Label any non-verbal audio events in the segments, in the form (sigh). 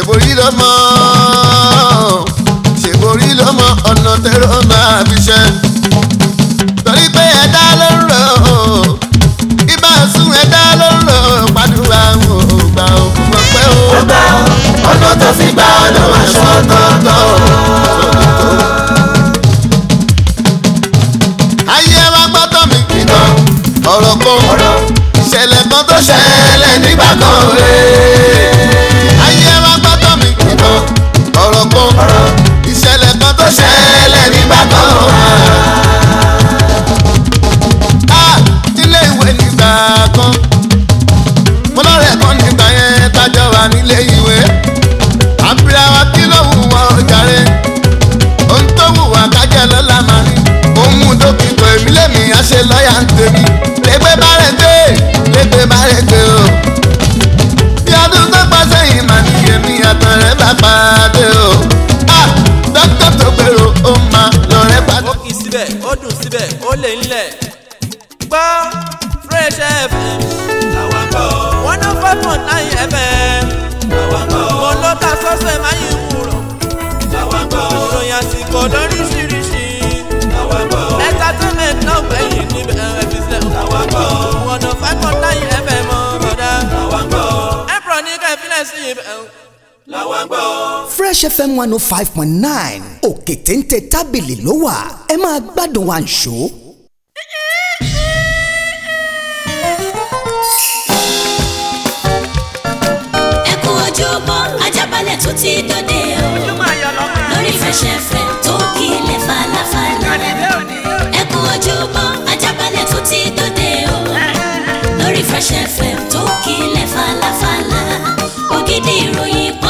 se volvida más. fm one oh five point nine òkè téńté tábìlì ló wà ẹ máa gbádùn wa ṣó. ẹ kú ojúbọ ajábalẹ̀ tó ti dòde o lórí fẹsẹ̀fẹ̀ tó kílẹ̀ falafala ẹ kú ojúbọ ajábalẹ̀ tó ti dòde o lórí fẹsẹ̀fẹ̀ tó kílẹ̀ falafala ògidì ìròyìn kan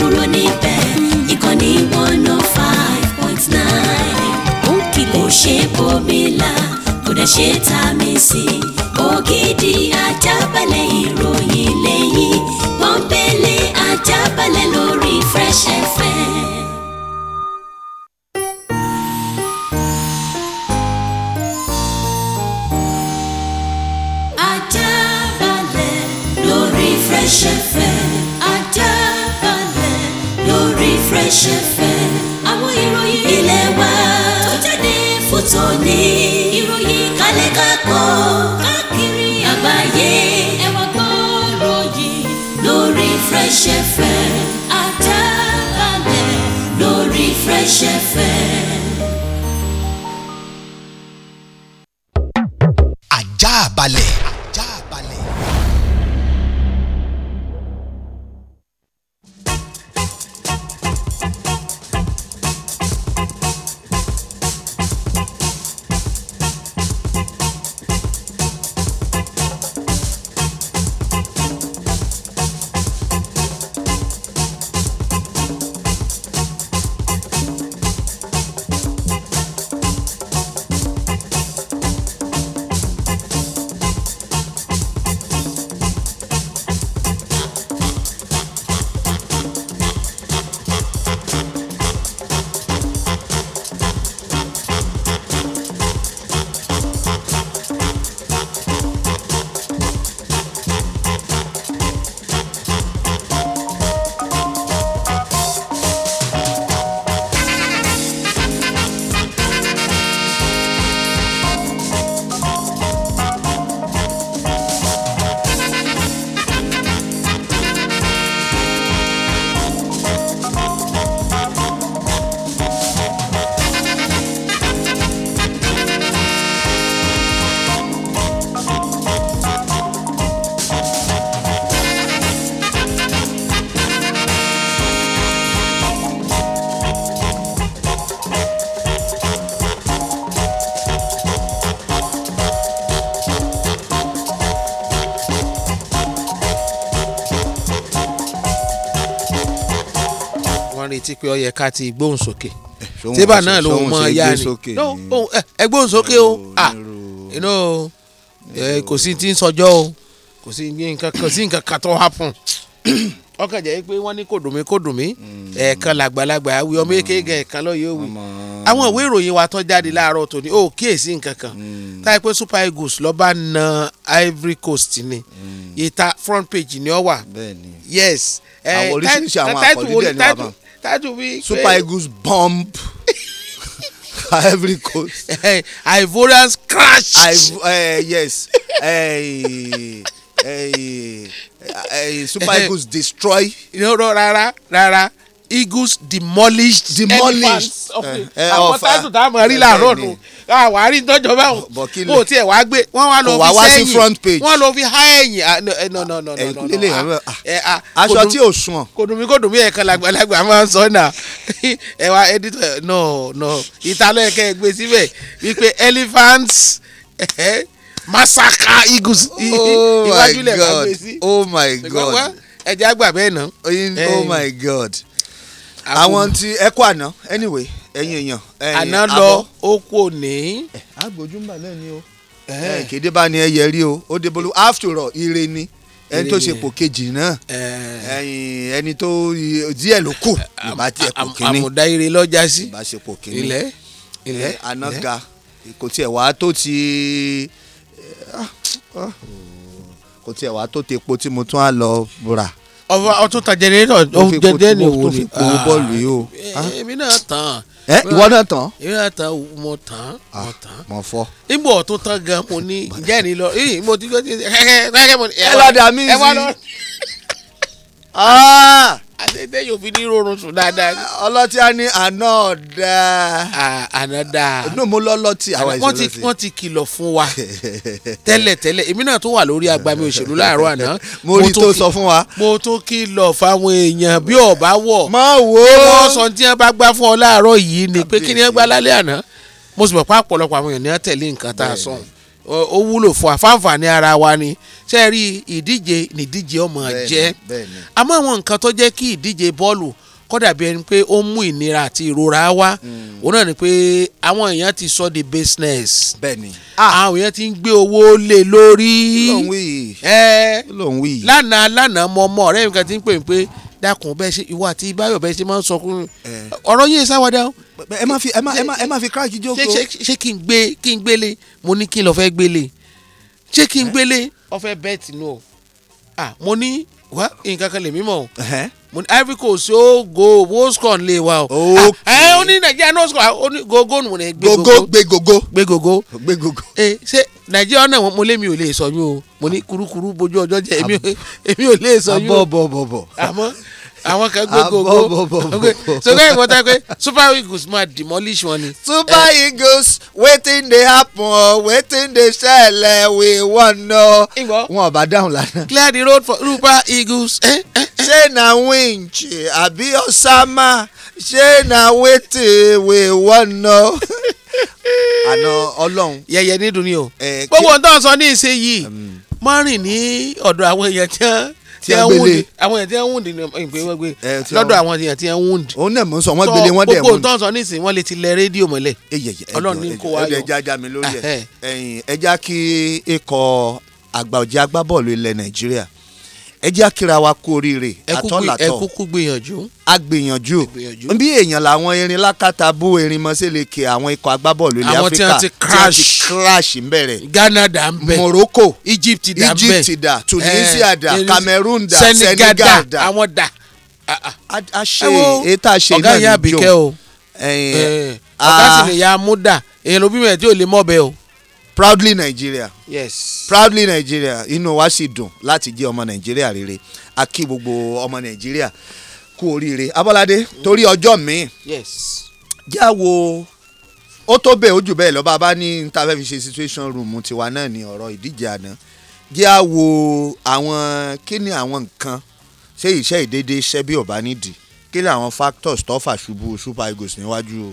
ṣe bòmílà kò dẹ̀ ṣe ta mi sí ògidì ajábalẹ̀ ìròyìn lẹ́yìn pọ́npẹ́lẹ́ ajábalẹ̀ lórí Fresh FM. Fresh FM ajábalẹ̀ lórí Fresh FM àwọn ìròyìn ilé tòní. ìròyìn kálẹ̀ kakọ́ káàkiri àgbáyé. ẹ wá gbọ́rọ̀ yìí lórí Fresh FM. Àjààbálẹ̀ lórí Fresh FM. Àjààbálẹ̀. pé ó yẹ ká ti gbóhùn sókè eh, tíbà náà ló mọ ya ni oh, eh, ẹ gbóhùn sókè o inú ah, eh, kò sí ti ń sọjọ́ o kò sí nǹkan kò sí nǹkan kan tó happen ọkàn jẹ́ pé wọ́n ní kò dùn mí kò dùn mí hmm. ẹ̀ẹ̀kan làgbàlagbà hmm. wí ọmọ èké gan ẹ̀ẹ̀kan lọ́ọ́ yóò wí àwọn ìwé ìròyìn wa tó jáde láàárọ̀ tòní ó kíyèsí nǹkan kan hmm. táyé pé Super Eagles ló na Ivory Coast ni ìta front page ni ó wà yes àwọn oríṣiríṣi àwọn that will be. super great. eagles bump. ivory (laughs) coast. Uh, (laughs) ivorians crash. Iv uh, yes. uh, uh, uh, super eagles destroy. no no rara rara eagles demolished elephants eh, eh, eh, of the àwọn táìsù tá a mọ̀ rí làárọ̀ nù ah, àwárí tọ́jọ́ báwọn kò tiẹ̀ wá gbé wọ́n wá lọ fi sẹ́yìn wọ́n lọ fi há ẹ̀yìn ah, no no no no ah, aṣọ tí ò sùn. kòdùnmí kòdùnmí ẹ̀kan làgbàlagbà máa ń sọ náà (laughs) ẹ wá editor no no ìtàlọ́ ẹ̀kẹ́ ẹ̀ gbé síbẹ̀ wípé elephants massacre eagles oh (laughs) iwájú lẹ̀ máa gbé sí. oh my god ẹ̀jẹ̀ àgbà bẹ́ẹ̀ náà. oh my god àwọn tí ẹ kó àná anyway ẹ̀yin èèyàn ẹ̀yin àbọ̀ àná lọ ó kú òní. agbójúmbà náà ni o. kéde bá ní ẹyẹ rí o ó dé bolo after all ire ni ẹni tó ṣe pò kejì náà ẹ̀yin ẹni tó díẹ̀ ló kù ìbá tiẹ̀ pò kínní àmùdá ire lọ́jà sí ilẹ̀ ilẹ̀ àná ga kò tiẹ̀ wá tó ti eh, ah, ah. kò tiẹ̀ wá tó ti epo tí mo tún á lọ rà ọba ọtún ta jẹnẹrétọ ọhún jẹnẹrétọ wo ni owó ah. bọ́ọ̀lù yìí o. Eh, ah. èmi náà tán. ẹ eh, ìwọ náà tán. èmi náà tán mo tán mo ah, tán. mo fọ. nígbà ọtún tán gan mo ní jẹ́rìí lọ ee mo ti gbé ẹ lọ́dà mí sí. ẹ wá lọ àtẹ̀tẹ̀ yóò fi ní rọrùn sùn dáadáa. ọlọ́tí á ní àná ọ̀dà. àná dà. inú mo lọ lọ́tí àwa ìṣòro sí. wọ́n ti kìlọ̀ fún wa (laughs) tẹ́lẹ̀ tẹ́lẹ̀ èmi náà tó wà lórí agbami òṣèlú láàárọ̀ àná. (laughs) mo rí tó sọ fún wa. mo tó kìlọ̀ fáwọn èèyàn bí ọ̀bá wọ̀. má wo. wọ́n sọ tí wọ́n bá gbá fún ọ láàárọ̀ yìí ni pé kí ni wọ́n gbá lálẹ́ àná mo sì mọ̀ pé àpọ̀lọpọ̀ àwọn èèyàn ní ó wúlò fún àfáǹfààní ara wa ni ṣe rí ìdíje nídíje ọmọ jẹ́ àmọ́ àwọn nǹkan tó jẹ́ kí ìdíje bọ́ọ̀lù kódà bí ẹni pé ó mú ìnira àti ìrora wá hmm. òun náà ni pé àwọn èèyàn ti sọ the business ah! àwọn èèyàn ti ń gbé owó lé lórí lánàá lánàá mọ ọmọ ọ̀rẹ́ mi kan ti ń pè mí pé dákun bẹ́ẹ̀ ṣe ìwọ àti báyọ̀ bẹ́ẹ̀ ṣe máa ń sọ fún un ọ̀rọ̀ yín sáwádà o. ẹ má fi ẹ má ẹ má ẹ má fi crack jókòó. ṣé kí n gbé kí n gbélé mo ní kí n lọ fẹ́ gbélé ṣé kí n gbélé ọfẹ́ bẹ́ẹ̀tì nù ọ́ ah mo ní wá nǹkan kan lè mímọ̀ o mo Ivory Coast ó go owó score lè wa o ẹ ah, eh, ó ní Nàìjíríà no score ah, ó ní gogo mo ní gbégogo gbégogo gbégogo gbégogo ẹ eh, ṣé Nàìjíríà náà mo lé mi ò lè sọ yín o mo ní kurukuru bójú ọjọ́ jẹ èmi ò lè sọ yín o àbọ̀ bọ̀ bọ̀ bọ̀ àmọ́ àwọn kan gbé gbogbo so kẹ́hìn wọ́n pé super eagles máa demolish wọn ni. super eh. eagles wetin dey happen o wetin dey ṣẹlẹ̀ we wan know. wọn ò bá dáhùn lánàá. clear the road for super eagles. Eh, eh, ṣé na winch àbí osama ṣé na wetin we wan know àná ọlọ́run. yẹyẹ nídùú ni o gbogbo ohun tó ń sọ ní ìsinyìí mọ́rin ní ọ̀dọ̀ àwọn èèyàn tí wọ́n tí ẹ ń gbélé àwọn èèyàn tí ẹ ń wùndì lọ́dọ̀ àwọn èèyàn tí ẹ ń wùndì. òun náà mò ń sọ wọn gbélé wọn dẹ̀ mú. gbogbo nǹkan sọ nísìnyí wọn lè ti lẹ rédíò mọ́lẹ̀. ọlọ́run ní kó wáyọ ẹjẹ ajá mi lórí ẹ ẹjá kí ikọ̀ àgbà ọ̀jẹ̀ agbábọ́ọ̀lù ilẹ̀ nàìjíríà ẹ jẹ́ kíra wa kú oríire àtọ́làtọ̀ ẹ kúkú gbìyànjú. a gbìyànjú bí èèyàn làwọn erin lákàtà bú erin mọ́sẹ̀lẹ̀kẹ̀ àwọn ikọ̀ agbábọ́ọ̀lù ilẹ̀ áfíríkà àwọn tí wọ́n ti crash crash ń bẹ̀rẹ̀. Ghana dà ń bẹ̀ Morocco Egypt dà ń bẹ̀ Egypt dà Tunisia eh, dà eh, Cameroon dà Senegal dà àwọn dà. Ah, ah. a ṣe èyí tá a ṣe náà ní jò ọ̀gá yà bìkẹ́ o eh, ọ̀gá sì lè ya amúdà èèyàn lóbi mẹ́ẹ̀ tí ò lè mọ̀ bẹ́ẹ̀ o proudly nigeria yes proudly nigeria inú wa sì dùn láti jẹ́ ọmọ nàìjíríà rere a kí gbogbo ọmọ nàìjíríà kú oríire abọ́ládé torí ọjọ́ mi yes já wo ó tó bẹ́ẹ̀ ó jù bẹ́ẹ̀ lọ́ba bá ní níta situation room tiwa náà ní ọ̀rọ̀ ìdíje àná já wo àwọn kí ni àwọn nǹkan ṣé iṣẹ́ ìdédé iṣẹ́ bí ọ̀bá nídìí kí ni àwọn factors tó fà ṣubú super eagles níwájú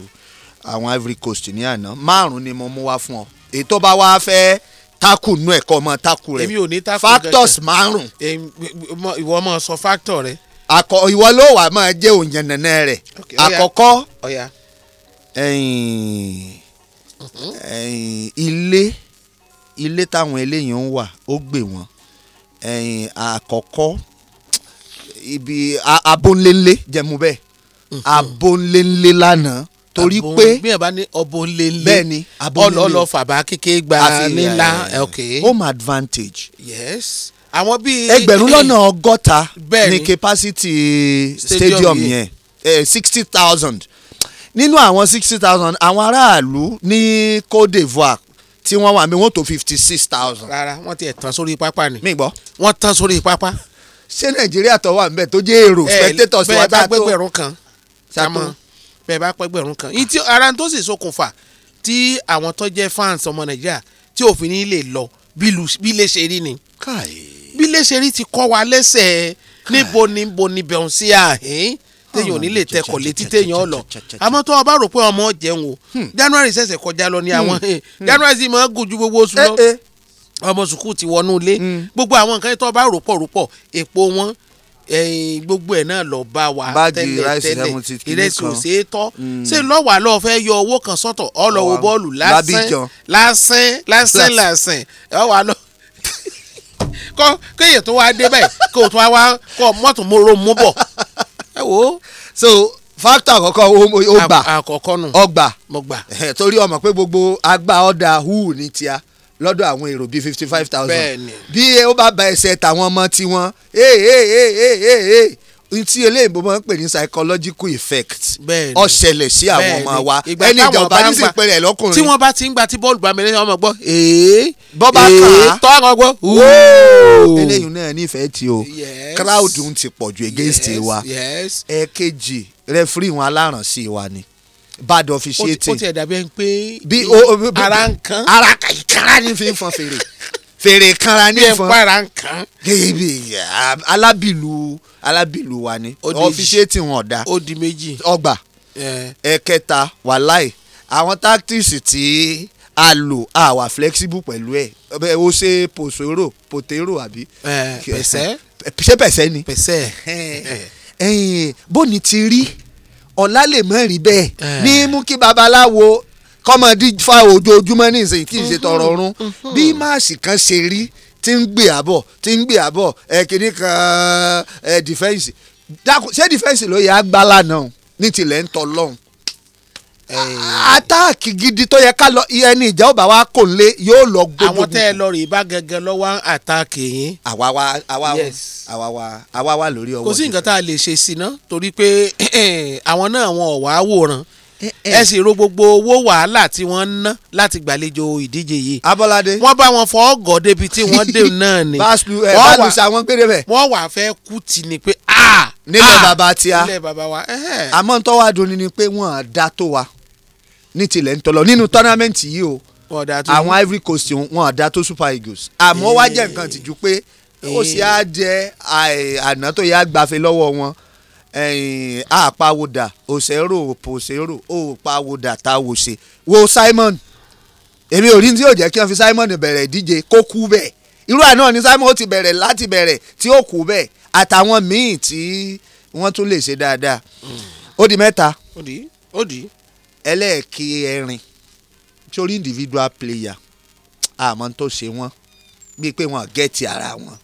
àwọn ivory coast ní àná márùn-ún ni mo mú wá fún ọ èyí tó bá wá fẹ́ tákù nú ẹ̀kọ́ ọmọ tákù rẹ̀ èmi ò ní tákù gẹ̀gẹ̀ factors márùn. ìwọ ọmọ sọ factor rẹ. àkọ ìwọ ló wà máa jẹ́ òyìnbó rẹ̀ àkọ́kọ́ ilé ilé táwọn eléyìí ń wà ó gbé wọn àkọ́kọ́ ibi abónlélé jẹ́mu bẹ́ẹ̀ mhm. abónlélé lánàá torí pé bí ẹ bá ní ọbọ ńlẹ ńlẹ bẹ́ẹ̀ ni ọlọ ọlọ fàbá kéke gba nílá home advantage. yes àwọn bíi ẹgbẹ̀rún lọ́nà (coughs) ọgọ́ta ní capacity stadium yẹn sixty thousand nínú àwọn sixty thousand àwọn aráàlú ní Côte d'Ivoire tí wọ́n wà mí wọ́n tó fifty six thousand. rárá wọ́n ti ẹ̀ tán sórí pápá ni. mi gbọ́. wọ́n tán sórí pápá. ṣé nàìjíríà tó wà ń bẹ̀ tó jẹ́ èrò spectators tó wà tó. ẹ bá gbẹgbẹ̀rún kan. sàmọ́ bẹ́ẹ̀ bá pẹ́gbẹ̀rún kan ní tí ara tó sì ṣokùnfà tí àwọn tó jẹ́ fans ọmọ nàìjíríà tí òfin ní lè lọ bí lè ṣe rí ni bí lè ṣe rí ti kọ́ wa lẹ́sẹ̀ níbo níbo níbẹ̀ ń sí àhín téèyàn ò ní lè tẹkọ̀ létí téèyàn lọ àmọ́ tó o bá rò pé ọmọ jẹun o hmm. january ṣẹ̀ṣẹ̀ kọjá lọ ní àwọn hmm. Hmm. january sì máa ń gùn ju gbogbo oṣù lọ eh, eh. ọmọ sùkúù ti wọnú ilé gbogbo àwọn nǹkan tó o bá rò pọ̀ rò pọ̀ èpo wọn gbogbo ẹ̀ náà lọ bá wa tẹ́lẹ̀ ìrẹsì ò ṣeé mm. ṣé lọ́wọ́ àlọ́ fẹ́ yọ owó kan sọ́tọ̀ ọlọ́wọ́ bọ́ọ̀lù lásán lásán lásán lásán ọwọ́ àlọ́ kọ́ kéèyàn tó wá dé báyìí kó o wá kọ́ mọ́tò móró mú bọ̀ ẹ wò ó. so factor àkọ́kọ́ ó gbà àkọ́kọ́ ọgbà torí ọmọ pé gbogbo agbá ọ̀dà hù ní tíá lọ́dọ̀ àwọn èrò bíi fifty five thousand bí ó bá ba ẹsẹ̀ tàwọn ọmọ tiwọn ee ee ee ee ee tí eléyìnbó máa ń pè ní psychological effect ó ṣẹlẹ̀ sí àwọn ọmọ wa ẹni ìjọba ní sì pẹ̀lẹ́ lọ́kùnrin. tí wọ́n bá ti ń gba tí bọ́ọ̀lù bá mẹ́lẹ́ ọmọ gbọ́ èé bọ́ba kà á tọ́ àwọn gbọ́ wóó. eléyìí náà nífẹ̀ẹ́ tí o crowd ń ti pọ̀jù against wa ẹ̀ẹ̀kejì referee wọn alárànṣí wa ni bad officiating. ó ti ẹ̀ dàbí ẹni pé bí o o kan. ara kanra ní fi ń fọn fèrè fèrè kanra ní fọn. bí ẹ̀ ń para ń kan. alábìlú alábìlú wa ni officiating wọn ọ̀dà. o di méjì. ọgbà ẹ̀kẹta wàláì àwọn tactics tí a lò a wà flexible pẹ̀lú ẹ̀ o ṣe pòṣòro pòtérò àbí. pẹ̀sẹ̀. ṣé pẹ̀sẹ̀ ni. pẹ̀sẹ̀. bóni ti rí ọ̀la lè mọ̀ rí bẹ́ẹ̀ eh. ní mú kí babaláwo kọ́mọdé fa ojoojúmọ́ ní ìsìn kí n ṣe mm-hmm. tọrọ ọrùn mm-hmm. bí máàsì kan ṣe rí tí ń gbé àbọ̀ tí ń gbé àbọ̀ ẹ̀ eh, kan ẹ̀ eh, ṣé dìfẹ́ǹsì ló yẹ agbálá náà ní tilẹ̀ ń tọ́ lọ́hùn atáàkì eh. gidi tó yẹ ká lọ ẹni ìjà ọba wa kò lé yóò lọ gbogbo. àwọn tẹ́ ẹ lọ rè bá gẹ́gẹ́ lọ́wọ́ atáàkì yín. àwa wa àwa wa àwa wa lórí ọwọ́. kò sí nǹkan tá a lè ṣe sí ná torí pé (clears throat) àwọn náà wọn ò wá wòran eh, eh. ẹ sì ro gbogbo owó wàhálà tí wọ́n ń ná láti gbàlejò ìdíje yìí. Abọ́ládé wọ́n bá wọn fọ ọgọ́ débi tí wọ́n dé (laughs) náà ni. báṣu ẹ báṣu àwọn péré bẹ̀. wọ́n wà fẹ́ kú tì ní pé ah! nílẹ̀ ah! bàbá tí a nílẹ̀ bàbá wa. àmọ́ ntọ́wádùn ni pé wọ́n á dá tó wa ní tilẹ̀ ń tọ́lọ nínú tọ́námẹ́ǹtì yìí o àwọn Ivory Coast wọn ọ̀dà tó Super Eagles àmọ́ wá jẹ́ nǹkan tìjú pé ó sì á jẹ́ àná tó yá gbàfẹ́ lọ́wọ́ wọn àpawòdà òṣèrò òpòṣèrò òpawòdà táwòṣe wo Simon èmi ò rí tí yóò jẹ́ kí wọ́n fi Simon bẹ̀rẹ̀ ìdíje kó kú bẹ́ẹ̀ irú àná ni Simon ó ti bẹ̀rẹ̀ láti bẹ̀rẹ̀ tí ó kú bẹ́ẹ̀ àtàwọn míì tí wọ́n tún lè ṣe dáadáa mm. ó di mẹ́ta. ó di ẹlẹ́ẹ̀kẹrin torí individual player àmọ́ tó ṣe wọ́n bíi pé wọ́n gẹ̀ẹ́tì ara wọn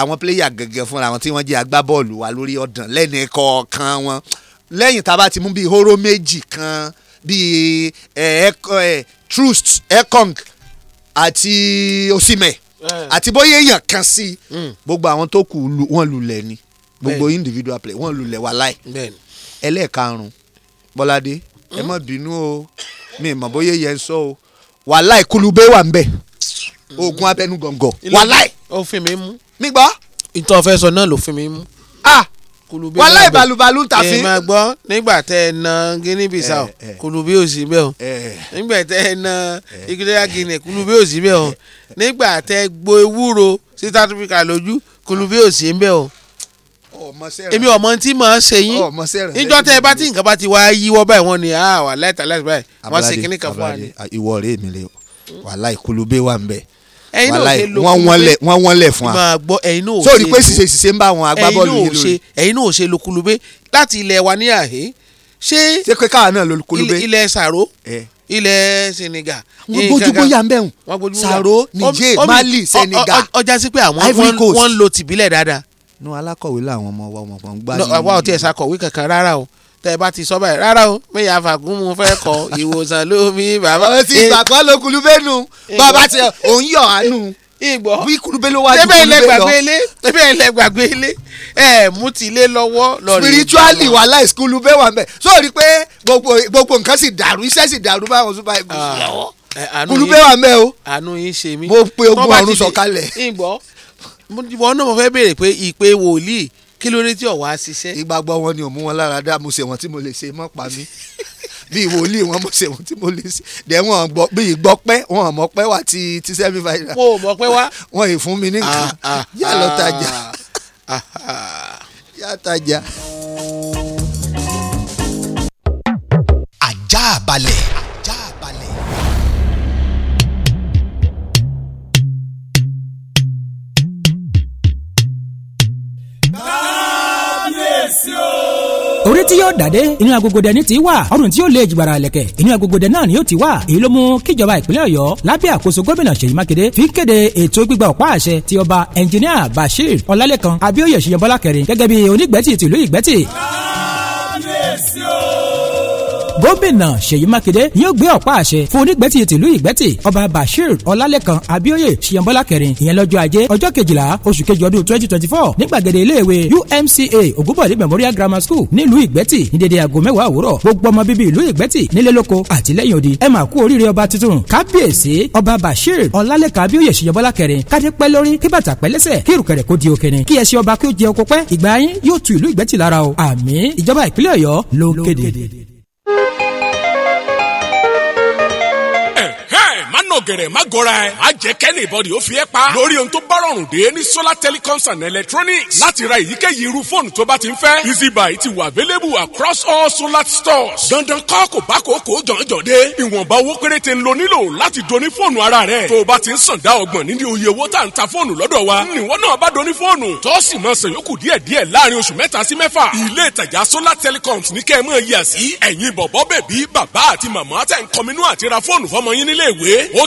àwọn player gẹ́gẹ́ fúnra wọn tí wọ́n jẹ́ agbábọ́ọ̀lù wa lórí ọ̀dàn lẹ́nu kọ̀ọ̀kan wọn lẹ́yìn tá a bá ti mú bíi hóró méjì kan bíi ẹ ẹ trust ekong àti osimẹ eh. àti bóyá èèyàn kan sí i hmm. gbogbo àwọn tó kù wọ́n lulẹ̀ ni gbogbo individual player wọ́n lulẹ̀ wà láì ẹlẹ́ẹ̀karùn-ún bọ́ládé ẹ má bínú o mi mọ̀ bóyá yẹn sọ o wàláì kulubé wà ń bẹ̀ oògùn abẹnú gọ̀ǹgọ̀ wàláì. ó fi mi mú. mi gbọ́. ìtọ́ fẹ́ sọ náà ló mi mú. ah wàláì balùbalù ta fi. ẹ máa gbọ́ nígbà tẹ ẹ na Guinea Bissau eh, eh. kulubé ò sí bẹ́ẹ̀ o eh. nígbà tẹ ẹ na Equatorial Guinea kulubé ò sí bẹ́ẹ̀ o nígbà tẹ gbó ewúro sí South Africa lójú kulubé ò sí bẹ́ẹ̀ o èmi ọmọ tí mò ń ṣe yín níjọ́ tẹ́ ẹ bá tí nǹkan bá ti wá yíwọ́ báyìí wọ́n ni ah, wà láìta láti báyìí wọ́n ṣe kíní kan fún wa ni. ìwọ rèé mi lè wàhálà ìkulùbé wà ń bẹ wàhálà wọ́n wọ́n lẹ̀ fún wa sórí pé ṣìṣe ṣìṣe ń bá àwọn agbábọ́ọ̀lù yìí lórí. ẹ̀yin náà ò ṣe lukulube láti ilẹ̀ wa ní àhẹ́ ṣé ṣé pé káà náà lukulube ilẹ̀ sàró ilẹ̀ Senegal. wọ́n gbójú bóyá ń bẹ̀rù sàró Niger Mali Senegal Ivory Coast. ọjà sí pé àwọn wọ́n lo tìbílẹ̀ dáadáa nú alákọ̀wé làwọn ọmọ wa ọmọ kan gbá yìí. àwa ò tiẹ̀ sakọ̀wé kankan rárá o tẹ́ ẹ bá ti sọ báyìí rárá o mẹ́yà fàgùn mu fẹ́ kọ ìwòsàn lómi bàbá. ó ti gbàgbọ́ lo kulubénu bàbá ti òun yọ̀ àánú ìgbọ́ bí kulubé ló wájú kulubé lọ. tẹ́bẹ̀ ẹlẹ́gbàgbé ilé tẹ́bẹ̀ ẹlẹ́gbàgbé ilé ẹ̀ mú ti ilé lọ́wọ́ lọ́ọ̀rì. spiritually wà láìsí kulubé wà mẹ́ sọ rí pé gbogbo gbogbo nǹkan sì dàrú iṣẹ́ sì dàrú báwọn sùn báyìí kùsùn lọ́wọ́ kulubé wà mẹ́ o. àánú yín ṣe mí. mo pe ogun ọ̀run sọ̀kalẹ̀ wọn náà mo fẹ́ béèrè pé ìpè wòlíì kí ló ní tí ọ̀wá ṣiṣẹ́. ìgbàgbọ́ wọn ni ò mú wọn lára dá mo ṣe wọn tí mo lè ṣe mọ́ pa mí (laughs) bí wòlíì wọn mo ṣe wọn tí mo lè ṣe dẹ wọn gbọ́ bí ìgbọ́ pẹ́ wọn mọ̀ pẹ́ wá ti ti sẹ́mi fàyà. wọn ò mọ̀ pẹ́ wá. (laughs) wọn ì fún mi ní nǹkan yà lọ yà tajà. ajá balẹ̀. orí tí yóò dàdé inú agogodẹ ní ti wà ọrùn tí yóò lé ìjìbára lẹ̀kẹ̀ inú agogodẹ náà ni yóò ti wà èyí ló mú kíjọba ìpínlẹ̀ ọ̀yọ́ lábẹ́ àkóso gómìnà ṣèyí mákindé fi kéde ètò gbígba ọ̀pá àṣẹ ti ọba ẹnjiníà bashir ọlálẹ́kan abíóyè ṣiyẹbọlá kẹrin gẹ́gẹ́ bí onígbẹ̀tì tìlú ìgbẹ̀tì. kábíyèsí o gómìnà Ṣèyí Mákindé ni yóò gbé ọ̀pá àṣẹ fún onígbẹ́tì tìlú ìgbẹ́tì ọba Bashir Ọlálẹ́kan Abíóyè Ṣiyànbọ́lá kẹrin ìyẹn lọ́jọ́ ajé ọjọ́ kejìlá oṣù kejì ọdún twenty twenty four ní gbàgede iléèwé UMCA Ògúnbọ̀dé Memorial Grammar School nílùú ìgbẹ́tì ní dédé aago mẹ́wàá òwúrọ̀ gbogbo ọmọ bíbí ìlú ìgbẹ́tì nílé lóko àti lẹ́yìn odi ẹ máa kú oríire ọba tuntun kábíyèsí ọba Bashir Ọlálẹ́kan Abíóyè Ṣiyànbọ́lá kẹrin kádé pẹ́ lórí kí bàtà pẹ́ lẹ́sẹ̀ kí ìrùkẹ̀rẹ̀ kó di òkèrin kí ẹṣin ọba kí ó jẹ oko pẹ́ ìgbà yín yóò tu ìlú ìgbẹ́tì lára o àmín ìjọba ìpínlẹ̀ Ọ̀yọ́ ló kéde. ọ̀gẹ̀rẹ̀ má gọra ẹ̀ má jẹ́ kẹ́ni ìbọ̀dì ó fi ẹ́ pa lórí ohun tó bá rọrùn dé ní solar telecoms and electronics láti ra èyíkéyìí irú fóònù tó bá ti ń fẹ́ easy buy ti wà available across all solar stores dandan kọ́ kò bá kò kò jọ̀njọ̀ dé ìwọ̀nba owó péréte ń lo nílò láti doni fóònù ara rẹ̀ tó o bá ti ń sàn dá ọgbọ̀n nínú iye owó tá à ń ta fóònù lọ́dọ̀ wa níwọ náà bá doni fóònù tó sì máa sàn yókù díẹ̀díẹ̀ láàrin oṣù mẹ́ta sí mẹ́fà ilé ìtajà solar telecoms ní kẹ́ ẹ mọ̀ yíyà sí ẹ̀yin bọ̀bọ̀ bẹ̀bí bàbá àti màmá tẹ̀ ń kọminú àti ra fóònù fọmọ yín nílé ìwé ó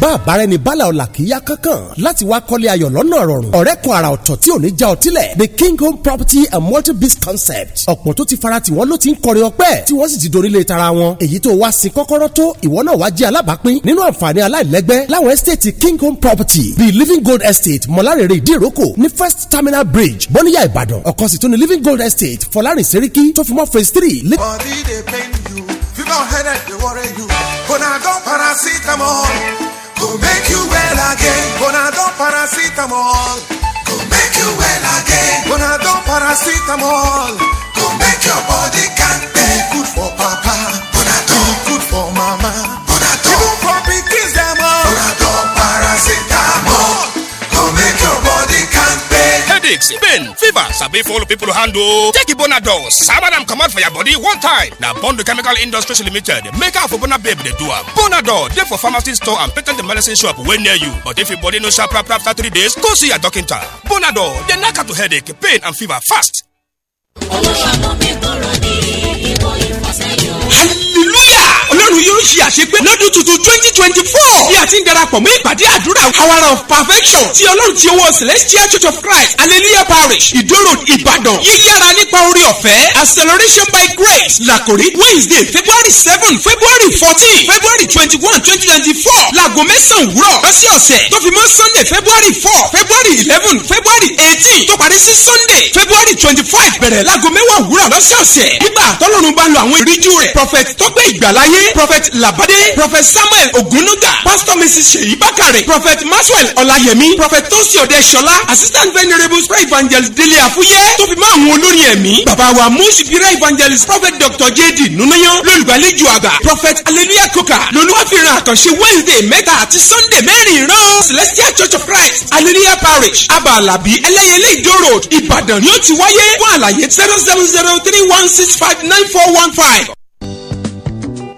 bá àbárẹ́ ni bala ọ̀la kì í yá kankan láti wá kọ́lé ayọ̀ lọ́nà rọrùn ọ̀rẹ́ kan àrà ọ̀tọ̀ tí ò ní já ọtí lẹ̀ the king home property and multi-biz concept ọ̀pọ̀ tó ti fara tí wọ́n ló ti ń kọrin ọpẹ́ tí wọ́n sì ti dorílẹ̀ tara wọn èyí tó wá sí kọ́kọ́rọ́ tó ìwọ náà wá jẹ́ alábàápín nínú àǹfààní aláìlẹ́gbẹ́ láwọn estate king home property the living gold estate mọ̀lárẹ̀rẹ̀ ìdíròkò ní first terminal bridge bọ́níyà ìbàdàn ọ̀kan sì tún ni living gold estate fọlárin seriki tó fi mọ́ phase three. body dey pain you fever headache dey worry you una don paracetamol. Go make you well again. Gonna do paracetamol. Go make you well again. Gonna do paracetamol. Go make your body can't be good for papa. headaches pain fever sabi for all people handle oh. take ibona dust sabi am comot for your body one time Now bondo chemical Industries limited maker of bona babe dey do am bona dust for pharmacy store and patent the medicine shop wey near you but if your body no sharp rap after three days go see your doctor bona They knock out to headache pain and fever fast. olóṣàlómi kọ̀rọ̀ ọlọ́run yóò ṣe àṣegbé lọ́dún tuntun twenty twenty four tí a ti ń darapọ̀ mọ́ ìpàdé àdúrà hour of perfection ti ọlọ́run ti owó celestial church of christ hallelujah parish ìdóró ìbàdàn yíyára nípa orí ọ̀fẹ́ acceleration by grace làkòrí wednesday february seven february fourteen february twenty one twenty twenty four laago mẹ́sàn-án wúrọ̀ lọ́sẹ̀ọ̀sẹ̀ tó fi mọ́ sunday february four february eleven february eighteen tó parí sí sunday february twenty five bẹ̀rẹ̀ laago mẹ́wàá wúrọ̀ lọ́sẹ̀ọ̀sẹ̀ nígbà tọ́lọ́run bá lo àwọn ìríjú rẹ̀ prophet tọ́gbẹ́ ìgbàláyé prophet labade prophet samuel ogunuga pastor mrs seyi bakare prophet Maswell ọláyẹmí prophet tosi ọdẹṣọlá assistant venerable spray evangelist dele afuye tó fi máa hun olórin ẹ̀mí bàbá wa musipira evangelist prophet dr jd nunayan lolùgbàlejò àgbà prophet hallelujah koka lolúwàfíìràn àkànṣe wednesday mẹ́ta àti sunday mẹ́rin rán celestial church of christ hallelujah parish abalabi ẹlẹ́yẹlé ìjọ road ìbàdàn ni ó ti wáyé fún àlàyé zero seven zero three one six five nine four one five.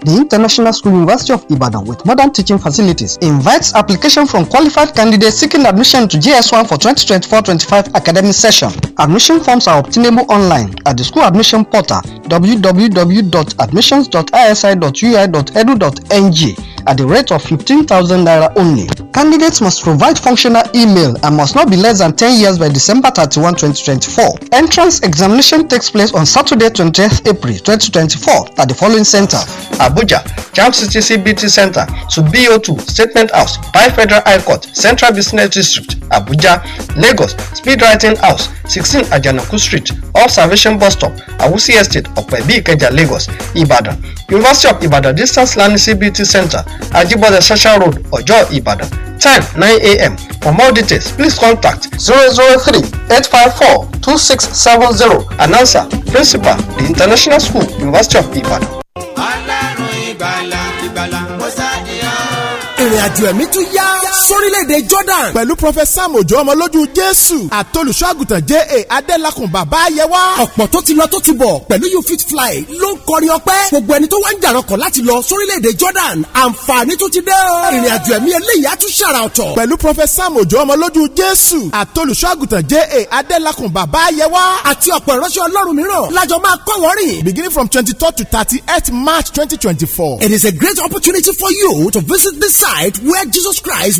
The International School University of Ibadan with modern teaching facilities invites application from qualified candidates seeking admission to JS1 for 2024-25 academic session. Admission forms are obtainable online at the school admission portal www.admissions.isi.ui.edu.ng at the rate of 15,000 naira only. Candidates must provide functional email and must not be less than 10 years by December 31, 2024. Entrance examination takes place on Saturday, 20th April 2024 at the following centers: Abuja, Camp City CBT Center, Subio2, Statement House, Pi Federal High Court, Central Business District, Abuja, Lagos, Speed Writing House, 16 Ajanaku Street, Observation Bus Stop, Awusi Estate, Opebi Ikeja, Lagos, Ibadan. University of Ibadan Distance Learning CBT Center, Ajibode Social Road, Ojo, Ibadan. Time 9 a.m. For more details, please contact 003 854 2670. Announcer, Principal, The International School, University of Ibadan. Ọlọ́run ìgbàlà ìgbàlà mọ́sáàdì yá. Ìrìn àjò ẹ̀mí tún yá sórílẹ̀-èdè Jordan pẹ̀lú Prophet mojo Òjó ọmọlójú Jésù àtolùṣọ́àgùtàn J.A. Adélakùn bàbá Ayẹwà. ọ̀pọ̀ tó ti lọ tó ti bọ̀ pẹ̀lú You Fit Fly ló ń kọrin ọpẹ́ gbogbo ẹni tó wá ń jàrọ̀kọ̀ láti lọ sórílẹ̀-èdè Jordan àǹfààní tó ti dé o. ìrìnàjò ẹ̀mí eléyìí á tún ṣàrà ọ̀tọ̀. pẹ̀lú Prophet Sam Òjó ọmọlójú Jésù àtolùṣọ́àgùtàn J.A. Adélakùn bàbá Ayẹwà àti ọ̀pọ̀ ìránṣẹ́ Ọlọ́run mìíràn lájọ máa beginning from twenty to thirty eight March twenty It is a great opportunity for you to visit this site where Jesus Christ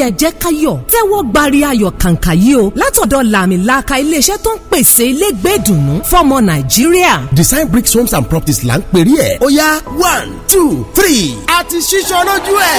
yẹ jẹ́ káyọ̀ tẹ́wọ́ gbari ayọ̀ kàǹkà yìí o látọ̀dọ̀ làmìlaka iléeṣẹ́ tó ń pèsè ilé gbé ìdùnnú nàìjíríà. design bricks homes and properties là ń pèrè ẹ̀ ó yá one two three àti ṣíṣọ́ lójú ẹ̀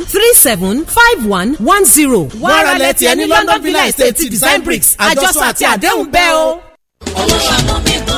nine three seven five one one zero. wàrà lẹ́tì ẹni London Villa Estate Design Bricks àjọṣọ àti àdéhùn bẹ́ẹ̀ o. olùwàmọ̀ mi kọ́.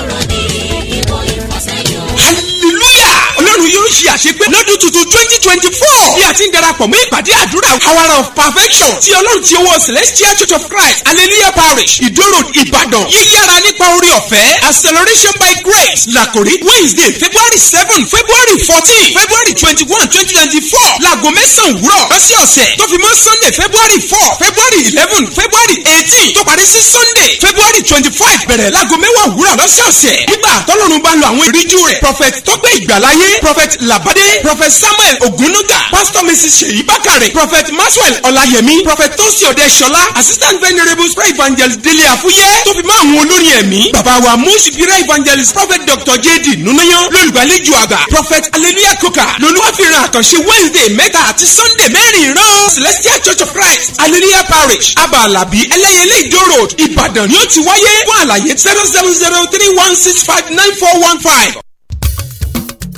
ọlọ́run yóò ṣe àṣepé lọ́dún tuntun twenty twenty four bí a ti ń darapọ̀ mọ́ ìpàdé àdúrà hour of perfection ti ọlọ́run ti owó celestial church of christ hallelujah parish ìdúró ìbàdàn yíyára nípa orí ọ̀fẹ́ acceleration by grace làkòrí wednesday february seven february fourteen february twenty one twenty twenty four laago mẹ́sàn-án òwúrọ̀ lọ́sẹ̀ ọ̀sẹ̀ tó fi mọ́ sunday february four february eleven february eighteen tó parí sí sunday february twenty five bẹ̀rẹ̀ laago mẹ́wàá òwúrọ̀ lọ́sẹ̀ ọ̀sẹ̀ nígbà tọ́lọ́run bá lo àwọn ìríjú rẹ̀ prophet tọ́gbẹ́ ìgbàláyé pro prophet labade prophet samuel ogunuga pastor mrs seyi bakare prophet maxwell ọláyẹmí prophet tosi ọdẹ assistant venerable spray evangelist délé àfúyẹ́ tó fi mọ́ àwọn olórin ẹ̀mí bàbá wa musipire evangelist prophet dr jd nunayan lólùgbàlejò àgbà prophet hallelujah koka lolúwàfíìràn àkànṣe wednesday mẹ́ta àti sunday mẹ́rin ìran celestial church of christ hallelujah parish abalabi ẹlẹ́yẹlé ìdó road ìbàdàn ni ó ti wáyé fún àlàyé zero seven zero three one six five nine four one five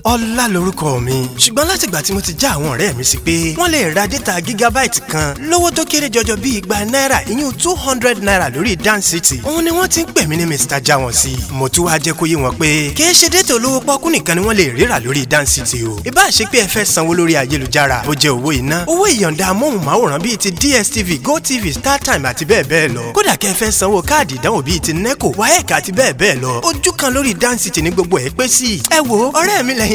ọlá lorúkọ mi ṣùgbọ́n láti ìgbà tí mo ti já àwọn ọ̀rẹ́ mi sí pé wọ́n lè ra dẹ́ta gígábáìtì kan lówó tó kéré jọjọ bíi igba náírà ìyún two hundred naira lórí dan city òun ni wọ́n ti ń pè mí ní mr jawon sí mo tún wáá jẹ́ kó yé wọn pé kì ṣe dẹ́tà olówó pọ́kú nìkan ni wọ́n lè ríra lórí dan city o ìbá ṣe pé ẹ fẹ́ sanwó lórí ayélujára ó jẹ́ owó iná owó ìyọ̀ǹda amóhùnmáwòrán bíi ti dstv gotv startime àti bẹ́ẹ̀ bẹ́ẹ̀ lọ kódà kẹ́ fẹ́ sanwó káàdì ìdánwò ti neco waec àti bẹ́ẹ̀ bẹ́ẹ̀ lọ ojú kan city ní gbogbo ẹ̀ pé sí ẹ wo mi lẹ́yìn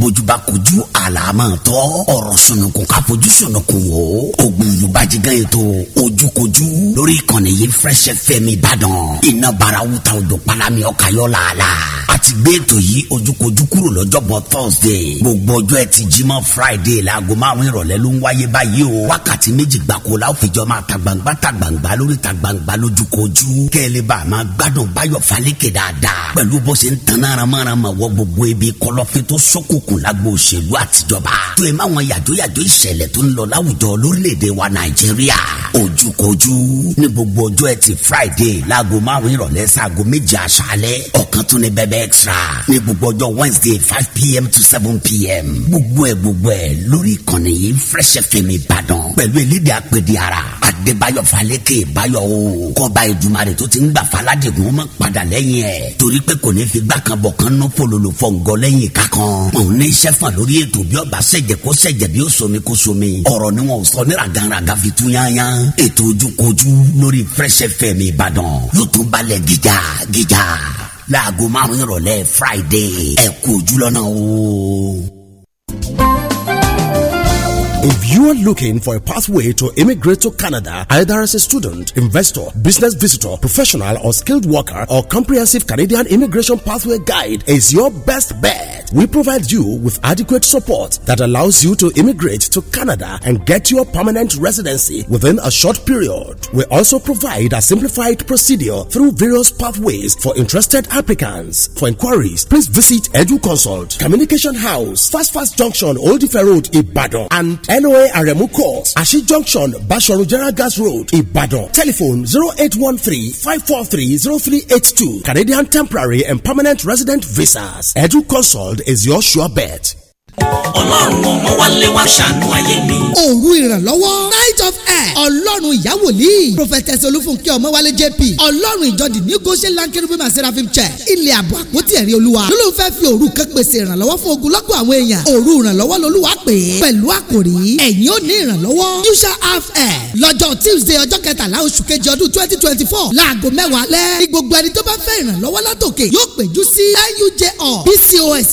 bójúbá kojú àlàmọ́tọ́ ọ̀rọ̀ sunukun ká fojú sunukun o ògùn yorùbájígán ètò ojúkojú lórí ìkànnì yìí fresh fm ìbàdàn iná bara wuta odò palami ọkàyọ́ làálà àti gbé ètò yìí ojúkojú kúrò lọ́jọ́bọ̀ thursday gbogbo ọjọ́ ẹtì jímọ̀ friday láago márùn ìrọ̀lẹ́ ló ń wáyé báyìí o wákàtí méjì gbàkó la ó fi jọ máa ta gbangba ta gbangba lórí ta gbangba lójúkojú kẹ́lẹ́ bá a máa gbádùn báyọ̀ falẹ́kẹ̀ dáadáa pẹ̀lú bó ṣe ń tan náà ramárama wọ gbogbo ibi kọlọ́fin kù lágbo òṣèlú àtijọba tó ẹ máwọn yàjóyàjó ìṣẹ̀lẹ̀ tó ń lọ láwùjọ lórílẹ̀‐èdè wa nàìjíríà ojúkojú ní gbogbo ọjọ́ ẹtì friday láago márùn-ún ìrọ̀lẹ́ sáago méje àṣálẹ́ ọ̀kan tún ní bẹ́bẹ́ extra ní gbogbo ọjọ́ wednesday five pm to seven pm gbogbo ẹ̀ gbogbo ẹ̀ lórí ìkànnì yìí fresh fm ìbàdàn pẹ̀lú elédè apèdè ara adébáyọ̀ falẹ́kẹ̀ báyọ̀ o kọ́ba ìdùmarè tó ti ń gbà faládìgún mọ́ padà lẹ́yìn ẹ̀ torí pé kò ní fi gbàkànbọ̀ kan ná fòlòlò fọ̀ǹgọ́ lẹ́yìn ìka kan òun ní iṣẹ́ fà lórí ètò bí ọba ṣẹ̀jẹ̀ kó ṣẹ̀jẹ̀ bí ó somi kó somi ọ̀rọ̀ ni wọn ò sọ ní ragaraga fi tún yáyá ètò ojúkojú lórí Fresh FM Ìbàdàn yóò tún balẹ̀ gíga gíga láago márùn-ún Friday ẹ kú ojú lọ́nà o. If you are looking for a pathway to immigrate to Canada, either as a student, investor, business visitor, professional, or skilled worker, our comprehensive Canadian immigration pathway guide is your best bet. We provide you with adequate support that allows you to immigrate to Canada and get your permanent residency within a short period. We also provide a simplified procedure through various pathways for interested applicants. For inquiries, please visit EduConsult, Communication House, Fast Fast Junction, Old Ife Road, Ibadan, and noa aremu Court, ashi junction basoro general gas road ibadan telephone zero eight one three five four three zero three eight two canadian temporary and permanent resident visas edu consult is your sure bet ọlọ́run ọmọ wálé wá ṣàánú ayé mi. òru ìrànlọ́wọ́ night of air ọlọ́run ìyàwó lì prophetess olúfúnkẹ́ ọmọwálé jp ọlọ́run ìjọdì ní goshen lankirubim and seraphim church ilẹ̀ àbọ̀ àpótí ẹ̀rí olúwa lọ́lọ́run fẹ́ fi òru kan pèsè ìrànlọ́wọ́ fún ogunlọ́gọ̀ àwọn èèyàn òru ìrànlọ́wọ́ lolúwa pè é pẹ̀lú àkòrí ẹ̀yin ò ní ìrànlọ́wọ́ you shall have air lọ́jọ́ tuesday ọjọ́ kẹtàlá oṣù kejì ọdún twenty twenty four láago mẹ́wàá lẹ́ ní gbogbo ẹni tó bá fẹ́ ìrànlọ́wọ́ látòkè yóò péjú sí nujr pcos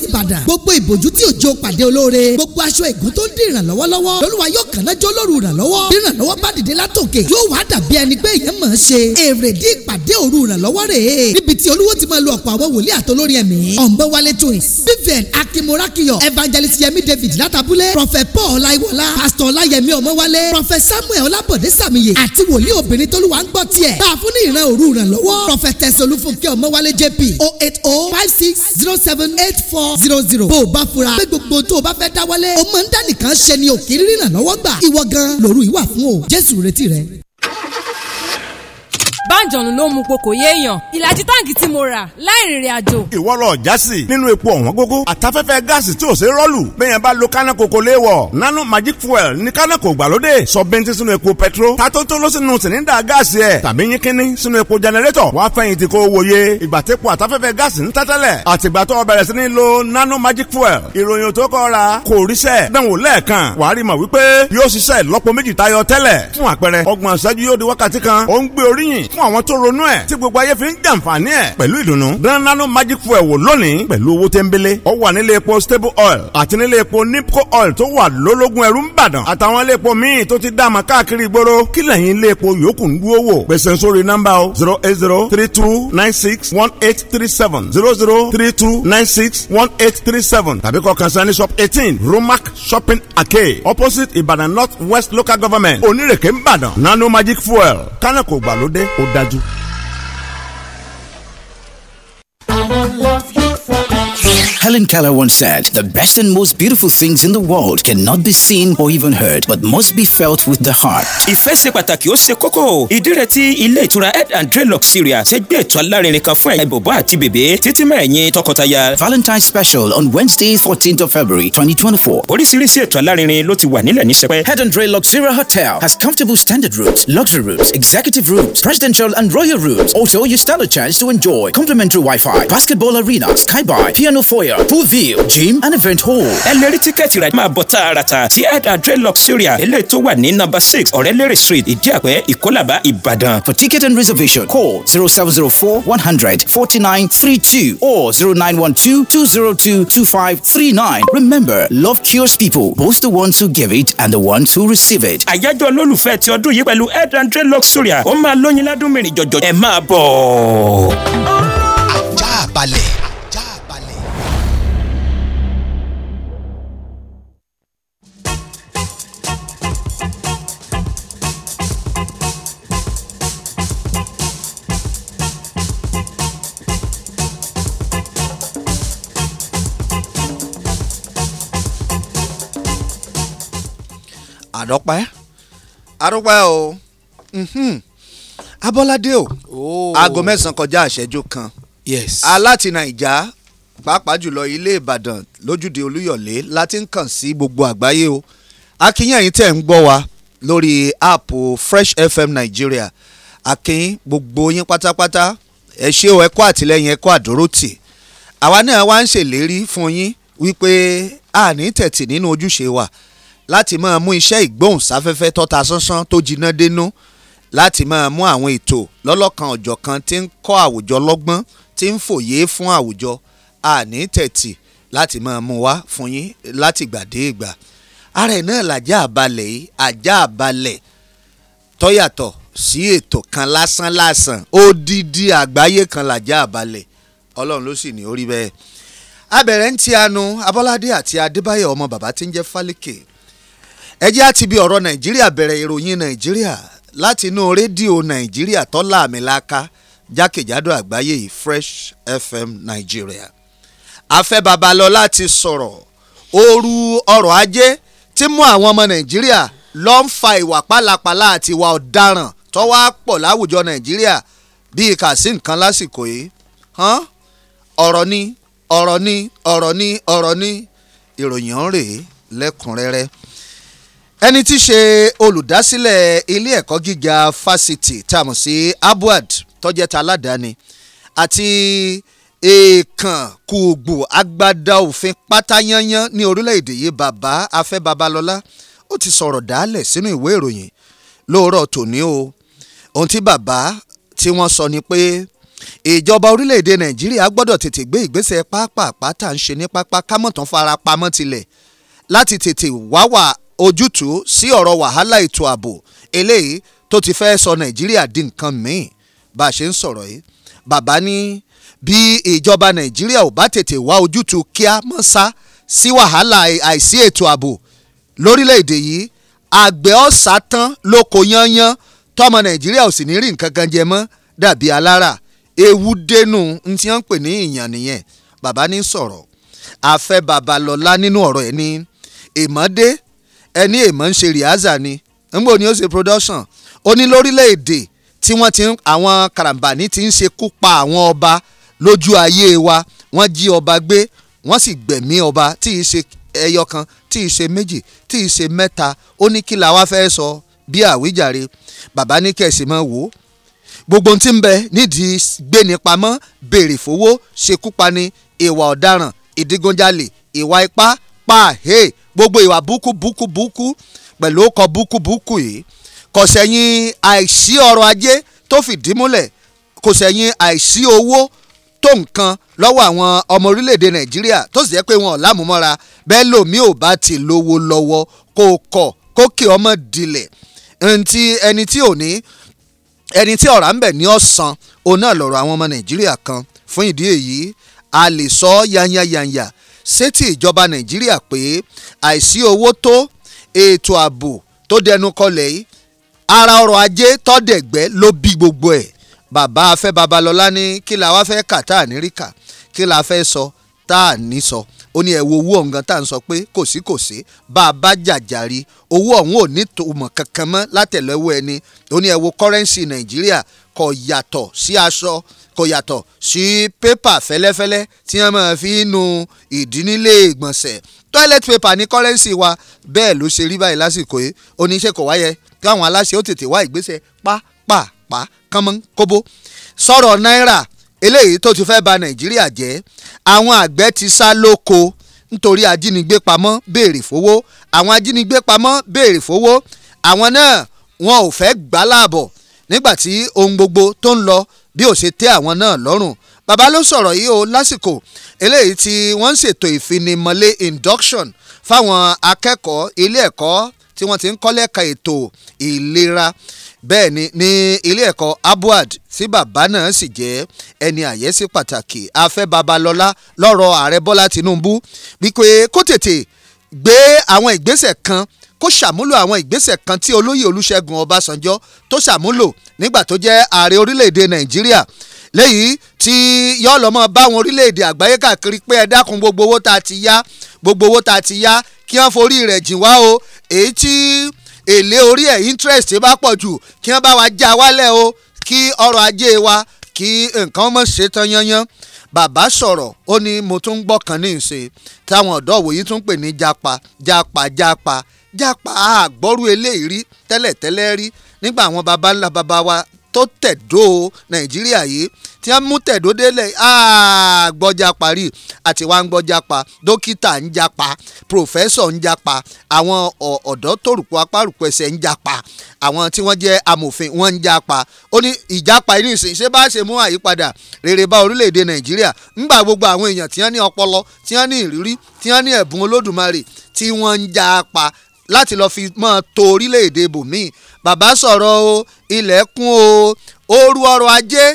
ìbàdàn gbogbo ìbòjú tí òjò pàd pàdé olóore gbogbo aṣọ ègún tó ń di ìrànlọ́wọ́ lọ́wọ́ lọ́lúwa yóò kàn lẹ́jọ́ lóru ìrànlọ́wọ́ bí ìrànlọ́wọ́ bá dìde látòkè yóò wá dàbí ẹni pé èèyàn mọ̀ ọ́n ṣe èrè dí ìpàdé òru ìrànlọ́wọ́ rèé níbi tí olúwo ti máa lo ọ̀pọ̀ àwọn wòlíì àtolórí ẹ̀mí ọ̀nbẹ́wálé twins vivian akimorakiyo evangelist yemi david látàbúlé prophet paul ọláyíwọlá pastor ọláyẹmí ọmọwálé prophet samuel ọlábọ̀dé sàmìyẹ àti wòlíì obìnrin tólúwa ń gbọ́ tiẹ̀ bá a fún ní ìran òru ìrànlọ́wọ́ prophet tẹ̀sọ̀lúfúnkẹ́ ọmọwálé jp oh eight oh five six zero seven eight four zero zero bó o bá fura pé gbogbo tó o bá fẹ́ dáwọ́lé o máa ń dá nìkan ṣe ni òkè rírìnà lọ́wọ́ gbà ìwọ gan lòru ìwà fún o Jésù retí rẹ àjọ̀nù ló mu po kò yéèyàn ìlàjì táǹkì tí mo rà láì rìnrìn àjò. ìwọ lọ jásì nínú epo ọ̀wọ́n gógó àtafẹ́fẹ́ gáàsì tí ò ṣe rọ́ọ̀lù bẹ́ẹ̀ bá lo kánà kòkó léwọ̀ nano magic fuel ní kánà kò gbàlódé sọ bẹ́ntì sínú epo pẹtrol tatótó ló sínú sìnínda gáàsì ẹ̀ tàbí yínkínní sínú epo jẹnẹrétọ̀ wàá fẹ̀yìntì kó wòye ìgbàtẹ́pọ̀ àtafẹ́fẹ́ gáàsì ń lo nano magic fuel ìròyìn tó kọ́ ra kò ríṣẹ́ dánwò lẹ́ẹ̀kan wàá rí mọ̀ wípé yóò ṣiṣẹ́ lọ́pọ̀ méjì tayọ àwọn tó ronú ẹ̀ tí gbogbo ayé fi ń jàǹfààní ẹ̀ pẹ̀lú ìdùnnú. dán magic fuel wò lónìí pẹ̀lú owó tẹ́ńbélé. ó wà nílé epo stable oil àti nílé epo nipco oil tó wà lólógún ẹrú ń bàdàn àtàwọn ilé epo míì tó ti dáàmà káàkiri ìgboro kí lẹ́yìn ilé epo yòókù ń dúró wò. gbèsè sórí nọ́mbà o zero eight zero three two nine six one eight three seven zero zero three two nine six one eight three seven tàbí kọ kànsáni shop eighteen romac shopping arcade opposite Ibadan north west local government onírèké ń bàdàn nano magic fuel kánà kò gbàlódé ó dájú. going I love you forever. Helen Keller once said, The best and most beautiful things in the world cannot be seen or even heard, but must be felt with the heart. Ìfẹ́ ṣe pàtàkì ó ṣe kókó. Ìdí tí ilé ìtura Head and Dreadlock Syria ṣe gbé ètò alárinrin kan fún ẹ̀yin bòbá àti bèbè títí mẹ́ẹ̀yìn tọkọtaya. Valentine special on Wednesday fourteenth of February twenty twenty four. Oríṣiríṣi ètò alárinrin ló ti wà nílẹ̀ ní sẹpẹ́. Head and Dreadlock Syria Hotel has comfortable standard rooms, luxury rooms, executive rooms, presidential and royal rooms. Also, you stand a chance to enjoy complimentary Wi-Fi, basketball arena, sky bar, piano foyer, Luxuria pool view gym and event hall. ẹ lè rí tíkẹ́ẹ̀tì rẹ̀ máa bọ̀ tààràtà sí head and trail Luxuria eléyìí tó wà ní number six ọ̀rẹ́lérè street ìdíàpẹ́ ìkólàbá Ìbàdàn. for ticket and reservation call zero seven zero four one hundred forty nine three two or zero nine one two two zero two two five three nine. remember love cures people both the ones who give it and the ones who receive it. àyájọ́ olólùfẹ́ ti ọdún yìí pẹ̀lú head and trail Luxuria ó máa lóyin ládùn mìíràn jọ̀jọ̀ ẹ máa bọ̀. ajá balẹ̀. àdọ́pẹ́ àdọ́pẹ́ o mhm. abọ́ládé o oh. aago mẹ́sàn-án kọjá àṣẹjú kan aláti naija, pàápàá jùlọ ilé ìbàdàn lójúde olúyọ̀lé láti ń kàn sí gbogbo àgbáyé o akínyìn ẹ̀yin tẹ̀ ń gbọ́ wa lórí áàpù fresh fm nàìjíríà akínyìn gbogbo yín pátápátá ẹ ṣé o ẹ kú àtìlẹ́yìn ẹ kú àdúrótì àwa náà wá ń ṣèlérí fún yín wípé a ní tẹ̀tì nínú ojúṣe wa láti máa mú iṣẹ́ ìgbóhùnsáfẹ́fẹ́ tọ́ta sánsán tó jiná dénú láti máa mú àwọn ètò lọ́lọ́kan ọ̀jọ̀kan tí ń kọ́ àwùjọ lọ́gbọ́n tí ń fòye fún àwùjọ àní tẹ̀tì láti máa mú wá fún yín láti gbà dé ìgbà ara ẹ̀ náà làjá àbalẹ̀ yìí àjá àbalẹ̀ tọ́yàtọ̀ sí ètò kan lásán lásán odidi àgbáyé kan làjá àbalẹ̀ ọlọ́run ló sì ní orí bẹ́ẹ̀ abẹ̀rẹ̀ ń ti anu abọ́ládé àti adébáyọ̀ ọmọ bàbá tí ń jẹ́ fálékè ẹ jẹ́ àti bí ọ̀rọ̀ nàìjíríà bẹ̀rẹ̀ ìròyìn nàìjíríà láti inú rédíò nàìjíríà tó láàmìlàaka jákèjádò àgbáyé yìí fresh fm nàìjíríà afẹ́ babalọ́lá ti sọ̀rọ̀ ooru ọrọ̀ ajé tí mú àwọn ọmọ nàìjíríà ló ń fa ìwà pálapàla àti ìwà ọ̀daràn tó wá pọ̀ láwùjọ nàìjíríà bíi kà sí nǹkan lásìkò yìí ọ̀rọ̀ ni ọ̀rọ̀ ni ọ̀rọ̀ ni ọ̀rọ̀ ni ìròyìn ọ̀rẹ́ lẹ́kùnrẹ́rẹ́ ẹni tí í ṣe olùdásílẹ̀ ilé ẹ̀kọ́ gíga fásitì tá a mọ̀ sí abuad tọ́jẹ́ta aládàáni àti èèkàn kùgbù agbada òfin pátáyányán ní orílẹ̀-èdè yìí bàbá afẹ́ babalọ́lá ó ti sọ̀rọ̀ dálẹ̀ sínú ìwé ìròyìn lóòrọ̀ tòní o ohun tí bàbá tí wọ́n sọ ni pé ìjọba orílẹ̀-èdè nàìjíríà gbọ́dọ̀ tètè gbé ìgbésẹ̀ pápá pátá ń ṣe ní pápá kámọ̀tán fara tilẹ̀ láti tètè wáwà ojútùú sí ọ̀rọ̀ wàhálà ètò ààbò eléyìí tó ti fẹ́ sọ nàìjíríà di nǹkan míì bá a ṣe ń sọ̀rọ̀ yìí bàbá ní bí ìjọba nàìjíríà ò bá tètè wá ojútùú kíá mọ́ sá sí wàhálà àìsí ètò ààbò lórílẹ̀‐èdè yìí àgbẹ̀ ọ̀sà tán lóko yányán tọmọ nàìjíríà ò sì ní rí nǹkan kan jẹ mọ́ dàbí alára ewu dénú n tí wọ́n pè ní ìyàn nìyẹn bàbá ní sọ̀rọ̀ àfẹ́ babalọ́lá nínú ọ̀rọ̀ ẹ̀ ní ìmọ̀dé ẹni èèmọ̀ ń ṣe rìhásà ni ńgbò ni ó ṣe production ó ní lórílẹ̀‐èdè tí wọ́n ti àwọn karambani ti ń ṣekú pa àwọn ọba lójú ayé wa wọ́n jí ọba gbé wọ́n sì gbẹ̀mí ọba tí í ṣe ẹyọ kan tí í ṣe méjì tí í ṣe mẹ́ta ó ní kí la wá fẹ́ sọ bí àwíjàre bàbá ní kẹ̀sì mọ́ wò ó gbogbo ohun tí ń bẹ nídìí gbéni pamọ́ béèrè fowó ṣekúpani ìwà ọ̀daràn ìdígunjalè ìwà ipá pàhé gbogbo ìwà búkú búkú búkú pẹ̀lú ọkọ búkú búkú yìí kò sẹ́yìn àìsí ọrọ̀ ajé tó fìdí múlẹ̀ kò sẹ́yìn àìsí owó tó nǹkan lọ́wọ́ àwọn ọmọ orílẹ̀-èdè nàìjíríà tó sì jẹ́ pé wọn ò lámúmọ́ra bẹ́ẹ̀ lòmí ò bá ti lówó lọ́wọ́ kó kọ̀ kó kí ọmọ dilẹ̀ ntí ẹni tí ò ní ẹni tí ọ̀rá ń bẹ̀ ní ọ̀sán òun náà lọ̀rọ̀ àwọn ọmọ nàìjíríà kan fún ìdí èyí a lè sọ yányányányá sétí ìjọba nàìjíríà pé àìsí owó tó ètò ààbò tó dẹnu kọlẹ̀ yìí ara ọrọ̀ ajé tọ́dẹ̀gbẹ́ ló bí gbogbo ẹ̀ bàbá afẹ́ babalọ́lá ní kí la wá fẹ́ kà tá à ní rí kà kí la fẹ́ sọ tá à ní sọ ó ní ẹ wo owó ọ̀hún gan tá à ń sọ pé kò sí kò sí bá a bá jàjàre owó ọ̀hún ò ní tòmọ̀ kankan mọ́ látẹ̀lẹ́wọ́ ẹni ó ní ẹ wo kọ́rẹ́ǹsì nàìjíríà kò yàtọ̀ sí aṣọ kò yàtọ̀ sí pépà fẹ́lẹ́fẹ́lẹ́ tí wọ́n máa fi nu ìdínílé ìgbọ̀nsẹ̀ toilet paper ní currency wa bẹ́ẹ̀ ló ṣe rí báyìí lásìkò yìí oníṣẹ́ kò wáyẹ káwọn aláṣẹ ó tètè wá ìgbésẹ̀ pápápá kánmọ́ kóbó sọ̀rọ̀ náírà eléyìí tó ti fẹ́ ba nàìjíríà jẹ́ àwọn àgbẹ̀ ti sá lóko nítorí ajínigbé pamọ́ béèrè fowó àwọn ajínigbé pamọ́ béèrè fowó àwọn náà wọn ò fẹ́ gbà nígbàtí ohun gbogbo tó ń lọ bí ó ṣe tẹ́ àwọn náà lọ́rùn bàbá ló sọ̀rọ̀ yìí o lásìkò eléyìí tí wọ́n ń ṣètò ìfinimọ̀lé induction fáwọn akẹ́kọ̀ọ́ ilé ẹ̀kọ́ tí wọ́n ti ń kọ́ lẹ́ka ètò ìlera bẹ́ẹ̀ ni ní ilé ẹ̀kọ́ abuad tí bàbá náà sì jẹ́ ẹni àyẹ́sí pàtàkì afẹ́ babalọ́lá lọ́rọ̀ ààrẹ bọ́lá tinubu wípé kó tètè gbé àwọn ìgbésẹ̀ kan kó ṣàmúlò àwọn ìgbésẹ̀ kan tí olóyè olúṣẹ́gun ọbásanjọ́ tó ṣàmúlò nígbà tó jẹ́ ààrẹ orílẹ̀-èdè nàìjíríà léyìí tí yóò lọ́mọ báwọn orílẹ̀-èdè àgbáyé káàkiri pé ẹ dákun gbogbo owó tá a ti yá gbogbo owó tá a ti yá kí wọ́n forí rẹ̀ jìn wá o èyí tí èlé orí ẹ̀ interest bá pọ̀ jù kí wọ́n bá wa já wálẹ̀ o kí ọrọ̀ ajé wa kí nǹkan mọ̀ ṣe tán yányán bàbá sọ̀rọ̀ ó ní mo tún gbọ́ kan ní ìṣe táwọn ọ̀dọ́ òwòye tún pè ní japa japa japa jápa àgbọ́rú eléyìí rí tẹ́lẹ̀tẹ́lẹ̀ rí nígbà àwọn baba ńlá baba wa tó tẹ̀dó nàìjíríà yìí tí wọ́n mú tẹ̀dó délẹ̀ àgbọ́jàpá rí àti wá ń gbọ́jàpá dókítà ń japa pòfẹ́sọ̀ ń japa àwọn ọ̀dọ́ tòrùkù apárùkù ẹsẹ̀ ń japa àwọn tí wọ́n jẹ́ amòfin wọ́n ń japa ó ní ìjapa inú ìsìn ṣé bá ṣe mú àyípadà rere bá orílẹ̀-èdè nàìjíríà ńgbà gbogbo àwọn èèyàn tí wọ́n ní ọpọlọ tí wọ́n ní ìrírí tí wọ́n ní ẹ̀bùn olódùmarè tí wọ́n ń japa láti lọ́ọ́ fi mọ́ to orílẹ̀-èdè bòmíì bàbá sọ̀rọ̀ o ilẹ̀kùn o ooru ọrọ̀ ajé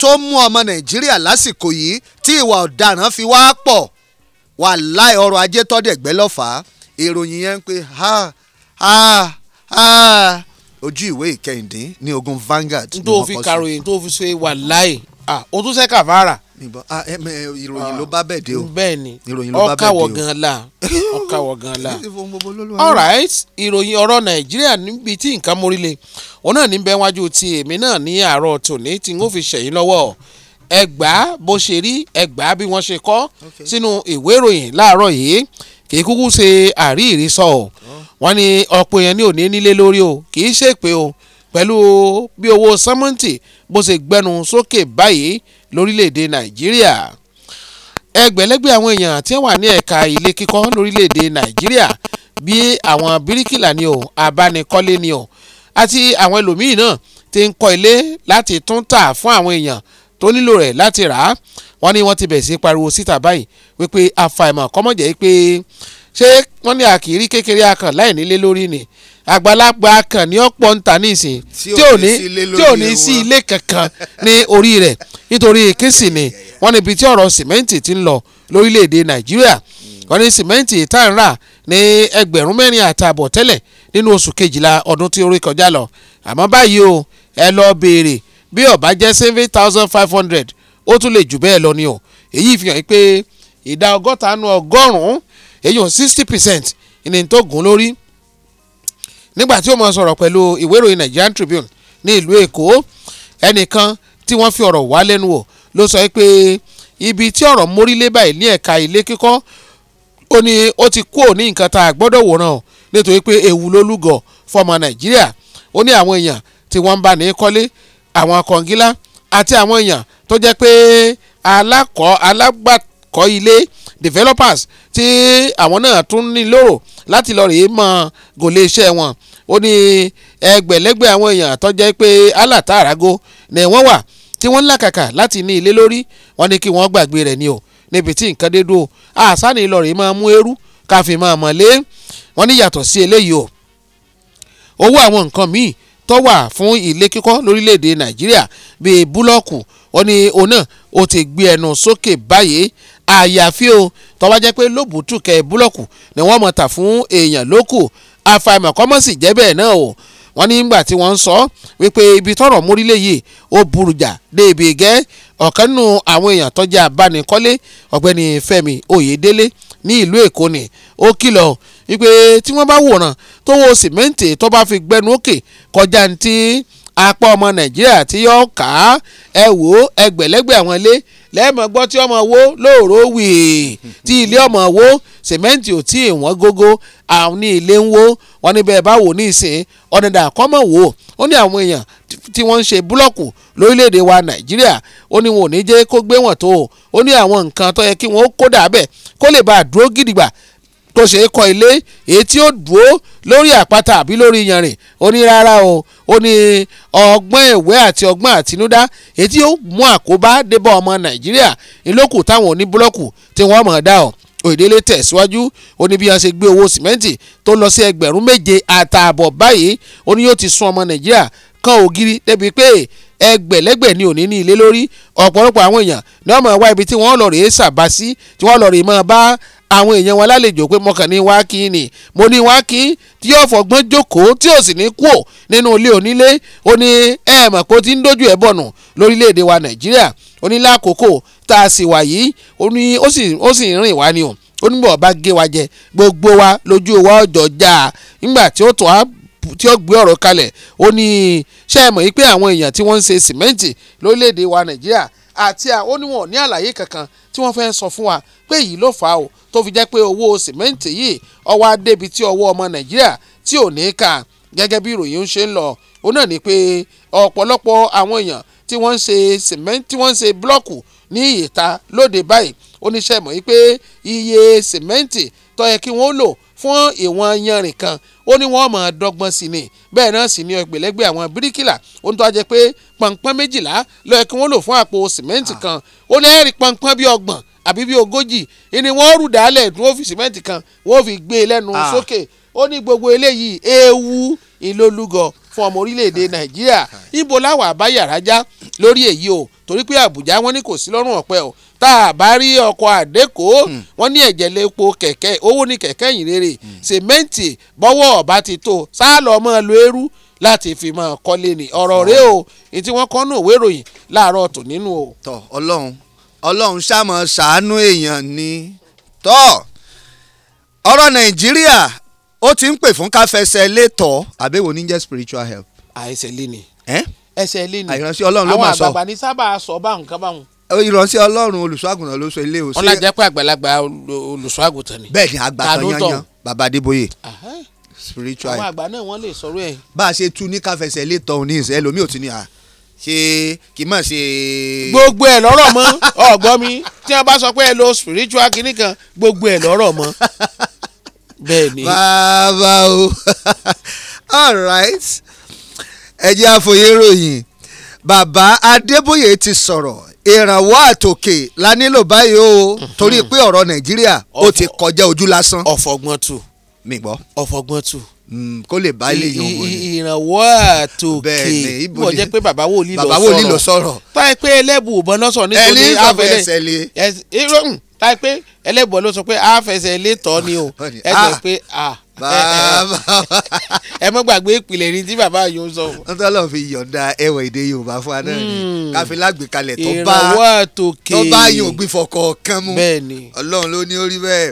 tó mú ọmọ nàìjíríà lásìkò yìí tí ìwà ọ̀daràn fi wá pọ̀ wà láì ọrọ̀ ajé tọ́dẹ̀gbẹ́ lọ́fà ìròyìn yẹn ń ha ha ha ojú ìwé ìkẹyìndín ní ogun Vanguard. n tó fi kàròyìn tó fi ṣe wà láì o tún ṣe kàfàrà. ìròyìn ló bá bẹ̀ dé o. bẹ́ẹ̀ni ọkàwọ̀ gan la ọkàwọ̀ gan la (laughs) alright ìròyìn ọ̀rọ̀ nàìjíríà níbi tí nǹkan mórí le òun náà ní bẹ́ẹ̀ wájú ti èmi náà ní àárọ̀ tòní tí n ó fi ṣẹ̀yìn lọ́wọ́ ẹgbà bó ṣe rí ẹgbà bí wọ́n ṣe kọ sínú ìwé ìròyìn láàárọ̀ yìí kì í kúkú ṣe àrí ìrísọ wọ́n ní ọ̀pọ̀ èèyàn ní òní nílé lórí o kì í ṣèpè o pẹ̀lú bí owó sẹ́mọ́ǹtì bó ṣe gbẹnu sókè báyìí lórílẹ̀‐èdè nàìjíríà ẹgbẹ̀lẹ́gbẹ̀ àwọn èèyàn tí wà ní ẹ̀ka ilé kíkọ́ lórílẹ̀‐èdè nàìjíríà bí àwọn bíríkìlà ni o abánikọ́lé ni o àti àwọn ẹlòmíì náà ti ń kọ́ ilé láti tún tà fún àwọn èèyàn tó nílò rẹ̀ láti rà á wọ́n ní wọ́n ti bẹ̀rẹ̀ sí pariwo síta báyìí wípé àfàìmọ̀ kọ́mọ̀jẹ́ pé ṣé wọ́n ní àkìrí kékeré akàn láì nílé lórí ni àgbàlagbà kan ní ọ̀pọ̀ ńta nísìn tí ò ní tí ò ní sí ilé kankan ní orí rẹ̀ nítorí kínsì ni wọ́n níbi tí ọ̀rọ̀ sìmẹ́ǹtì ti ń lọ lórílẹ̀‐èdè nàìjíríà wọ́n ní sìmẹ́ǹtì tá ń rà ní ẹgbẹ̀rún mẹ́rin àtààbọ̀ tẹ́lẹ̀ nínú oṣù kejìlá ọdún tí orí kọjá lọ àmọ́ báyìí o ẹ lọ béèrè bí ó bá jẹ́ seven thousand five hundred ó tún lè jù bẹ́ẹ̀ lọ ni o èyí fi hàn pé ìdá ọgọ́ta nu ọgọ́rùn-ún èyí ò sixty percent ìní tó gùn lórí nígbà tí ó mọ sọ̀rọ̀ pẹ̀lú ìwé ìròyìn Nigerian Tribune ní ìlú Èkó ẹnìkan tí wọ́n fi ọ̀rọ̀ wá lẹ́nu wò ló sọ pé ibi tí ọ̀rọ̀ mórílé báyìí ní ẹ̀ka ilé kíkọ́ ó ní ó ti kú òní nǹkan tá a gbọ́dọ̀ wòran o nítorí pé ewu ló lúgọ fọmọ Nàìjíríà ó ní àwọn èèyàn tí wọ́n ń bá ní kọ́lé àwọn kọ̀ǹgílá àti àwọn èèyàn tó jẹ́ pé alákọ̀ọ́ alágbàkọ́ ilé developers tí àwọn náà tún ní lóró láti lọ rèé mọ gòlé iṣẹ́ wọn ó ní ẹgbẹ̀lẹ́gbẹ̀ àwọn èèyàn tó jẹ́ pé aláta àrágó ni wọ́n wà tí wọ́n ń làkàkà láti ní ilé lórí wọ́n ní kí wọ́n gbàgbé rẹ̀ ni o níbi tí nǹkan dé dúró àṣàní ìlọrin máa mú eérú káfí máa mọ̀ lé wọ́n ní yàtọ̀ sí eléyìí o owó àwọn nǹkan míì tó wà fún ilé kíkọ́ lórílẹ̀‐èdè nàìjíríà bíi búlọ́ọ̀kù wọ́n ní òun náà ó ti gbé ẹnu sókè báyìí àyàfi o tó bá jẹ́ pé lóbùtù kẹ búlọ̀kù ni wọ́n mọ̀ tà fún èèyàn lókù àfàìmọ̀kọ́mọ̀sì jẹ́ bẹ́ẹ̀ náà o wọ́n ní gbà tí wọ́n ń sọ wípé ibi tọ́rọ̀ mórílẹ̀ yìí ó burújà débi gẹ́ ọ̀kan nù àwọn èèyàn tó abánikọ́lé ọ̀gbẹ́ni Fẹ́mi Oyèdélé ní ìlú Èkó ni ó kìlọ̀ wípé tí wọ́n bá wòran tó wo sìmẹ́ǹtì tó bá fi gbẹnu òkè kọjá ní ti apá ọmọ Nàìjíríà tí yọ ká ẹ wò ẹgbẹ̀lẹ́gbẹ̀ àwọn ilé lẹ́ẹ̀mọ̀ gbọ́ tí ọmọ wo lóòrò wì í tí ilé ọmọ wo sìmẹ́ǹtì ò tí ì wọ́n gógó àwọn ní ilé ń wo wọn níbẹ̀ bá wò ní ìsìn ọ̀nàdà kọ́mọ̀ wò ó ní àwọn èèyàn tí wọ́n ń ṣe búlọ́ọ̀kù lórílẹ̀‐èdè wa nàìjíríà ó ní wọn ò ní jẹ́ kó gbé wọn tó o ó ní àwọn nǹkan tó yẹ kí wọ́n kó dà bẹ́ẹ̀ kó lè bá a dúró gidigba tó ṣe é kọ́ ilé èyí tí ó dúró lórí àpáta àbí lórí yanrìn ó ní rárá o ó ní ọgbọ́n ìwé àti ọgbọ́n àtinúdá èyí tí ó mú àkóbá débọ̀ ọmọ nàìjíríà ìlókù táwọn oníbúlọ́kù tí wọ́n mọ̀ dá ọ̀ òyìnbó tẹ̀síwájú ó ní bí wọ́n ṣe gbé owó sìmẹ́ǹtì tó lọ sí ẹgbẹ̀rún méje àtààbọ̀ báyìí ó ní yóò ti sún ọmọ nàìjíríà kan ògiri débi pé ẹgbẹ̀lẹ́gbẹ̀ ni òní ní ilé lórí ọ̀pọ̀lọpọ̀ àwọn èèyàn ni wọ́n máa wá ibi tí wọ́n lọ rèé sàbá sí tí wọ́n lọ rèé máa bá àwọn èèyàn wọn lálejò pé mọ̀kàn ní wá kí ni mo ní wá kí tí yóò fọgbọ́n jókòó tí yóò sì ní kúò nínú ilé onílé ó ní ẹ mọ̀ pé ó ti ń dojú ẹ̀ bọ̀nù lórílẹ̀‐èdè wa nàìjíríà ó ní lákòókò tá a sì wà yìí ó ní ó sì rìn wá ni o ó ní bọ̀ bá gé wa jẹ gbogbo wa lójú wa ọjọ́ já nígbà tí ó tó a tí ó gbé ọ̀rọ̀ kalẹ̀ ó ní ṣé ẹ mọ̀ yìí pé àwọn èèyàn tí wọ́n ń ṣe sìmẹ́ǹtì lórílẹ̀‐èdè wa nàìjíríà àti ó ní wọn ò ní àlàyé kankan tí wọ́n fẹ́ sọ fún wa pé èyí ló fà á o tó fi jẹ́ pé owó sìmẹ́ǹtì yìí ó wá débi tí ọwọ́ ọmọ nàìjíríà tí ò ní kà gẹ́gẹ́ bí ìròyìn ń ṣe ń lọ ó náà ní pé ọ̀pọ̀lọpọ̀ àwọn èèyàn tí wọ́n ń ṣe sìmẹ́ǹtì wọ́n ń ṣe blọ́ọ̀kù ní ìta lóde báyìí oníṣẹ́ mọ̀ yìí pé iye sìmẹ́ǹtì tó kí wọ́n lò fún ìwọ̀n yanrìn kan ó ní wọ́n mọ̀ dọ́gbọ́n sí ni bẹ́ẹ̀ náà sì ni ọ̀gbẹ̀lẹ́gbẹ̀ àwọn bíríkìlà ó ń tọ́ ajẹ́ pé pọ̀npọ́n méjìlá lọ́ọ́ kí wọ́n lò fún àpò sìmẹ́ǹtì ah. kan ó ní ẹ̀rí pọ̀npọ́n bíi ọgbọ̀n àbí bíi ogójì ni wọ́n rù dálẹ̀ dúró fi sìmẹ́ǹtì kan wọ́n fi gbé e lẹ́nu ah. sókè ó ní gbogbo eléyìí ewu ìlólúgọ fún ọmọ orílẹ̀-èdè nàìjíríà ibo láwà bá yàrá já lórí èyí o torí pé àbújá wọn ní kò sí lọ́rùn ọ̀pẹ o tá a bá rí ọkọ̀ àdékòó hmm. wọn ní ẹ̀jẹ̀ lè po kẹ̀kẹ́ owó ní kẹ̀kẹ́ yìí rere hmm. sèmẹ́ǹtì bọ́wọ́ ọ̀bá ti tó sálọ mọ́ lo eru láti fi máa kọ́lé ni ọ̀rọ̀ rẹ o ètí wọ́n kọ́nú òwe ìròyìn láàárọ̀ tò nínú o. tọ ọlọ́run ọlọ́run ṣàmọ ṣàánú èèyàn ni tọ ọ̀rọ̀ nàìjíríà ó ti ń pè fún ká fẹsẹ̀ létọ̀ àbẹ̀wò ní spiritual help. àìsẹ̀ lé ni. ẹsẹ̀ lé ni ìránṣẹ́ ọlọ́run ló máa sọ. àwọn àgbàgbà ní sábà sọ báwọn kan báwọn. ìránṣẹ́ ọlọ́run olùṣọ́àgùntàn ló sọ ilé o. wọn lájẹ pé àgbàlagbà olùṣọ́àgùntàn ni. bẹ́ẹ̀ ni àgbà kan yanyan bàbá adébóyè spiritual. àwọn àgbà náà wọ́n lè sọ̀rọ̀ ẹ̀. bá a ṣe tu ní ká fẹsẹ̀ létọ̀ òní ìsẹ́ ẹlòmíì ò ti ní à ṣe kì í mọ̀ ṣe. gbogbo ẹ̀ lọ́rọ̀ mọ́ ọ̀gbọ́n mi tí wọ́n bá sọ pé ẹ lo spiritual kìnnìkan gbogbo ẹ̀ lọ́rọ̀ mọ́ bẹ́ẹ̀ni. bàbá o (laughs) all right ẹ jẹ́ àfòyé ròyìn bàbá adébóyè ti sọ̀rọ̀ ìrànwọ́ àtòkè la nílò báyìí o mhm. torí pé ọ̀rọ̀ nàìjíríà ó ti kọjá ojú lásán. ọ̀fọ̀gbọ́n tù. mi gbọ́. ọ̀fọ̀gbọ́n tù hmm, kó lè bá ilé yan wọlé. ìrànwọ́ àtòkè bó jẹ́ pé bàbá wòlíì lọ sọ̀rọ̀ báyìí pé ẹlẹ́bùn ò bọ́ná sọ̀rọ̀ nítorí àfẹ́lẹ́ táyì pé ẹlẹ́bọ̀ ló sọ pé a fẹsẹ̀ lé tọ́ ni o (laughs) ẹ sọ pé a ah, ẹ (laughs) mọ́ gbàgbé ìpìlẹ̀ ní tí bàbá yóò sọ. wọ́n tọ́ lọ́ọ́ fi yọ̀ǹda ẹwà èdè yorùbá fún aná ni hmm. káfí lágbèkalẹ̀ tó bá tó bá yóò gbé fọkọ̀ kan mú ọlọ́run ló ní orí bẹ́ẹ̀.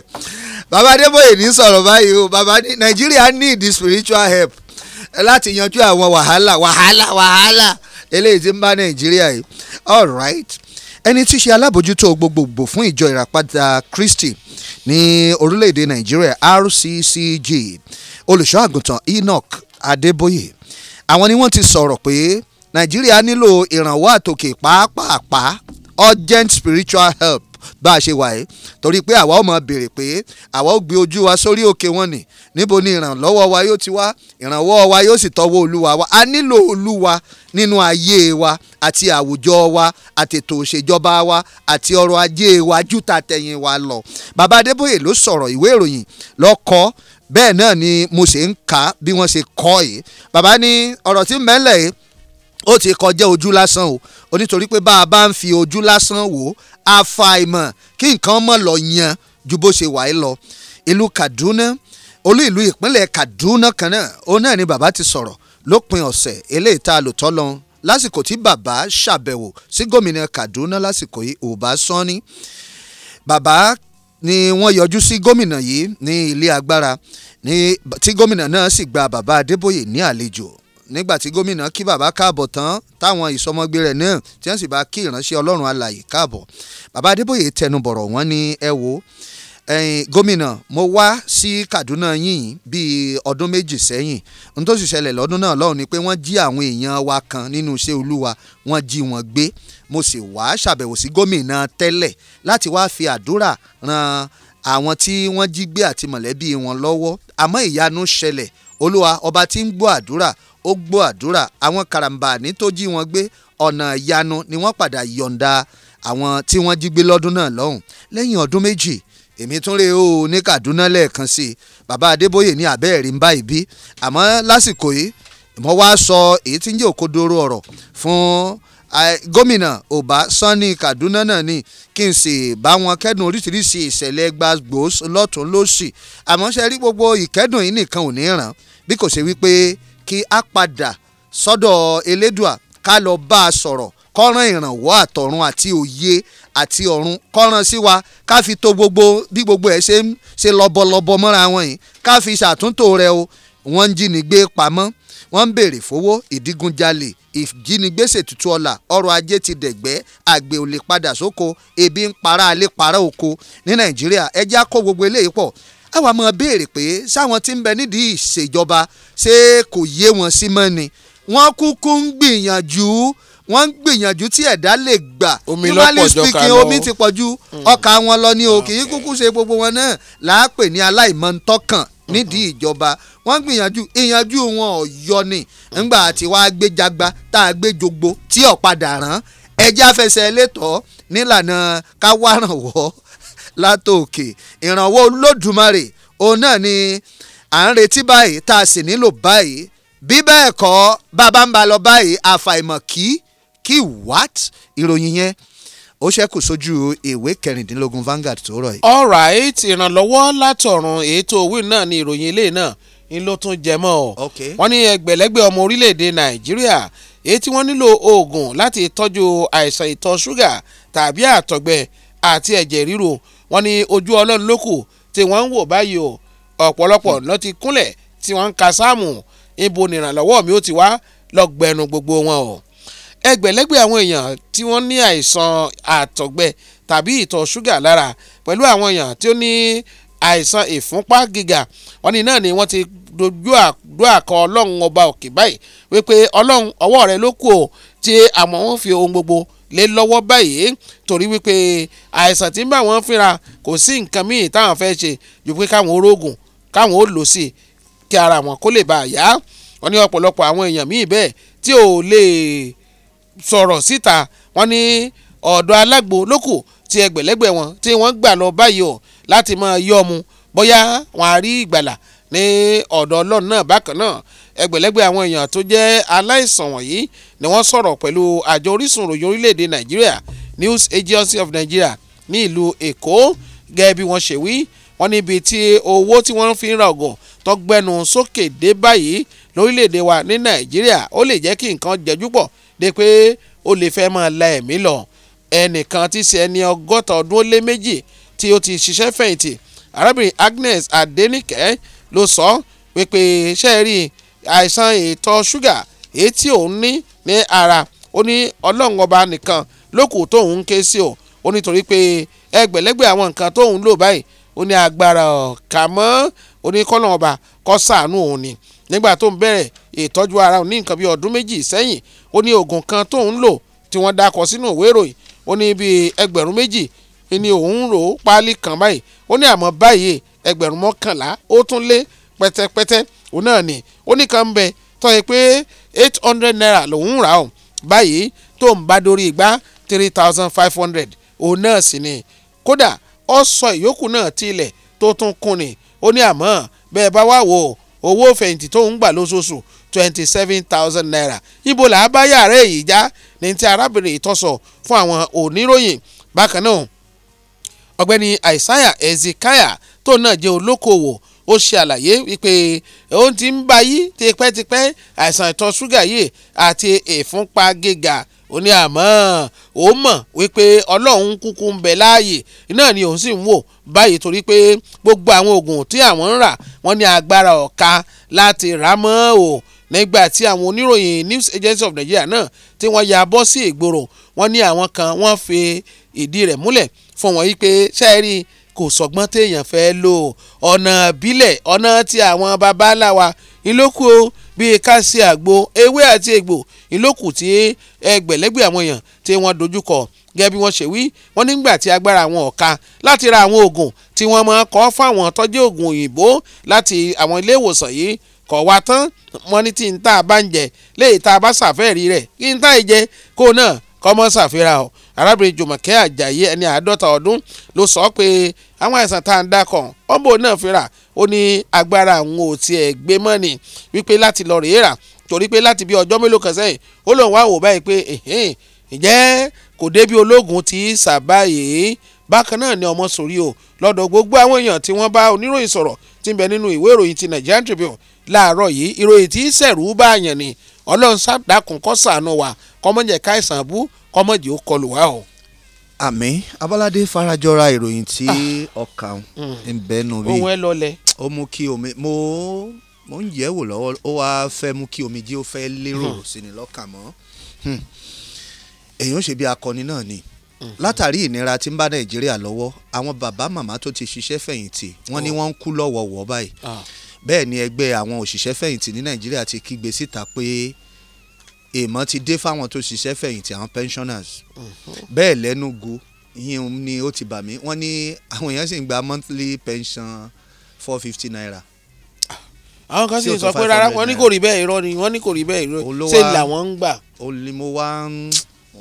bàbá adébóyè ní sọ̀rọ̀ báyìí o bàbá ní nàìjíríà need spiritual help láti yanjú àwọn wàhálà wàhálà wàhálà eléyìí tí ń bá nàìjíríà yìí all right ẹni tí í ṣe alábòjútó gbogbogbò fún ìjọ ìràpadà Kristi ní orílẹ̀-èdè Nàìjíríà RCCG olùṣọ́ àgùntàn Enoch Adébóyè àwọn ni wọ́n ti sọ̀rọ̀ pé Nàìjíríà nílò ìrànwọ́ àtòkè pàápàá urgent spiritual help bá a ṣe wà yìí torí pé àwa ó máa béèrè pé àwa ó gbé ojú wa sórí òkè wọn ni níbo ni ìrànlọ́wọ́ wa yóò ti wá ìrànwọ́ wa yóò sì tọwọ́ olúwa wa a nílò olúwa nínú ayé wa àti àwùjọ wa àtètò òṣèjọba wa àti ọrọ̀ ajé wa jù tàtẹ̀yìn wa lọ bàbá adébóyè ló sọ̀rọ̀ ìwé ìròyìn lọ́kọ́ bẹ́ẹ̀ náà ni mo ṣe ń kà bí wọ́n ṣe kọ́ yìí bàbá ní ọ̀rọ̀ tí mẹ́lẹ̀ yìí ó ti kọjá ojú lásán o onítorí pé bá a bá ń fi ojú lásán wò ó àfàìmọ̀ kí nǹkan mọ̀ lọ yan ju bó ṣe wà é lọ ìlú Kaduna olú ìlú ìpínlẹ̀ Kaduna kan náà òun náà ni bàbá ti sọ̀rọ̀ lópin ọ̀sẹ̀ eléyìí tá a lò tọ́ lọ́n lásìkò tí bàbá ṣàbẹ̀wò sí gómìnà Kaduna lásìkò yìí Ọbásanjọ́ bàbá ni wọ́n yọjú sí gómìnà yìí ní ilé agbára tí gómìnà náà sì gba bàbá Adébóyè ní àlejò nígbà tí gómìnà kí bàbá káàbọ̀ tán táwọn ìsọmọgbé rẹ̀ náà tí wọ́n sì bá kí ìránṣẹ́ ọlọ́run alààyè káàbọ̀ bàbá adébóyè tẹnubọ̀rọ̀ wọ́n ní ẹ wo gómìnà mo wá sí kaduna yìnyín bíi ọdún méjì sẹ́yìn n tó sì ṣẹlẹ̀ lọ́dún náà lọ́hùn ni pé wọ́n jí àwọn èèyàn wa kan nínú iṣẹ́ olúwa wọ́n jí wọn gbé mo sì wá ṣàbẹ̀wò sí gómìnà tẹ́lẹ̀ láti wá fi àdúrà ran àwọn tí wọ́n jí gbé àti mọ̀lẹ́bí wọn lọ́wọ́ àmọ́ ìyanu ṣẹlẹ̀ olúwa ọba tí ń gbọ́ àdúrà ó gbọ́ àdúrà àwọn karambani tó jí wọn gbé ọ̀nà ìyanu ni wọ́n padà yọ̀ǹda àwọn tí wọ́n jí gbé lọ́dún náà lọ́hùn lẹ́yìn ọdún méjì èmi tún rè ó ní Kaduna lẹ́ẹ̀kan sí i bàbá Adébóyè ní abẹ́ẹ̀rí ń bá ìbí àmọ́ lásìkò yìí mo wá sọ èyí tí ń jẹ́ òkodoro ọ̀rọ̀ fún gómìnà Ọba Sanni Kaduna náà ni kí n sì bá wọn kẹ́dùn oríṣiríṣi ìṣẹ̀lẹ̀ gbàgbós lọ́tún lọ́sì àmọ́ ṣe rí gbogbo ìkẹ́dùn yìí nìkan ò ní ràn án bí kò ṣe wípé kí a padà sọ́dọ̀ elédùà ká lọ bá a sọ̀rọ̀ kọ́ran ìrànwọ́ àtọ̀run àti òye àti ọ̀run kọ́ran sí wa ká fi tó gbogbo bí gbogbo ẹ̀ ṣe ń ṣe lọ́bọ̀lọ́bọ̀ mọ́ra wọn yìí ká fi ṣàtúntò rẹ o wọ́n ń jínigbé pamọ́ wọ́n ń béèrè fowó ìdígunjalè ìjínigbé ṣètùtù ọ̀la ọrọ̀ ajé ti dẹ̀gbẹ́ àgbẹ̀ ò padà sóko ebi ń para alẹ́ para oko ní nàìjíríà ẹja kó gbogbo eléyìí pọ̀ àwa máa béèrè pé sáwọn tí ń bẹ nídìí ìṣèjọba ṣé kò yé wọn sí mọ́ ni wọ́n kúkú ń gbìyànjú wọ́n ń gbìyànjú tí ẹ̀dá lè gbà normally speaking omi ti pọ̀jù hmm. ọkà wọn lọ ni o ah, kì í kúkú ṣe gbogbo wọn náà làápè ní aláìmọ̀ntọ́kàn nídìí hmm. ìjọba wọ́n gbìyànjú ìyànjú wọn ò yọ ni ńgbà tí wàá gbéjàgbá tá a gbé jogbo tí ọ̀padà rán ẹjẹ́ afẹsẹ̀ ẹlẹ́tọ̀ọ́ nílànà káwárànwọ́ látòkè ìrànwọ́ olódùmarè òun náà ni à ń retí báyìí tá a sì nílò báyìí bí bẹ́ẹ̀ kọ́ bàbá ń ba lọ báyìí àfàìmọ̀ kí kí what ìròyìn yẹn ó ṣẹ́kù sójú ìwé kẹrìndínlógún Vanguard tó rọ̀ yìí. all right ìrànlọ́wọ́ látọ̀run ètò òwì náà ni ìròyìn ilé náà ń ló tún jẹ mọ́ ọ. wọ́n ní ẹgbẹ̀lẹ́gbẹ̀ ọmọ orílẹ̀-èdè Nàìjíríà èyí tí wọ́n nílò oògùn láti tọ́jú àìsàn ìtọ̀ ṣúgà tàbí àtọ̀gbẹ àti ẹ̀jẹ̀ ríru wọ́n ní ojú ọlọ́run lókù tí wọ́n ń wò báyìí o ọ̀pọ̀lọpọ̀ ló ti kúnlẹ̀ tí wọ́n ń ka sáàmù ibo nìrànlọ́wọ́ mi ó ti wá lọ́gbẹ̀nu gbogbo wọn o ẹgbẹ̀lẹ́gbẹ̀ àwọn èèyàn tí wọ́n ní àìsàn àtọ̀gbẹ tàbí ìtọ̀ ṣúgà lára pẹ̀lú àwọn èèyàn tí ó ní àìsàn ìfúnpá gíga wọn ni náà ni wọ́n ti dojú àdúrà kọ ọlọ́run ọba òkè báyìí wípé ọlọ́run ọwọ́ rẹ ló kù o tí àmọ́ wọn fi ohun gbogbo lé lọ́wọ́ báyìí torí wípé àìsàn tí ń bá wọn fínra kò sí nǹkan míì táwọn fẹ́ ṣe ju pé káwọn orógùn káwọn ó lò sí kí ara wọn kó lè bá a yá wọ́n ní ọ̀pọ̀lọpọ̀ àwọn èèyàn míì bẹ́ẹ̀ tí ò lè sọ̀rọ̀ síta wọ́n ní ọ̀dọ̀ alágbo lókù ti ẹgbẹ̀lẹ́gbẹ̀ wọn tí wọ́n gbà lọ báyìí o láti máa yọ ọmú bóyá wọn á rí ìgbàlà ní ọ̀dọ̀ ọlọ́run náà bákan náà ẹgbẹ̀lẹ́gbẹ̀ àwọn èèyàn tó jẹ́ aláìsàn wọ̀nyí ni wọ́n sọ̀rọ̀ pẹ̀lú àjọ orísun ròyìn orílẹ̀-èdè nàìjíríà news agency of nigeria ní ìlú èkó gẹ́gẹ́ bí wọ́n ṣe wí wọ́n níbi tí owó tí wọ́n fi ń ra ọ̀gùn tó gbẹnu sókè dé báyìí lórílẹ̀-èdè wa ní nàìjíríà ó lè jẹ́ kí nǹkan jẹjú pọ̀ dé pé ó lè fẹ́ máa la ẹ̀mí lọ ẹnìkan ti ṣe ẹni ọgọ́ta ọdún ó lé méjì tí ó ti ṣiṣẹ́ fẹ̀yìntì arábìnrin agnes adenike ló sọ wípé ṣe rí àìsàn ìtọ̀ ṣúgà èyí tí òun ní ní ara ó ní ọlọ́run ọba nìkan lókù tóun ń ké sí o ó nítorí pé ẹgbẹ̀lẹ́gbẹ̀ àwọn nǹkan tóun lò báyìí ó ní agbára ọ̀kà mọ́ ó ní kọ́nà ọba kó ṣàánú òun ni nígbà tó ń bẹ̀rẹ̀ ìtọ́jú ara òun ní nǹkan bíi ọdún méjì sẹ́yìn ó ní oògùn kan tóun lò tí wọ́n dakọ̀ sínú ìwé ìròyìn ó ní bíi ẹgbẹ̀rún méjì ni òun rò ó páálí kan báyìí ó ní àmọ́ báyìí ẹgbẹ̀rún mọ́kànlá ó tún lé pẹ́tẹ́pẹ́tẹ́ òun náà ni ó ní kan pé eight hundred naira lòún rà ọ́ báyìí tó ń bá dórí igbá three thousand five hundred òun náà sì ni kódà ó sọ ìyókù náà tilẹ̀ tó tún kún ni ó ní àmọ́ bẹ́ẹ̀ bá wà wò owó fẹ̀yìntì tó ń gbà lóṣooṣù twenty seven thousand naira ibo là á bá yàrá èyí já ní ti arábìnrin ìtọ́sọ̀ fún àwọn oníròyìn bákan náà ọ̀gbẹ́ni Isaiah Ezekiah tó náà jẹ́ olókoòwò ó ṣe àlàyé wípé òun ti ń bá yí tipẹ́tipẹ́ àìsàn ìtọ̀ ṣúgà yìí àti ìfúnpá gíga ó ní àmọ́ ó mọ̀ wípé ọlọ́run kúkú ń bẹ láàyè náà ni òun sì ń wò báyìí torí pé gbogbo àwọn oògùn tí àwọn ń rà wọ́n ní agbára ọ̀ka láti rà mọ́ o nígbà tí àwọn oníròyìn news agency of Nigeria náà tí wọ́n ya bọ́ sí ìgboro wọ́n ní àwọn kan wọ́n fi ìdí rẹ̀ múlẹ̀ fún wọn yìí pé ṣáà rí i kò sọgbọ́n téèyàn fẹ́ lò ọ̀nà ìbílẹ̀ ọ̀nà tí àwọn babaláwa ìlókù o bíi ká ṣe àgbo ewé àti egbò ìlókù tí ẹgbẹ̀lẹ́gbẹ̀ àwọn èèyàn tí wọ́n dojúkọ gẹ́gẹ́ bí wọ́n ṣe wí wọ́n nígbà tí agbára àwọn ọ̀ka láti ra àwọn oògùn tí wọ́n máa kọ́ fáwọn tọ́jú oògùn òyìnbó láti àwọn ilé ìwòsàn yìí kọ̀ wá tán wọ́n ní tí n tá bá ń jẹ léyìí tá a bá ṣàfẹ́rí rẹ̀ kí n tá ì kó náà kọ́ mọ́ ṣàfihàn arábìnrin jùmọ̀kẹ́ àjàyí ẹni àádọ́ta ọdún ló sọ pé àwọn àìsàn tá à ń dákọ̀ ọ̀nbó náà fira ó ní agbára àwọn ò tiẹ̀ gbé mọ́ ni wípé láti lọ rèé rà torí pé láti bí ọjọ́ mélòó kan sẹ́yìn ó lóun wá wò báyìí pé ǹjẹ́ kò débi ológun ti ṣàbáyé bákan náà ni ọmọ sórí o lọ́dọ̀ gbogbo àwọn èèyàn tí wọ́n bá oníròyìn sọ̀rọ̀ tí bẹ nínú ìwé ìròyìn ti Nigerian Tribune láàárọ̀ yìí ìròyìn tí sẹ̀rù bá àyàn ni ọlọ́run sàdákùn kó ṣàánú wa kọ́mọ̀jẹ̀ káìsàn bú kọ́mọ̀jẹ̀ ó kọlù wá o. àmì abọ́ládé farajọra ìròyìn tí ah. ọkàn mm. ń bẹnu rí ohun ẹ lọlẹ. ó mú kí omi mo mo ń yẹ̀ wò lọ́wọ́ ó wáá fẹ́ mú kí omijé ó fẹ́ lérò mm-hmm. sí ni lọ́kàn mọ́ èèyàn hmm. ṣe bí akọni náà ni mm. látàrí ìnira tí ń bá nàìjíríà lọ́wọ́ àwọn bàbá màmá tó ti ṣiṣẹ́ fẹ̀yìntì wọ́n ní oh. wọ́n ń kú lọ́wọ́wọ́ báyìí ah bẹ́ẹ̀ ni ẹgbẹ́ àwọn òṣìṣẹ́ fẹ̀yìntì ní nàìjíríà ti kígbe síta pé èèmọ̀ ti dé fáwọn tó ṣiṣẹ́ fẹ̀yìntì àwọn pensioners mhm. bẹ́ẹ̀ lẹ́nu go yíyún ni ó ti bà mí wọ́n ní àwọn èèyàn sì ń gba monthly pension four fifty naira àwọn kan sì sọ pé rárá wọn ní kò rí bẹ́ẹ̀ irọ́ ni wọn ní kò rí bẹ́ẹ̀ irọ́ ṣé làwọn ń gbà. olè mo wá ń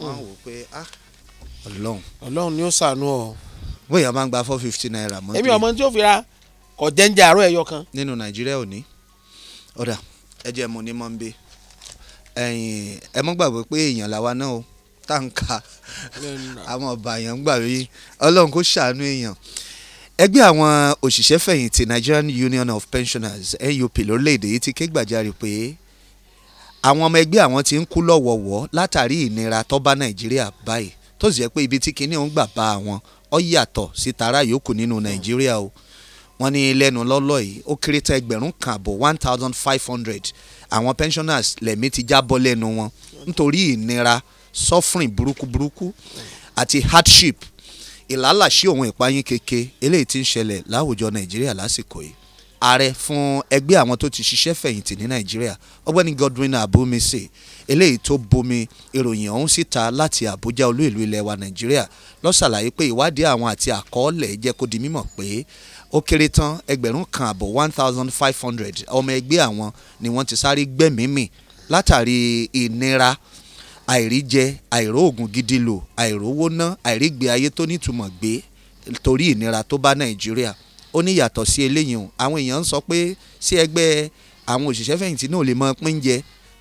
wá mm. wò pé ah, ọlọ́run ọlọ́run ni ó ṣàánú ọ. bóyá máa ń gba four fifty naira èmi ọmọ tí ó fi ra kò jẹ́njẹ àárọ̀ ẹ̀yọ kan. nínú nàìjíríà ò ní ọ̀dà ẹ̀jẹ̀ mo ní mọ́ ń bẹ ẹ̀yìn ẹ mọ́ gbàgbọ́ pé èèyàn làwa náà o tá à ń ka ń gbà ọlọ́run kò ṣàánú èèyàn ẹgbẹ́ àwọn òṣìṣẹ́ Nigerian Union of Pensioners NUP lórílẹ̀‐èdè yìí ti ké gbàjarè pé àwọn ọmọ ẹgbẹ́ àwọn ti ń kú lọ́wọ̀ọ̀wọ́ látàrí ìnira tó bá nàìjíríà báyìí tó sì jẹ́ pé ibi tí kinní òun gbà bá àwọn ó yàtọ̀ sí tara yòókù nínú nàìjíríà o. Mm wọ́n ní lẹ́nu lọ́lọ́ yìí ó kéré tán ẹgbẹ̀rún kan àbọ̀ one thousand five hundred àwọn pensioners lẹ́mí ti jábọ́ lẹ́nu wọn nítorí ìnira suffering burúkú burúkú àti hardship ìlàlàsí ohun ìpayín keke eléyìí ti ń ṣẹlẹ̀ láwùjọ nàìjíríà lásìkò yìí ààrẹ fún ẹgbẹ́ àwọn tó ti ṣiṣẹ́ fẹ̀yìntì ní nàìjíríà ọgbẹ́ni Godwin Abumisi eléyìí tó bomi ìròyìn ọ̀hún síta láti àbújá olú ìlú ilẹ̀ wa nàìjíríà ló ṣàlàyé pé ìwádìí àwọn àti àkọọ́lẹ̀ jẹ́ kó di mímọ̀ pé ó kéré tán ẹgbẹ̀rún kan àbọ̀ one thousand five hundred ọmọ ẹgbẹ́ àwọn ni wọ́n ti sáré gbẹ̀mímì látàrí ìnira àìríjẹ àìróògùn gidi lò àìrówó ná àìrígbé ayé tó nítumọ̀ gbé torí ìnira tó bá nàìjíríà ó ní yàtọ̀ sí eléyìí o àwọn èèyàn ń sọ pé sí ẹgbẹ́ àwọn òṣìṣẹ́ fẹ̀yìntì náà lè mọ pín jẹ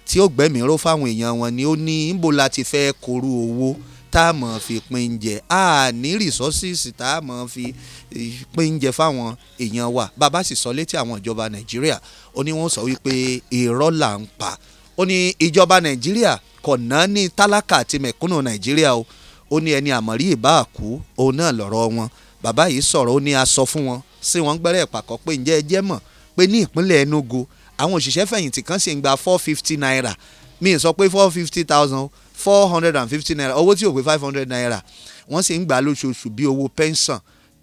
tí ó gbẹ̀mí ró fáwọn èèyàn wọn ni ó ní ńbo la ti fẹ́ koru owó tá a mọ̀ fi pín jẹ a ní rìsọ́sìsì tá a mọ̀ fi eh, pín jẹ fáwọn èèyàn wa bàbá sì sọ létí àwọn ìjọba nàìjíríà ó ní wọ́n sọ wípé irọ́ là ń pa ó ní ìjọba nàìjíríà kò ná ní tálákà àti mẹ̀kúnnù nàìjíríà o ó ní ẹni àmọ̀rí ìbá àkú òun náà lọ̀rọ̀ wọn bàbá yìí sọ̀rọ̀ ó ní a sọ fún wọn sí wọn gbẹ́rẹ́ ìpàkọ́ pé ǹjẹ́ ẹ jẹ́ mọ̀ pé ní ìpínlẹ̀ Enugu àwọn òṣìṣẹ́ fẹ̀yìntì kan sì ń gba four fifty naira mi sọ pé four fifty thousand four hundred and fifty naira owó tí ò pé five hundred naira wọ́n sì ń gbà lóṣooṣù bí owó pension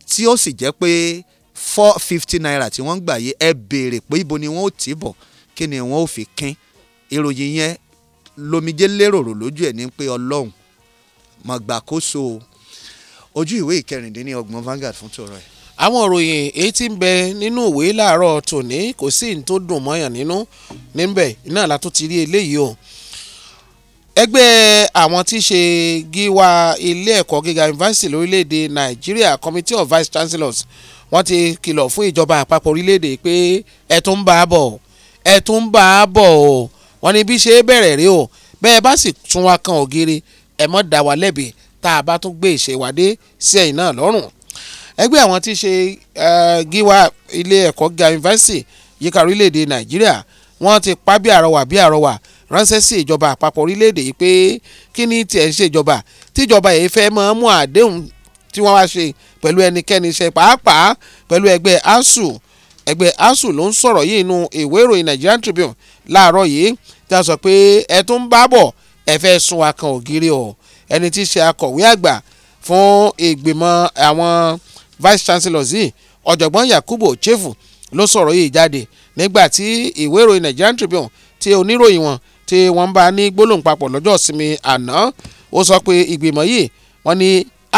tí ó sì jẹ́ pé four fifty naira tí wọ́n ń gbà yìí ẹ béèrè pé ibo ni wọ́n ó tì bọ̀ kí ni wọ́n ó fi kín ìròyìn yẹn lomijé léròrò lójú ẹ̀ ní pé ọlọ́run mà gbàkóso ojú ìwé ìkẹrìndínlọ́gbọ̀n Vanguard fún tòrọ ẹ̀. àwọn òròyìn èyí tí ń bẹ nínú ìwé láàárọ̀ tòní kò sí ní tó dùn mọ́yàn nínú níbẹ̀ iná la tó ti rí eléyìí o ẹgbẹ́ àwọn tí í ṣe gíwá ilé ẹ̀kọ́ gíga yunifásitì lórílẹ̀‐èdè nàìjíríà committee of vice chancellors wọ́n ti kìlọ̀ fún ìjọba àpapọ̀ orílẹ̀‐èdè pé ẹ tún ń bá a bọ̀ ẹ tún ń bá a bọ̀ o wọ́n ní bí ṣe bẹ̀rẹ̀ rí o bẹ́ẹ̀ bá sì tún wa kan ògiri ẹ mọ́ dá wa lẹ́bi tá a bá tún gbé ìṣèwádé sí ẹ̀yìn náà lọ́rùn ẹgbẹ́ àwọn tí ṣe gíwá ilé ẹ̀kọ́ gíga yunifásitì yíká orílẹ̀‐èdè nàìjíríà wọ́n ti pa bí àrọwà bí àrọwà ránṣẹ́ sí ìjọba àpapọ̀ orílẹ̀-èdè yìí pé kí ni tiẹ̀ ń ṣèjọba tíjọba yìí fẹ́ máa mú àdéhùn tí wọ́n wá ṣe pẹ̀lú ẹnikẹ́ni ṣe pàápàá pẹ̀lú ẹgbẹ́ asuu ẹgbẹ́ asuu ló ń sọ̀rọ̀ yìí nínú ìwé ìròyìn Nigerian Tribune láàárọ̀ yìí tí a sọ pé ẹ tún bá bọ̀ ẹ fẹ́ sun akàn ògiri o ẹni tí í ṣe akọ̀wé àgbà fún ìgbìmọ̀ àwọn vice chancellor yìí ọ̀jọ̀gbọ́n Yakubu Chefu ló sọ̀rọ̀ yìí jáde nígbà tí ìwé ìròyìn Nigerian Tribune ti oníròyìn wọn tí wọ́n bá ní gbólóhùn papọ̀ lọ́jọ́ ìsinmi àná ó sọ pé ìgbìmọ̀ yìí wọ́n ní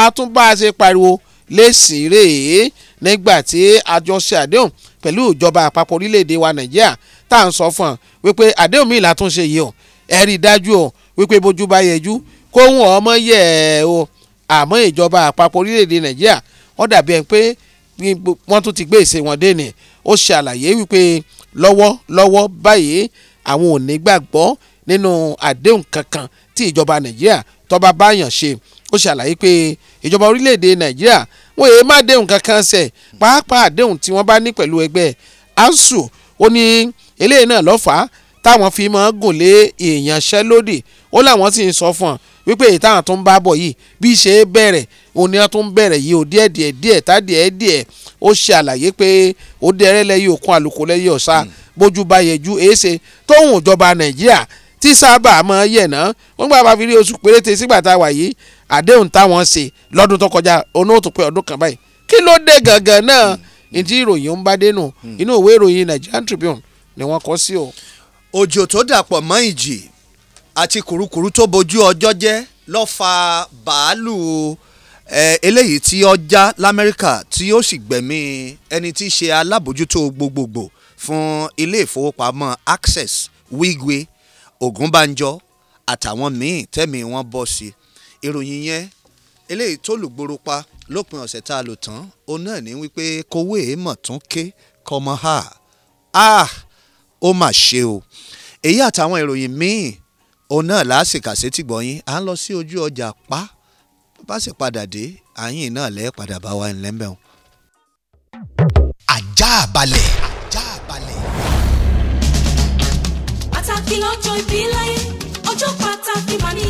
atúnbáṣe pariwo lẹ́sìn rèé nígbà tí àjọṣe àdéhùn pẹ̀lú ìjọba àpapọ̀ orílẹ̀-èdè wa nàìjíríà tá à ń sọ fún ọ wípé àdéhùn míì látúnṣe yìí o ẹ rí i dájú o wípé bójú bá yẹjú kóhùn ọmọ yẹ ẹ o àmọ́ ìjọba àpapọ̀ orílẹ̀-èdè nàìjíríà wọ́n dàbí ẹ̀ pé wọ́n tún ti gbé ìṣe wọn dé ni ó ṣàlàyé wípé lọ́wọ́ lọ́wọ́ báyìí àwọn ò ní gbàgbọ́ nínú àdéhùn kankan tí ìjọba nàìjíríà tó bá báyàn ṣe ó ṣàlàyé pé ìjọba orílẹ̀-èdè nàìjíríà wọ́n èé má déhùn kankan ṣẹ̀ pàápàá àdéhùn tí wọ́n bá ní pẹ̀lú ẹgbẹ́ ASUU ó ní eléyìí náà lọ́fàá táwọn fi máa ń gùn lé ìyanṣẹ́lódì ó làwọn sì ń sọ fún ọ wípé èyí táwọn tó ń bá bọ̀ yìí bí ṣe é bẹ̀rẹ̀ òní wọn tó ń bẹ̀rẹ̀ yìí ò díẹ̀ díẹ̀ díẹ̀ tá díẹ̀ díẹ̀ ó ṣe àlàyé pé ó dẹrẹ́ lẹ́yìn òkun àlùkò lẹ́yìn ọ̀sà hmm. bójú bá yẹjú èéṣe tóun ìjọba nàìjíríà tí sábà máa yẹ̀nà wọ́n gbà bá fi rí oṣù péréte sígbà tá a wà yìí àdéhùn táwọn ṣe lọ́dún tó kọjá onóòtú ọdún kan báyìí hmm. hmm. o. òjò tó dàpọ̀ mọ́ àti kùrukùru tó bojú ọjọ́ jẹ́ ló fa bàálù eléyìí tí ó já lamẹ́ríkà tí ó sì gbẹ̀mí ẹni tí í ṣe alábòjútó gbogbogbò fún ilé ìfowópamọ́ access wigwe ògúnbànjọ àtàwọn míì tẹ́mi wọn bọ́ sí ìròyìn yẹn eléyìí tó lùgbòrò pa lópin ọ̀sẹ̀ tá a lò tán òun náà ní wípé kówé mọ̀ tún ké kọmọ ha ah ó mà ṣe o èyí àtàwọn ìròyìn míì òun náà láṣìkàṣe tí gbọ̀nyìn à ń lọ sí ojú ọjà pa bá sì padà dé àyìn náà lẹ́ẹ̀ padà bá wa ńlẹ́ mbẹ́hùn. ajá balẹ̀. ajá balẹ̀. pàtàkì lọ́jọ́ ìbílẹ̀ ọjọ́ pàtàkì mà ní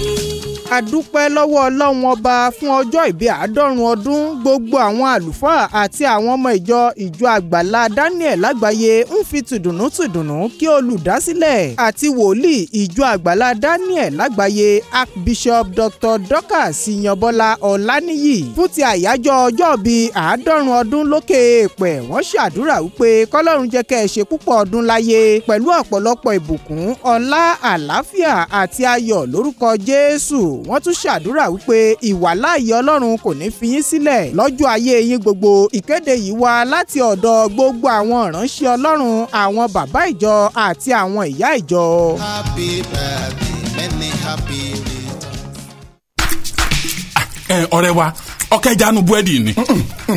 adúpẹ́ lọ́wọ́ ọlọ́run ọba fún ọjọ́ ìbí àádọ́rùn ọdún gbogbo àwọn àlùfáà àti àwọn ọmọ ìjọ ìjọ àgbàlá Daniel lágbàáyé ń fi tùdùnnú tùdùnnú kí olùdásílẹ̀ àti wòlíì ìjọ àgbàlá Daniel lágbàáyé Archbishop Dr. Dorcas Iyanbọ́lá Ọláníyì fún ti àyájọ́ ọjọ́ bíi àádọ́rùn ọdún lókè èèpẹ̀ wọ́n ṣàdúrà wípé kọ́lọ́run jẹ́ kẹ́ ẹ ṣe púpọ̀ ọdún láyé pẹ̀lú ọ̀pọ̀lọpọ̀ ìbùkún ọlá àlàáfíà àti ayọ̀ lórúkọ Jésù wọ́n tún ṣàdúrà wípé ìwàláàyè ọlọ́run kò ní fi yín sílẹ̀ lọ́jọ́ ayé yín gbogbo ìkéde yìí wá láti ọ̀dọ̀ gbogbo àwọn ìránṣẹ́ ọlọ́run àwọn bàbá ìjọ àti àwọn ìyá ìjọ. happy birthday wa ọkẹ́jà nu ni.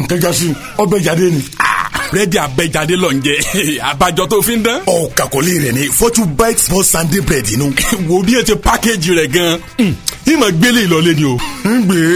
nkẹ́jà sí ọbẹ̀ jáde ni ah, búrẹ́dì abẹ́jáde lọ ń jẹ (laughs) abajọ tó fi ń dán. ọ kàkọ́lé rẹ̀ ni fortune bites for sunday bread inú. (laughs) wo bí ẹ ti pákéjì rẹ̀ gan-an hmm. ìmọ̀ gbélé ìlọlẹ́ ni o. ń gbé (laughs)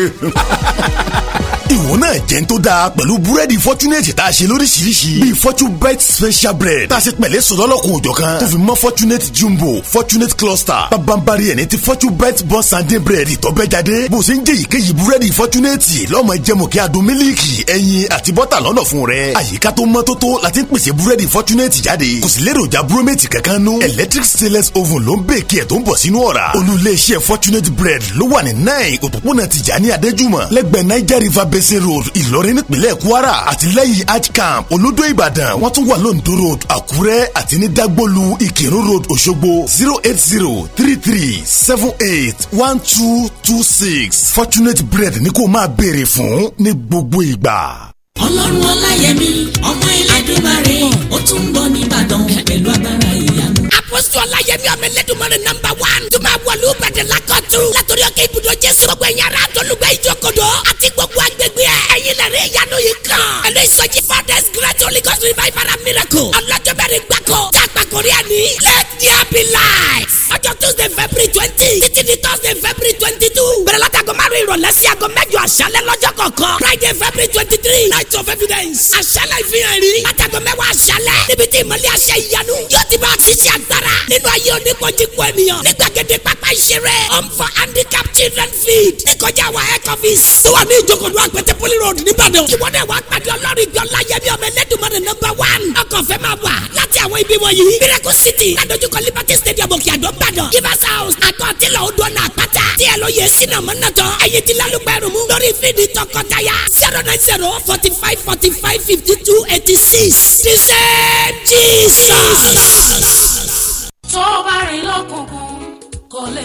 ìwọ náà jẹun tó dáa pẹ̀lú búrẹ́dì fọ́túnẹ̀tì tá a ṣe lóríṣiríṣi bíi fortune special bread tá a ṣe pẹ̀lẹ́ sọ̀dọ́lọ́kun òjọ̀ kan tó fi mọ́ fortunate jumbo fortunate cluster pabambari ẹni tí fortune bite bọ́ sàndé bread ìtọ́bẹ́jáde bó ṣe ń jẹ èyíkéyìí búrẹ́dì fọ́túnẹ̀tì lọ́mọ jẹmọ̀kẹ́ adùn mílíìkì ẹyin àti bọ́tà lọ́nà fún rẹ àyíká tó tó mọ́ tótó la ti ń pèsè búrẹ́dì fọ́túnẹ́tì jáde kò sì léròjà búrómẹ́tì kankan nú electric stainless oven ló ń bèkì ẹ̀ tó ń bọ̀ sínú ọ̀rá olùléeṣẹ́ fortunate bread ló wà ní nine òpópónà tìjàní adéjúmọ̀ lẹ́gbẹ̀ẹ́ niger river basin road ìlọrin nípínlẹ̀ kwara àti lẹ́yìn arch camp olódó ìbàdàn wọ́n tún wà lóńdó road àkúrẹ́ àti ní dagbolu ìkírun road òṣogbo zero eight zero three three seven eight one two two six fortunate bread ní kò máa béèrè fún ní gbogbo ìgbà ọlọ́run ọláyẹmí ọmọ ilẹ̀ dúbàrè ó tún ń bọ̀ nìbàdàn pẹ̀lú agbára ìyanu. àpòsù ọláyẹmí ọmọ ẹlẹ́dùnmọ́rin nọ́mbà wán tó máa wọlé ìbàdàn lákọ̀tù látọ̀rí ọkẹ́ ibùdó jésù gbogbo ẹ̀yìn ara àtọ́lùgbẹ́ ìjókòdó àti gbogbo agbègbè ẹ̀yìn lẹ́rẹ́ ìyanu yìí kan pẹ̀lú ìsọjí fathers great holy gods revival and miracle ọlọ́jọ́ mẹ́rin gbáko tá a gbàgbọ́ let there be light ọjọ́ tuesday february twenty títí di thursday láàrin ìrọ̀lẹ́ sí aago mẹ́jọ àṣálẹ́ lọ́jọ́ kọ̀ọ̀kan friday february twenty three night of evidence àṣálẹ́ ìfihàn rí látàgbọ́ mẹ́wàá àṣálẹ́ níbi tí ìmọ̀lẹ́ àṣẹ ìyanu yóò ti bá a ṣiṣẹ́ agbára nínú ayé oníkojúkọ ènìyàn ní gbàgede pápá ìṣeré home for handicap children feed níkọjá wa head office tó wà ní ìjókòó àgbẹ̀tẹ̀ poli road nìbàdàn ìwọ́dẹ̀ wàá pàdé ọlọ́rin gbọ́láyẹmí ọmọ ẹlẹ́dùnmọ́rin number one ọkọ̀ fẹ́ máa wà àwọn ibi wọ̀nyí. miracle city ladojukọ liberty stadium òkè àdó gbàdàn givers house àkọọ́tìlọ̀ odò ọ̀nà àpáta tí ẹ lọ yẹ sínú mọ́nàtọ̀ ẹ̀yẹ ti lálùpẹ̀rù mú lórí fídì tọkọtaya zero nine zero forty five forty five fifty two eighty six the same jesus. tó bá rìn lọ́kùnkùn kò lè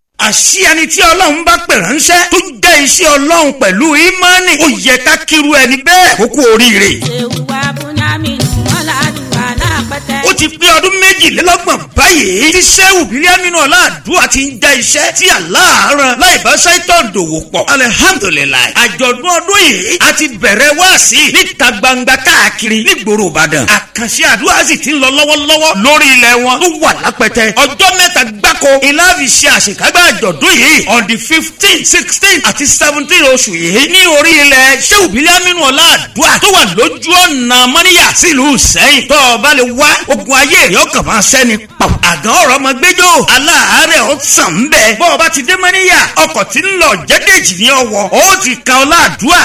àṣì ẹni tí ọlọ́run bá pè ránṣẹ́ tó jẹ́ iṣẹ́ ọlọ́run pẹ̀lú ìmánì ó yẹ ká kírú ẹni bẹ́ẹ̀ kókó oríire. ewu abúnyámi nù wọ́n ládùúgbò aláàpẹ̀tẹ̀ ti pé ọdún méjìlélọ́gbọ̀n báyìí tí sẹ́wù bíríàmínú ọ̀làdúrà ti ń jẹ́ iṣẹ́ tí àláàrán láì bá sẹ́tọ̀n dòwò pọ̀ alihamudulilayi àjọ̀dún ọdún yìí a ti bẹ̀rẹ̀ wáàsí níta gbangba káàkiri nígboro ìbàdàn àkànṣe àdúrà sì ti ń lọ lọ́wọ́lọ́wọ́ lórí ilẹ̀ wọn tó wà lápẹtẹ ọjọ́ mẹ́ta gbáko ìlàfi ṣe àṣekágbá àjọ̀dún yìí on the fifteen sixteen àti seventeen oṣù yìí ní orí ilẹ̀ sẹ́wù bíríàmínú ọ̀làdúrà tó wà lójú ọ̀nà mọ́níyà sílùú sẹ́yìn tó o gbogbo ayé rẹ̀ ọkàn máa sẹ́ni pọ̀. àgàn ọ̀rọ̀ ọmọ gbẹjọ́ aláàárẹ̀ ó sàn ń bọ́ ọ bá ti dé mọ́níyà ọkọ̀ tí ń lọ jẹ́gẹ́jì ní ọwọ́ ó ti kan ọlá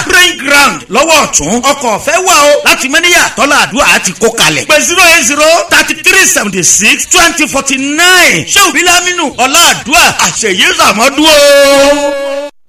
praying ground lọ́wọ́ ọ̀tún ọkọ̀ ọ̀fẹ́ wà ó láti mọ́níyà tọ́lá àdúrà ti kó kalẹ̀. pé zero eight zero thirty three seventy six twenty forty nine ṣé òbí lámínú ọlá àdúrà àṣeyé sàmọ́dún o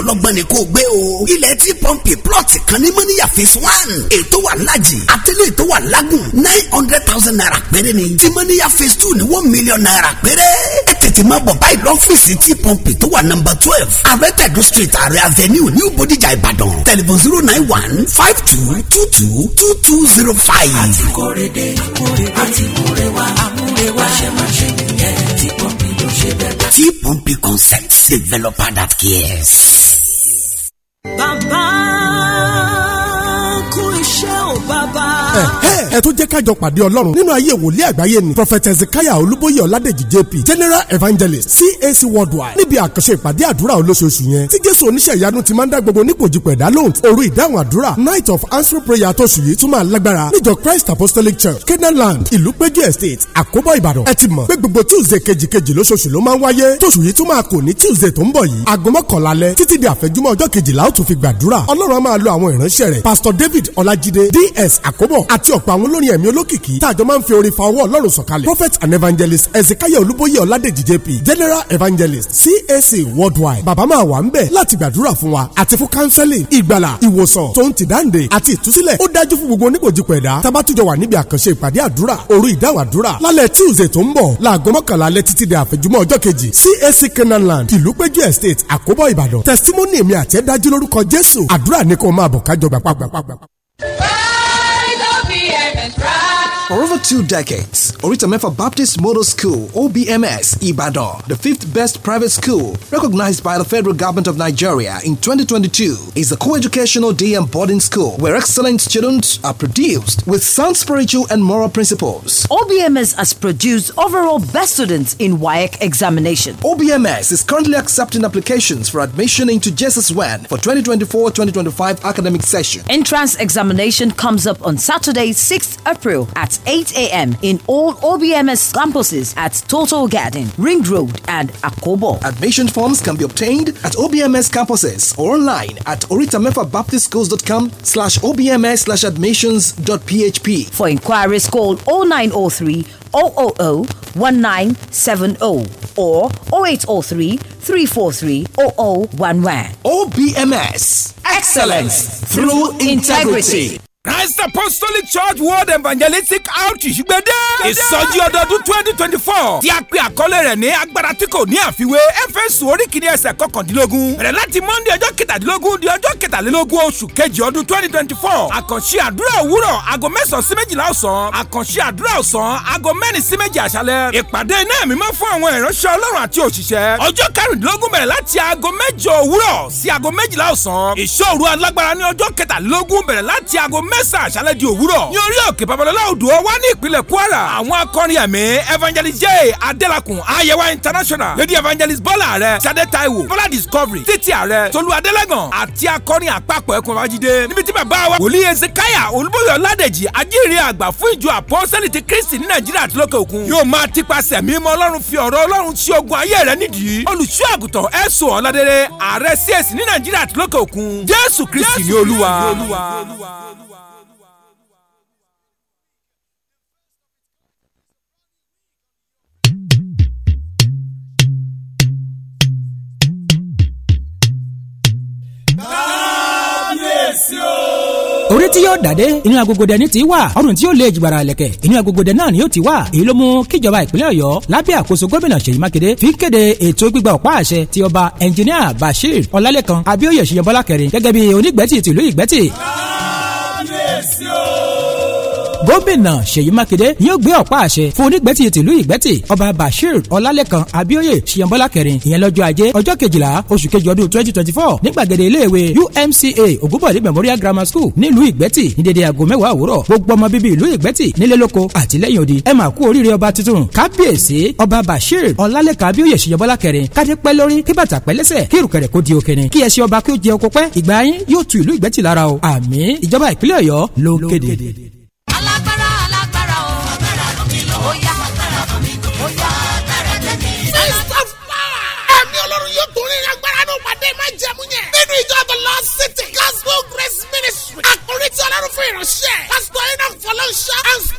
ọlọ́gbọ́n ni kò gbé o. ilẹ̀ tí pọ́ǹpì plọ̀tì kan ní mọ́níyà phase one ètò wà lájì àtẹlẹ́ ètò wà lágùn nine hundred thousand naira péré ni tí mọ́níyà phase two ní one million naira péré. ẹ tètè máa bọ̀ báyìí lọ́fíìsì tí pọ́ǹpì tó wà nọmba twelve arẹ́tẹ̀dù street ààrẹ avenue new bodijà ìbàdàn tẹlifon zero nine one five two two two two two zero five. àti kórede àti kórewa àmúrewa ṣe máa ṣe nìyẹn tí pọ́ǹpì ló ṣe bẹ́ẹ̀. tí pọ́ǹpì concepts developer that cares. Bye-bye. ẹ tún jẹ́ kájọ pàdé ọlọ́run nínú ayé wòlíì àgbáyé ni prophet ezekiah olúbóyè ọládèjì jp general evangelist cac worldwide níbi àkànṣe ìpàdé àdúrà olóṣooṣù yẹn tí jésù oníṣẹ́ ìyanu ti máa ń dá gbogbo oníkòjìpẹ̀dá lóhùn òru ìdáhùn àdúrà night of answer prayer tóṣù yìí tún máa lágbára níjọ christ apostolic church canaan land ìlúpéjú estate àkóbọ̀ ìbàdàn ẹ ti mọ̀ pé gbogbo tuesday kejìkejì lóṣooṣù ló máa ń tuesday tó ń bọ̀ yìí aago mọ́kànlá alẹ́ títí di àfẹ́júmọ́ ọjọ́ kejìlá ó tún fi gbàdúrà pastor david ọlájídé ds àkóbọ̀ àti ọ̀pọ̀ àwọn olórin ẹ̀mí olókìkí tààjọ máa ń fi orin fa ọwọ́ ọlọ́run sọ̀kalẹ̀ prophet and evangelist ezekiah olúbóyè ọládèjì jp general evangelist cac worldwide bàbá máa wà ń bẹ̀ láti gbàdúrà fún wa àti fún counseling ìgbàlà ìwòsàn tó ń ti dáǹdè àti ìtúsílẹ̀ ó dájú fún gbogbo oníkòjìpọ̀ ẹ̀dá tabatijọ́ wà níbi àkànṣe ìpàdé àdúrà òru ìdáwàdúrà lálẹ́ tuesday tó ń bọ̀ láago mọ́kànlá alẹ́ títí di àfẹ̀jùmọ́ ọjọ́ kejì cac canaan land ìlúpéjú estate àkóbọ̀ ìbàdàn testimony mi àti ẹ̀dájú lórúkọ jésù àdúrà ni kò máa bọ̀ For over two decades, Orita Mefa Baptist Model School, OBMS, Ibadan, the fifth best private school recognized by the federal government of Nigeria in 2022, is a co-educational day and boarding school where excellent students are produced with sound spiritual and moral principles. OBMS has produced overall best students in WAEC examination. OBMS is currently accepting applications for admission into Jesus Wan for 2024-2025 academic session. Entrance examination comes up on Saturday, 6th April at 8 a.m. in all OBMS campuses at Total Garden, Ring Road, and Akobo. Admission forms can be obtained at OBMS campuses or online at oritamefabaptistschools.com slash OBMS slash php. For inquiries, call 0903 000 1970 or 0803 343 0011. OBMS. Excellence through integrity. Christ Apostolic Church World Evangelistic Outreach gbẹdẹ. ìsọjí ọdọọdún twenty twenty four tí a pè àkọlé rẹ̀ ní agbára tí kò ní àfiwé Éfésù oríkìíní ẹsẹ̀ kọkàndínlógún bẹ̀rẹ̀ láti Monday ọjọ́ kẹtàdínlógún di ọjọ́ kẹtàlélógún oṣù kejì ọdún twenty twenty four àkànṣe àdúrà òwúrọ̀ aago mẹ́sàn-án sí méjìlá ọ̀sán àkànṣe àdúrà ọ̀sán aago mẹ́rin sí méjì àṣálẹ́ ìpàdé iná mímọ́ fún àwọn ìránṣẹ́ Ọlọ́run àti òṣìṣẹ́ ọjọ́ kẹrìndínlógún bẹ̀rẹ̀ láti aago mẹ́jọ òwúrọ̀ sí aago méjìlá mẹ́sàn-án àṣálẹ́ di òwúrọ̀ ní orí òkè babalọ́lá odò wa ní ìpínlẹ̀ kwara àwọn akọrin àmì evangelist j adélakùn ayẹwa international lady evangelist bọ́lá rẹ̀ sade taiwo bọ́lá discovery títí ààrẹ tolú adélẹ́gàn àti akọrin àpapọ̀ ẹkùn fàjídé níbi tí bàbá wa wòlíì ezekiah olúbọyọ ládèjì ajíire àgbà fún ìjọ àpọ́sẹ́lì ti kristi ní nàìjíríà àti lókè òkun yóò máa tipasẹ̀ mímọ́ ọlọ́run fi ọ̀rọ̀ ọlọ́run tí ogun ayé rẹ̀ nídìí olùṣọ́ àgùntàn ẹ̀sùn ọ̀ládẹ́rẹ́ ààrẹ cs ní nàìjíríà àti lókè òkun jésù kristi ni olúwa. kábíyèsí o. orí tí yóò dàdé inú agogodẹ ní ti wà ọrùn tí yóò lé jìgbàrà lẹ̀kẹ̀ inú agogodẹ náà ni yóò ti wà èyí ló mú kíjọba ìpínlẹ̀ ọ̀yọ́ lábẹ́ àkóso gómìnà ṣèyí mákindé fi ń kéde ètò gbígba ọ̀pá àṣẹ ti ọba ẹnjìníà bashir ọlálẹ́kan abíóyè ṣìyẹn bọ́lá kẹrin gẹ́gẹ́ bí onígbẹ̀tì tìlú ìgbẹ́tì. kábíyèsí o gómìnà ṣèyí mákindé ni yóò gbé ọ̀pá àṣẹ fún onígbẹ́tì tìlú ìgbẹ́tì ọba bashir ọlálẹ́kan abíóyè ṣiyànbọ́lá kẹrin ìyẹn lọ́jọ́ ajé ọjọ́ kejìlá oṣù kejì ọdún twenty twenty four ní gbàgede iléèwé umca ògúnbọ̀dé memorial grammar school nílùú ìgbẹ́tì ní dédé aago mẹ́wàá òwúrọ̀ gbogbo ọmọ bíbí ìlú ìgbẹ́tì nílé lóko àti lẹ́yìn odi ẹ máa kú oríire ọba tuntun kábíyèsí ọba bashir ọlálẹ́kan abíóyè ṣiyànbọ́lá kẹrin kádé pẹ́ lórí kí bàtà pẹ́ lẹ́sẹ̀ kí ìrùkẹ̀rẹ̀ kó di òkèrè kí ẹ ṣe ọba kí ó jẹ oko pẹ́ ìgbà yín yóò tu ìlú ìjọba ìpínlẹ̀ ọ̀yọ́ ló kéde. ìránṣẹ́ pásítọ̀ iná fọlọ́ṣẹ́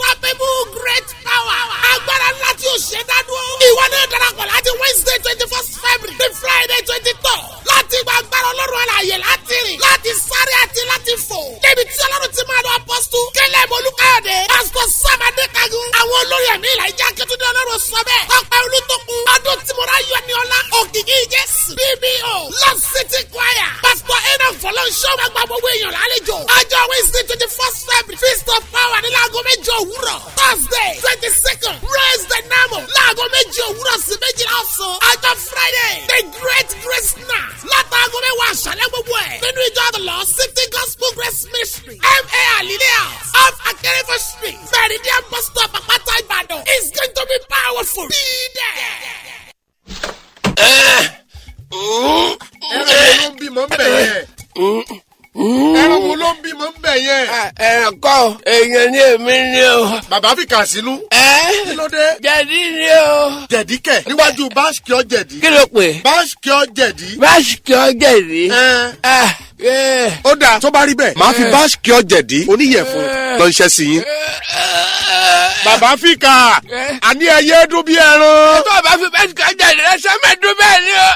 bàbá fi kà sínú. ẹ kí ló dé. jẹ̀dí ni o. jẹ̀dí kẹ̀ níwájú báṣkìọ́ jẹ̀dí. kí ló pè. báṣkìọ́ jẹ̀dí. báṣkìọ́ jẹ̀dí. ẹ ó dáa tó bá rí bẹ́ẹ̀. màá fi báṣkìọ́ jẹ̀dí oníyẹ̀fun lọ iṣẹ́ sí yín. bàbá fi kà àní ẹyẹ dún bí ẹran. ẹ tó bá fi báṣkìọ́ jẹ̀dí rẹ sẹ́mẹ̀ẹ́dún bẹ́ẹ̀ ni o.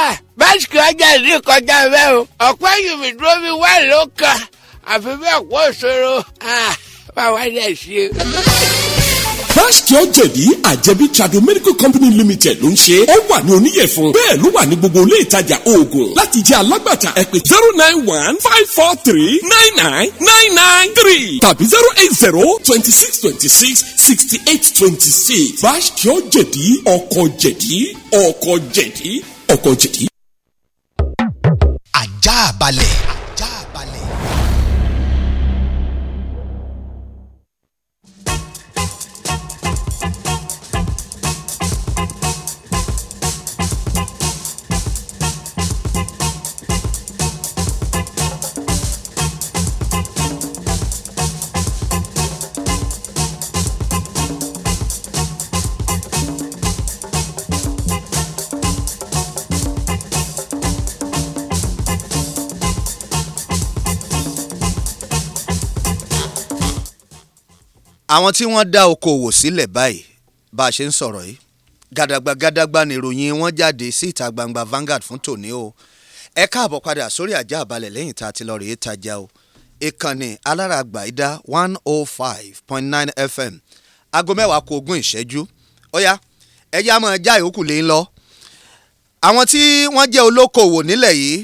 Ah, báṣkìọ́ jẹ̀dí kọjá bẹ́ẹ̀ o ọ̀pẹ́ yìí mi dúró mi wá ló àfi bẹ́ẹ̀ kó ṣòro ah, báwa dẹ̀ ṣe. Báṣkìọ́ jẹ̀dí àjẹbí Trado Medical Company Limited ló ń ṣe. Ó wà ní oníyẹ̀fún. Bẹ́ẹ̀ ló wà ní gbogbo ilé ìtajà oògùn. Láti jẹ́ alágbàtà ẹ zero nine one five four three nine nine nine nine three tàbí zero eight zero twenty six twenty six sixty eight twenty six. Báṣkìọ́ jẹ̀dí ọkọ̀ jẹ̀dí ọkọ̀ jẹ̀dí ọkọ̀ jẹ̀dí. Àjààbalẹ̀. àwọn tí wọ́n dá okòwò sílẹ̀ báyìí bá a ṣe ń sọ̀rọ̀ yìí gàdàgbà gàdàgbà ni ìròyìn wọn jáde sí ìta gbangba Vanguard fún tòní o ẹ káàbọ̀ padà sórí àjà àbálẹ̀ lẹ́yìn tá a ti lọ rèé tajà o ìkànnì aláràgbà ìdá one oh five point nine FM aago mẹ́wàá kù ogún ìṣẹ́jú ọ̀yá ẹ̀yà máa já ìyókù lé ń lọ àwọn tí wọ́n jẹ́ olókoòwò nílẹ̀ yìí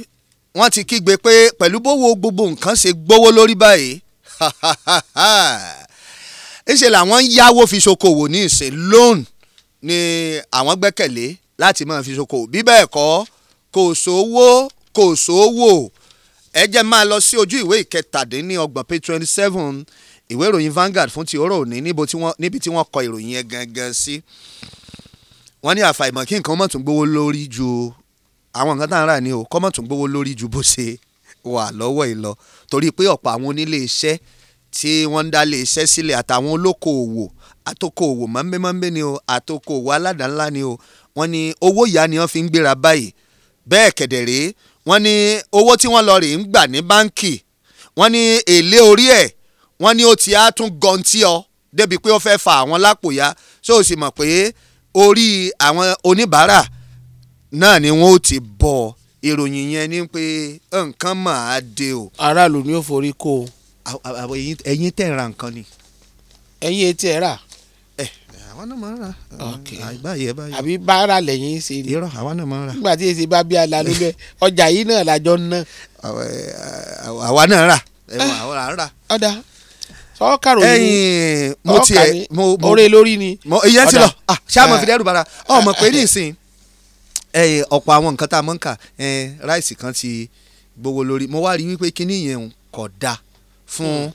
wọ́n ti kígbe pé pẹ̀lú bówó gbogbo nǹkan ṣe gbówó lórí báyìí ha ha ha ha ńṣe làwọn ń yáwó fi ṣokòwò ní ìsìn loan ni àwọn gbẹ́kẹ̀lé láti máa fi ṣokòwò bí bẹ́ẹ̀ kọ́ kò sówó kò sówó ẹ jẹ́ máa lọ sí ojú ìwé ìkẹtàdínlọ́gbọ̀n page twenty seven ìwé ìròyìn Vanguard fún ti òórọ̀ òní níbi tí wọ́n kọ ìròyìn yẹn gangan sí wọ́n ní àfàìmọ̀ kí nǹkan má tún lórí ju àwọn nǹkan tá à ń rà o kọ́ má tún lórí ju bó ṣe wà lọ́wọ́ ìlọ torí pé ọ̀pọ̀ àwọn onílé tí wọ́n ń dá lè iṣẹ́ sílẹ̀ àtàwọn olókoòwò àtòkòòwò mọ́nbẹ́mọ́nbẹ́ ni o àtòkòòwò aládàńlá ni o wọ́n ní owó ìyá ni wọ́n fi ń gbéra báyìí bẹ́ẹ̀ kẹ̀dẹ̀rẹ́ wọ́n ní owó tí wọ́n lọ rè ń gbà ní báǹkì wọ́n ní èlé orí ẹ̀ wọ́n ní ó ti á tún gọ̀ǹtì ọ débi pé ó fẹ́ fa àwọn lápò ya ṣó o sì mọ̀ pé orí àwọn oníbàárà náà ni wọ́n ó ti bọ̀ ìròyìn yẹn ni pé nǹkan máa de o. aráàlú ni ó forí kó o ẹ̀yin tẹ̀ ra nǹkan ni. ẹ̀yin etí ẹ̀ rà. ẹ àwọn náà máa ń ra. ok báyìí ẹ báyìí. àbí báárà lẹ́yìn ṣe ni. irọ́ àwọn náà máa ń ra. nígbà tí èsì bá bí ala ló bẹ ọjà yìí náà làjọ ń ná. àwa náà rà ẹ̀wọ̀n àwọn rà. ọ̀dà sọ́kàrò ni mo tiẹ̀ mo mo oore lórí ni. iye ti lọ ah, ṣáà mo fi dẹ́rù bara ọmọ pé ní ìsìn ọ̀pọ̀ àwọn nǹkan tá a mọ̀ ń kà ráìsì kan ti gbowó lórí mo wá rí wípé kíní yẹn kò dáa fún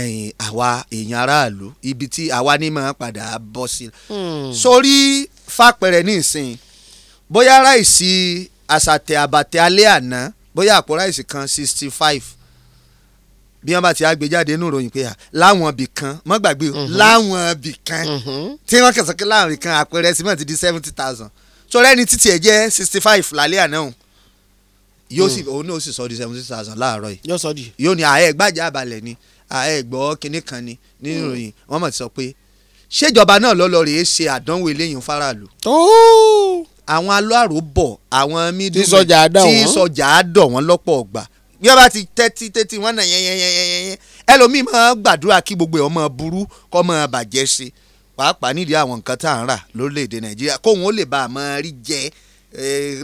ẹ̀yìn àwa èèyàn aráàlú ibi tí àwa ní máa padà bọ́ sí. Hmm. sórí fàpẹ̀rẹ̀ nísìn bóyá ráìsì àsàtẹ̀ àbàtẹ̀ alẹ́ àná bóyá àpò ráìsì kan sixty five bí wọ́n bá ti á gbé jáde nínú ìròyìn pé láwọn ibì kan mọ́ gbàgbé o mhm. láwọn ibì kan mhm. tí wọ́n kẹsàn-án láwọn ibì kan àpẹẹrẹ símọ̀ ti di seventy thousand sọ̀rọ̀ ẹni títí ẹ̀ jẹ́ sixty five lálẹ́ àná òun yóò hmm. sì òun náà sì sọ di seventy thousand láàárọ̀ yìí yóò sọ di yóò ní ààyè gbàjà àbálẹ̀ ni ààyè gbọ́ kinní kan ni nínú hmm. ìròyìn wọ́n mọ̀ sọ pé ṣèjọba náà lọ́lọ́ rèé ṣe àdánwò eléyìí faraàlú. àwọn aláàrò bọ̀ àwọn mídùú tí sọjà á dọ̀ wọ́n lọ́pọ̀ ọ̀gbà bí wọ́n bá ti tẹ́tí tẹ́tí wọ́n nà yẹnyẹnyẹnyẹnyẹn ẹlòmíì máa gbàdúrà kí gbogbo ẹ̀ ọmọ burú kọ́ máa bàjẹ́ ṣe pàápàá nídìí àwọn nǹkan tá à ń rà lórílẹ̀‐èdè nàìjíríà kóun ó lè bá a máa rí jẹ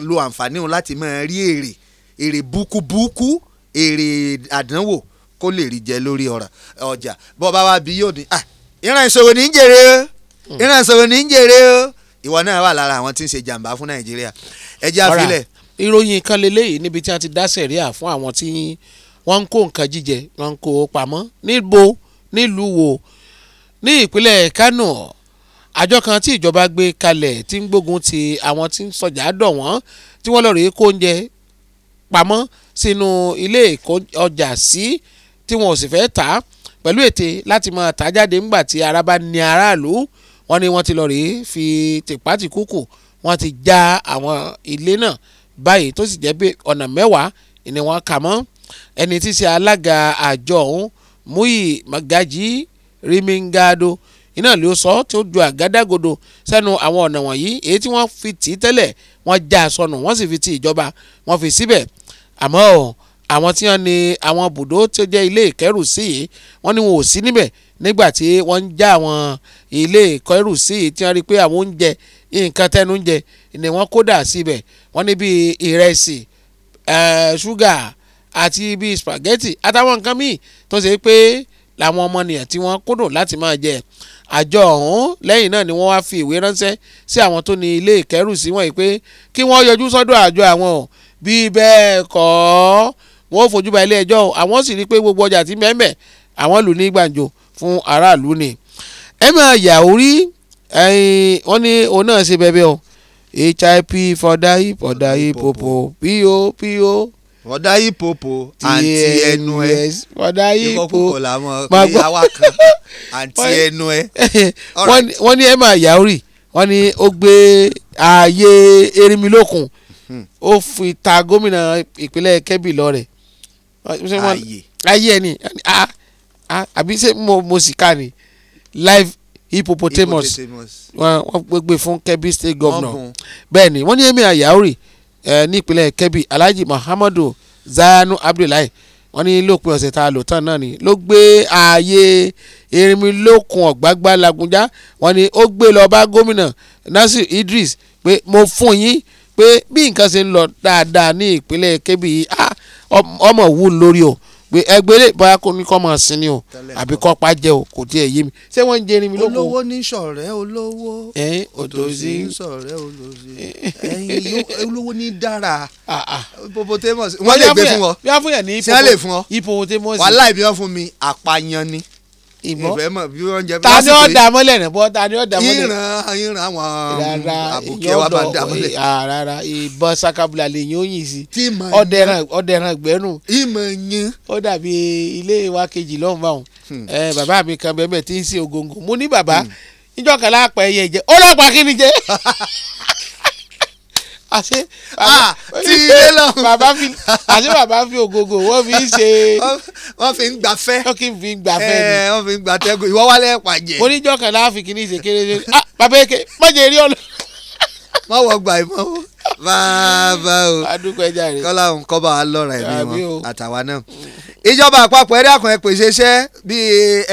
lo àǹfààní òun láti máa rí èrè èrè búkúbúkú èrè àdánwò kó lè rí jẹ lórí ọjà bọ́ bá wa bí yóò ní ah, ìran ìṣòro ní jèrè o hmm. ìran ìṣòro ní jèrè o ìwọ náà wà lára àwọn tí ń ṣe jàǹbá fún nàìjíríà ẹjẹ àfilẹ. ìròyìn kan lélẹ́yìí níbi tí a ti dá sẹ̀ríà fún àwọn tí wọ́n ń kó nǹkan jíjẹ wọ́n ń kó pamọ́ níbo nílùú wo ní ìpínlẹ̀ Kánò àjọ kan tí ìjọba gbé kalẹ̀ tí ń gbógun ti àwọn tí ń sọjà dọ̀ wọ́n tí wọ́n lọ rèé kó oúnjẹ pamọ́ sínú ilé ọjà sí tí wọn ò sì fẹ́ tà á pẹ̀lú ète láti máa tà jáde ńgbà tí ara bá ní aráàlú wọn ni wọ́n ti lọ rèé fi tìpátìkúkù wọ́n ti já àwọn ilé náà báyìí tó sì jẹ́ pé ọ̀nà mẹ́wàá ni wọ́n kà mọ́ ẹni tí ṣe alága àjọ ọ̀hún Muyi Magaji Rimingado iná ló sọ tí ó ju àgádágodo sẹ́nu àwọn ọ̀nà wọ̀nyí èyí tí wọ́n fi tì í tẹ́lẹ̀ wọ́n já a sọnù wọ́n sì fi ti ìjọba wọ́n fi síbẹ̀ àmọ́ ọ̀ àwọn tí wọ́n ní àwọn bùdó tó jẹ́ ilé ìkẹ́rùsí yìí wọ́n ní wọn ò sí níbẹ̀ nígbà tí wọ́n ń já àwọn ilé ìkẹ́rùsí yìí tí wọ́n rí pé àwọn oúnjẹ nǹkan tẹnu ń jẹ ni wọ́n kódà síbẹ̀ wọ́n ní bíi ìrẹsì eh, ṣúgà àti bíi spaghetti àtàwọn nǹkan míì tó ṣe pé làwọn ọmọnìyàn tí wọ́n kúndò láti máa jẹ àjọ ọ̀hún lẹ́yìn náà ni wọ́n wáá fi ìwé ránṣẹ́ sí àwọn tó ní ilé ìkẹ́rùsí wọ̀nyí pé kí wọ́n yọjú sọ́dọ̀ àjọ àwọn o bí bẹ́ẹ̀ kọ́ wọ́n ó fojú ba ilé ẹjọ́ o àwọn sì rí i pé gbogbo ọjà tí mẹ́mẹ́ àwọn lù ní gbàǹjo fún aráàlú ni ẹ máa yà orí wọ́n ní òun náà ṣe bẹ́ẹ̀ bẹ́ẹ̀ o hip for die for die popo po po bọ̀dá yìí popo àǹtí ẹnu ẹ bọ̀dá yìí po ìkọkùkọ làwọn pé àwa kan àǹtí ẹnu ẹ. (laughs) wọ́n ní emma yauri wọ́n ní ó gbé ààyè erinmilókun hmm. ó fi ta gómìnà ìpínlẹ̀ kebbi lọ́rẹ̀. ààyè ààyè ẹ àbí ṣé mo sì ká ni live hippopotamus wọ́n gbé fún kebbi state governor bẹ́ẹ̀ ni wọ́n ní emma yauri ní ìpínlẹ̀ Kebbi Alhaji Muhammadu Zayanu Abdullahi wọ́n ní lópin ọ̀sẹ̀ tá a lò tán náà ni ló gbé ààyè Erinmilókun Ọ̀gbágbá Làgúnjá wọ́n ní ó gbé lọ bá gómìnà Nasir Idris pé mo fún yín pé bí nǹkan ṣe ń lọ dáadáa ní ìpínlẹ̀ Kebbi ah, ọmọ wù lórí o pé ẹgbẹ́ lè bá kó ní kọ́ mọ̀ sí ni o àbí kọ́ pa jẹ́ o kò tiẹ̀ yé mi ṣé wọ́n ń jẹ́ ni mi lóko. olówó ní ṣọ̀rẹ́ olówó òtòṣì ní ṣọ̀rẹ́ olòṣì eh. ẹ̀yin olówó ní dára hippopotamus ah, ah. wọ́n lè gbé fún ọ wọ́n lè fún ọ wàhálà ìbí wọn fún mi àpàyàn ni ìmọ̀ ta ni ọ̀ dà mọ́lẹ̀ rẹ̀ bọ́ ta ni ọ̀ dà mọ́lẹ̀. ìran ìran àwọn àbùkẹ́ wa bá dà mọ́lẹ̀. rárá ìbọn sakabula lè yín oyin sí ọ̀dẹ̀ràn gbẹ́nu ó dàbí ilé wa kejì lọ́hùn báwọn hmm. bàbá mi kan bẹ́ẹ̀ tí ń sin ògòǹgò mo ní bàbá níjọ́ hmm. kan láàpẹ̀ ó lápá kí ni jẹ. (laughs) àṣé ah, tí ilé lọ. bàbá fi àṣé bàbá fi ògògò wọ́n fi ń ṣe. wọ́n fi ń gbafẹ́. wọ́n kì í fi ń gbafẹ́ ni. Eh, wọ́n fi ń gbatẹ́gùn ìwọ́ wálé pàjẹ́. oníjọ́ kan láà fi kíní ṣe kéré ṣe ah bàbá eke mọ̀jẹ̀ rí ọ̀nà. má wọ gbà ìmọ̀ o bàbá o kọ́lá òun kọ́ bá wa lọ́ra ẹ̀mí wọn àtàwa náà. ìjọba àpapọ̀ ẹ̀rí àkànṣe pèsè iṣẹ́ bíi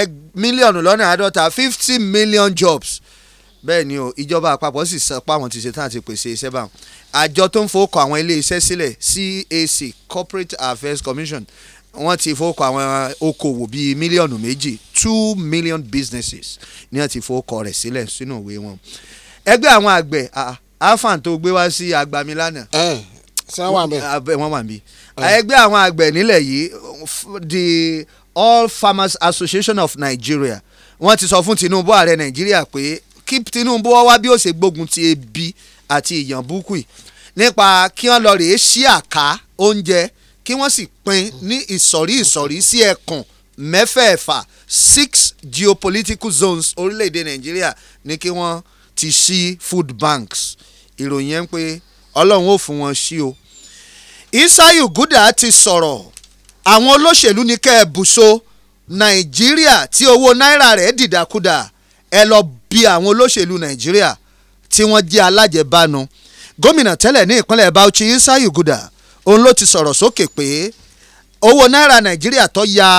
eh, mílíọ̀nù lọ́nà àádọ́ta fifty million jobs bẹ́ẹ̀ ni o ìjọba àpapọ̀ sì sọ pé àwọn ti ṣe tán àti pèsè iṣẹ́ bá àjọ tó ń fowókọ àwọn ilé iṣẹ́ sílẹ̀ CAC Corporate Affairs Commission wọ́n ti fowókọ àwọn okòwò bíi mílíọ̀nù méjì two million businesses ni wọ́n ti fowókọ rẹ̀ sílẹ̀ sínú ìwé wọn ẹgbẹ́ àwọn àgbẹ̀ afan tó gbé wá sí agbami lánàá wọ́n wà mí ẹgbẹ́ àwọn àgbẹ̀ nílẹ̀ yìí the All Farmers Association of Nigeria wọ́n ti sọ fún Tinubu ààrẹ Nàìjíríà pé kí Tinubu wá wá bí ó ṣe gbógun ti ebi àti ìyàn burúkú yìí nípa kí wọ́n lọ rèé sí àká oúnjẹ kí wọ́n sì pín ní ìsọ̀rí ìsọ̀rí sí ẹkùn mẹ́fẹ̀ẹ̀fà six geopolitical zones orílẹ̀-èdè Nàìjíríà ní kí wọ́n ti ṣí food banks ìròyìn yẹn pé Ọlọ́run ò fún wọn ṣí o. Isaiu Guda ti sọ̀rọ̀ àwọn olóṣèlú ní kẹ́ ẹ̀ bùṣọ Nàìjíríà tí owó náírà rẹ̀ dìdàkudà ẹ lọ bí àwọn olóṣèlú nàìjíríà tí wọ́n jẹ́ alájẹbánu gómìnà tẹ́lẹ̀ ní ìpínlẹ̀ Bauchi Isa Yuguda òun ló ti sọ̀rọ̀ sókè pé owó náírà nàìjíríà tó ya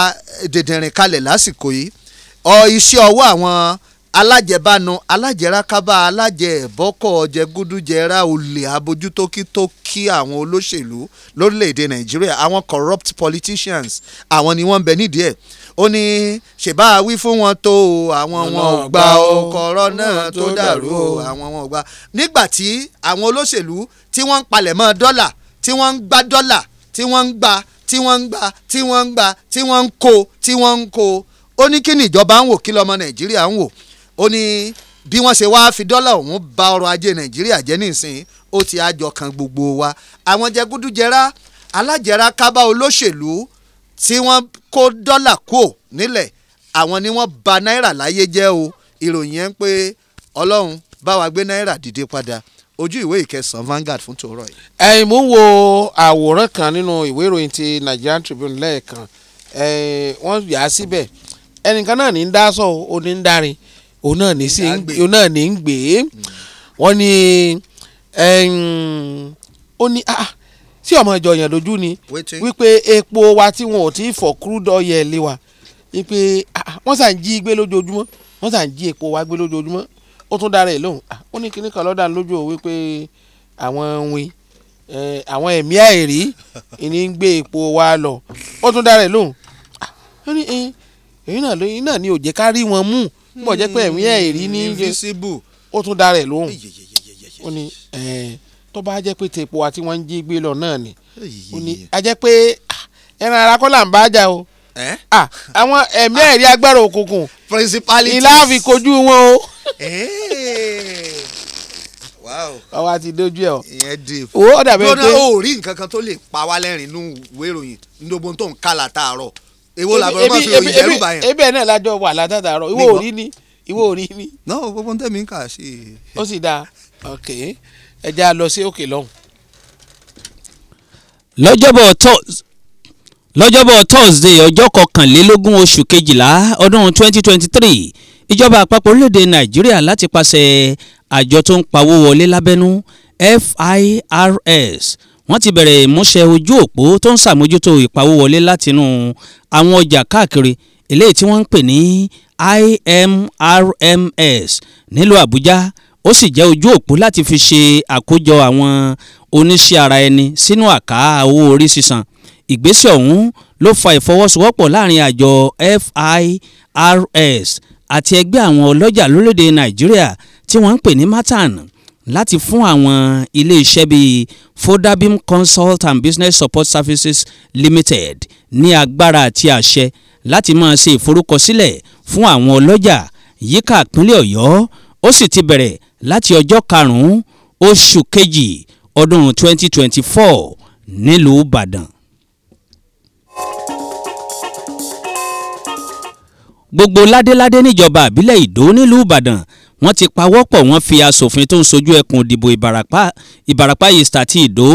dèdèrìn kalẹ̀ lásìkò yìí ọ iṣẹ́ ọwọ́ àwọn alájẹbánu alájẹrákábá alájẹbọ́kọ̀ jẹgúdújẹrá olè abojútókítókí àwọn olóṣèlú lórílẹ̀‐èdè nàìjíríà àwọn corrupt politicians àwọn ni wọ́n ń bẹ nídìí ẹ̀ ó ní ṣèbá wí fún wọn tó àwọn wọn ò gbà ó kòrónà tó dàrú ó àwọn wọn ò gbà. nígbà tí àwọn olóṣèlú tí wọ́n ń palẹ̀mọ́ dọ́là tí wọ́n ń gbá dọ́là tí wọ́n ń gbà tí wọ́n ń gbà tí wọ́n ń gbà tí wọ́n ń kó tí wọ́n ń kó ó ní kí ni ìjọba ń wò kí lọ́mọ nàìjíríà ń wò ó ní bí wọ́n ṣe wáá fi dọ́là ọ̀hún ba ọrọ̀ ajé nàìjíríà jẹ́ nísìnyí ó ti àjọ kan gbogbo wa àwọn jẹgúdújẹrá alájẹrá kábá olóṣèlú tí wọ́n kó dọ́là kò nílẹ̀ àwọn ni wọ́n bà náírà láyé jẹ́ o ìròyìn yẹn ń pé ọlọ́run bá wa gbé náírà dìde padà ojú ìwé ìkẹsàn Vanguard fún tòórọ́ yìí. ẹ̀yin mú wo àwòrán kan nínú ìwé ìròyìn ti Nigerian Tribune lẹ́ẹ̀kan wọ́n yà á síbẹ̀ ẹnìkan náà ní ń dá sọ òní ń darin òun náà ní sí òun náà ní ń gbé wọ́n ní ó ní ah sí ọmọ ìjọ yẹn lójú ni wípé epo wa tí wọn ò tí ì fọ crude oil lé wa wípé ah, ah, wọ́n sàn jí gbé lójoojúmọ́ wọ́n sàn jí epo wa gbé lójoojúmọ́ ó tún dára ẹ̀ lóhùn ah, ó ní kíní kan lọ́dà lójú ò wípé àwọn win àwọn ẹ̀mí àìrí ni ń gbé epo wa lọ ó tún dára ẹ̀ lóhùn ó ní èyí náà lóyún náà ni ò jẹ́ ká rí wọn mú bọ̀ jẹ́ pé ẹ̀mí àìrí ní hmm, ó tún dára ẹ̀ lóhùn ó ní ẹ̀ẹ́ tó bá jẹ́ pé tèpo àti wọ́n ń jí gbé lọ náà ni ó ní a jẹ́ pé ah, ẹran ara kọ́ là ń bá jà o ah, àwọn ẹ̀mí ẹ̀rí agbára òkùnkùn principalities ilá fi kojú wọn o ọwọ́ àti dojú ẹ̀ o owó ọ̀dà bẹ́ẹ̀ pé. ó rí nǹkan kan tó lè pa wá lẹ́rìn nínú ìwé ìròyìn níbo tó ń kálà tààrọ̀ èwo làbọ̀rọ̀ máa fi ròyìn ẹrú báyẹn. ebi ẹ̀ náà lájọ wà látàtàrọ̀ ìwọ ò rí ni ìwọ ò rí ni. náà gbogbo ń tẹ̀mí ń kà sí ó sì dáa ok ẹja lọ sí òkè lọ́hùn. lọ́jọ́bọ̀ lọ́jọ́bọ̀ thursday ọjọ́ kọkànlélógún oṣù kejìlá ọdún twenty twenty three ìjọba àpapọ̀ orílẹ̀-èdè nàìjíríà láti pàṣẹ àjọ tó ń pawó wọlé lábẹ́nú FIRS wọ́n ti bẹ̀rẹ̀ ìmúṣẹ ojú òpó tó ń ṣàmójútó ìpawówọlé látinú àwọn ọjà káàkiri eléyìí tí wọ́n ń pè ní IMRMS nílùú Àbújá ó sì jẹ́ ojú òpó láti fi ṣe àkójọ àwọn oníṣẹ́ ara ẹni sínú àká owó orí sísan ìgbésẹ̀ ọ̀hún ló fa ìfọwọ́sowọ́pọ̀ láàrin àjọ FIRS àti ẹgbẹ́ àwọn ọlọ́jà lórílẹ̀‐èdè Nàìjíríà tí wọ́n ń pè ní MATAN láti fún àwọn iléeṣẹ́ bíi Fodabim Consult and Business Support Services Limited ní agbára àti àṣẹ láti máa ṣe ìforúkọsílẹ̀ fún àwọn ọlọ́jà yíká ìpínlẹ̀ Ọ̀yọ́ ó sì ti bẹ̀rẹ̀ láti ọjọ́ karùn-ún oṣù kejì ọdún 2024 nílùú ìbàdàn. gbogbo ládéládé níjọba àbílẹ̀ ìdó nílùú ìbàdàn wọ́n ti pawọ́pọ̀ wọ́n fi asòfin tó ń sojú ẹkùn ìdìbò ìbàràpá ìbàràpá east àti ìdó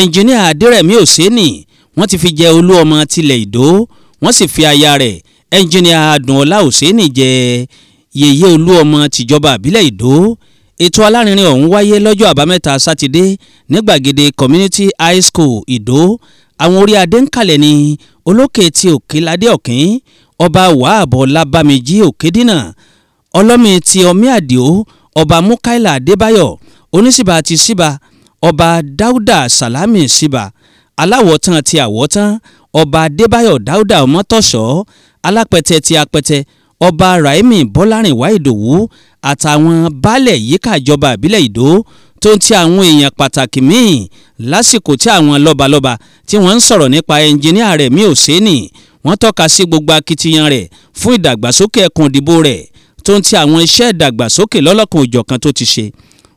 ẹnjìníà adẹ́rẹ̀mí òsénì wọ́n ti fi jẹ olú ọmọ tilẹ̀ ìdó wọ́n sì fi aya rẹ̀ ẹnjìníà adùnọlá òsénì jẹ yèyé olú ọmọ tìjọba àbílẹ̀ ìdó ètò alárinrin ọ̀hún wáyé lọ́jọ́ àbámẹ́ta sátidé ní gbàgede community high school ìdó àwọn orí adé ń kalẹ̀ ní olókè ti òkèládé ọ̀kín ọba wàhábọ̀ lábàmíjì òkèdínà ọlọ́mi ti ọmí àdìo ọba mukaila adébáyọ̀ onísìbà ti síbà ọba dáúdà sàlámì síbà aláwọ̀tán ti àwọ̀tán ọba adébáyọ̀ dáúdà ọmọtọ̀ṣọ́ alápẹ̀tẹ̀ ti apẹ̀tẹ̀ ọba Raimi Bọ́lárìnwá Ìdòwú àtàwọn baálẹ̀ yíká ìjọba ìbílẹ̀ Ìdó tó ń ti àwọn èèyàn pàtàkì míì lásìkò tí àwọn lọ́balọ́ba tí wọ́n ń sọ̀rọ̀ nípa ẹnjiníà Rẹ̀mí Òsénì wọ́n tọ́ka sí gbogbo akitiyan rẹ̀ fún ìdàgbàsókè ẹkùn ìdìbò rẹ̀ tó ń ti àwọn iṣẹ́ ìdàgbàsókè lọ́lọ́kan òjọ̀kan tó ti ṣe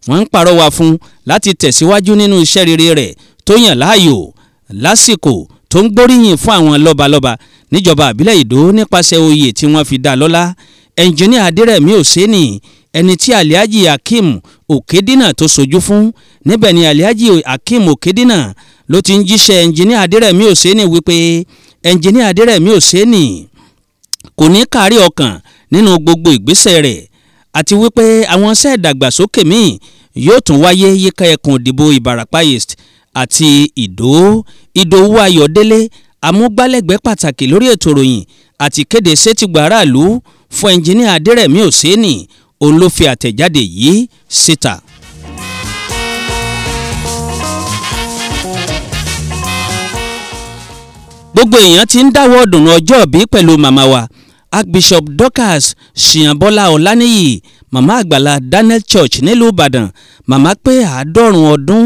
wọ́n ń pàrọwà fún láti tẹ̀síwájú nínú iṣẹ́ rere rẹ̀ tó yàn láàyò lásìkò tó ń gbóríyìn fún àwọn lọ́balọ́ba níjọba àbílẹ̀ ìdó nípasẹ̀ oyè tí wọ́n fi dá lọ́lá ẹnjìníà adérẹ̀mí òsénì ẹni tí aliaji akeem òkédínà tó sojú fún níbẹ̀ ni aliaji akeem òkédínà ló ti ń jíṣẹ́ ẹnjìníà adérẹ̀mí òsénì wípé ẹnjìníà adérẹ̀mí òsénì kò ní kárí ọkàn nínú gbogbo ìgbésẹ̀ rẹ̀ àti wípé àwọn iṣẹ́ míì yóò tún wáyé yíká ẹkùn ìdìbò ìbàràpá east àti ìdó ìdòwú ayọ̀délé amúgbálẹ́gbẹ̀ẹ́ pàtàkì lórí ètò ìròyìn àti kéde sétígbà aráàlú fún ẹnjìníà adẹ́rẹ̀mí òsénì òun ló fi àtẹ̀jáde yìí síta. gbogbo èèyàn ti ń dáwọ́ ọdún ọjọ́ bí pẹ̀lú màmá wa archbishop dorcas ṣìyànbọ́lá ọláníyì màmá àgbàlá daniel church nílùú ìbàdàn màmá pé àádọ́rùn-ún ọdún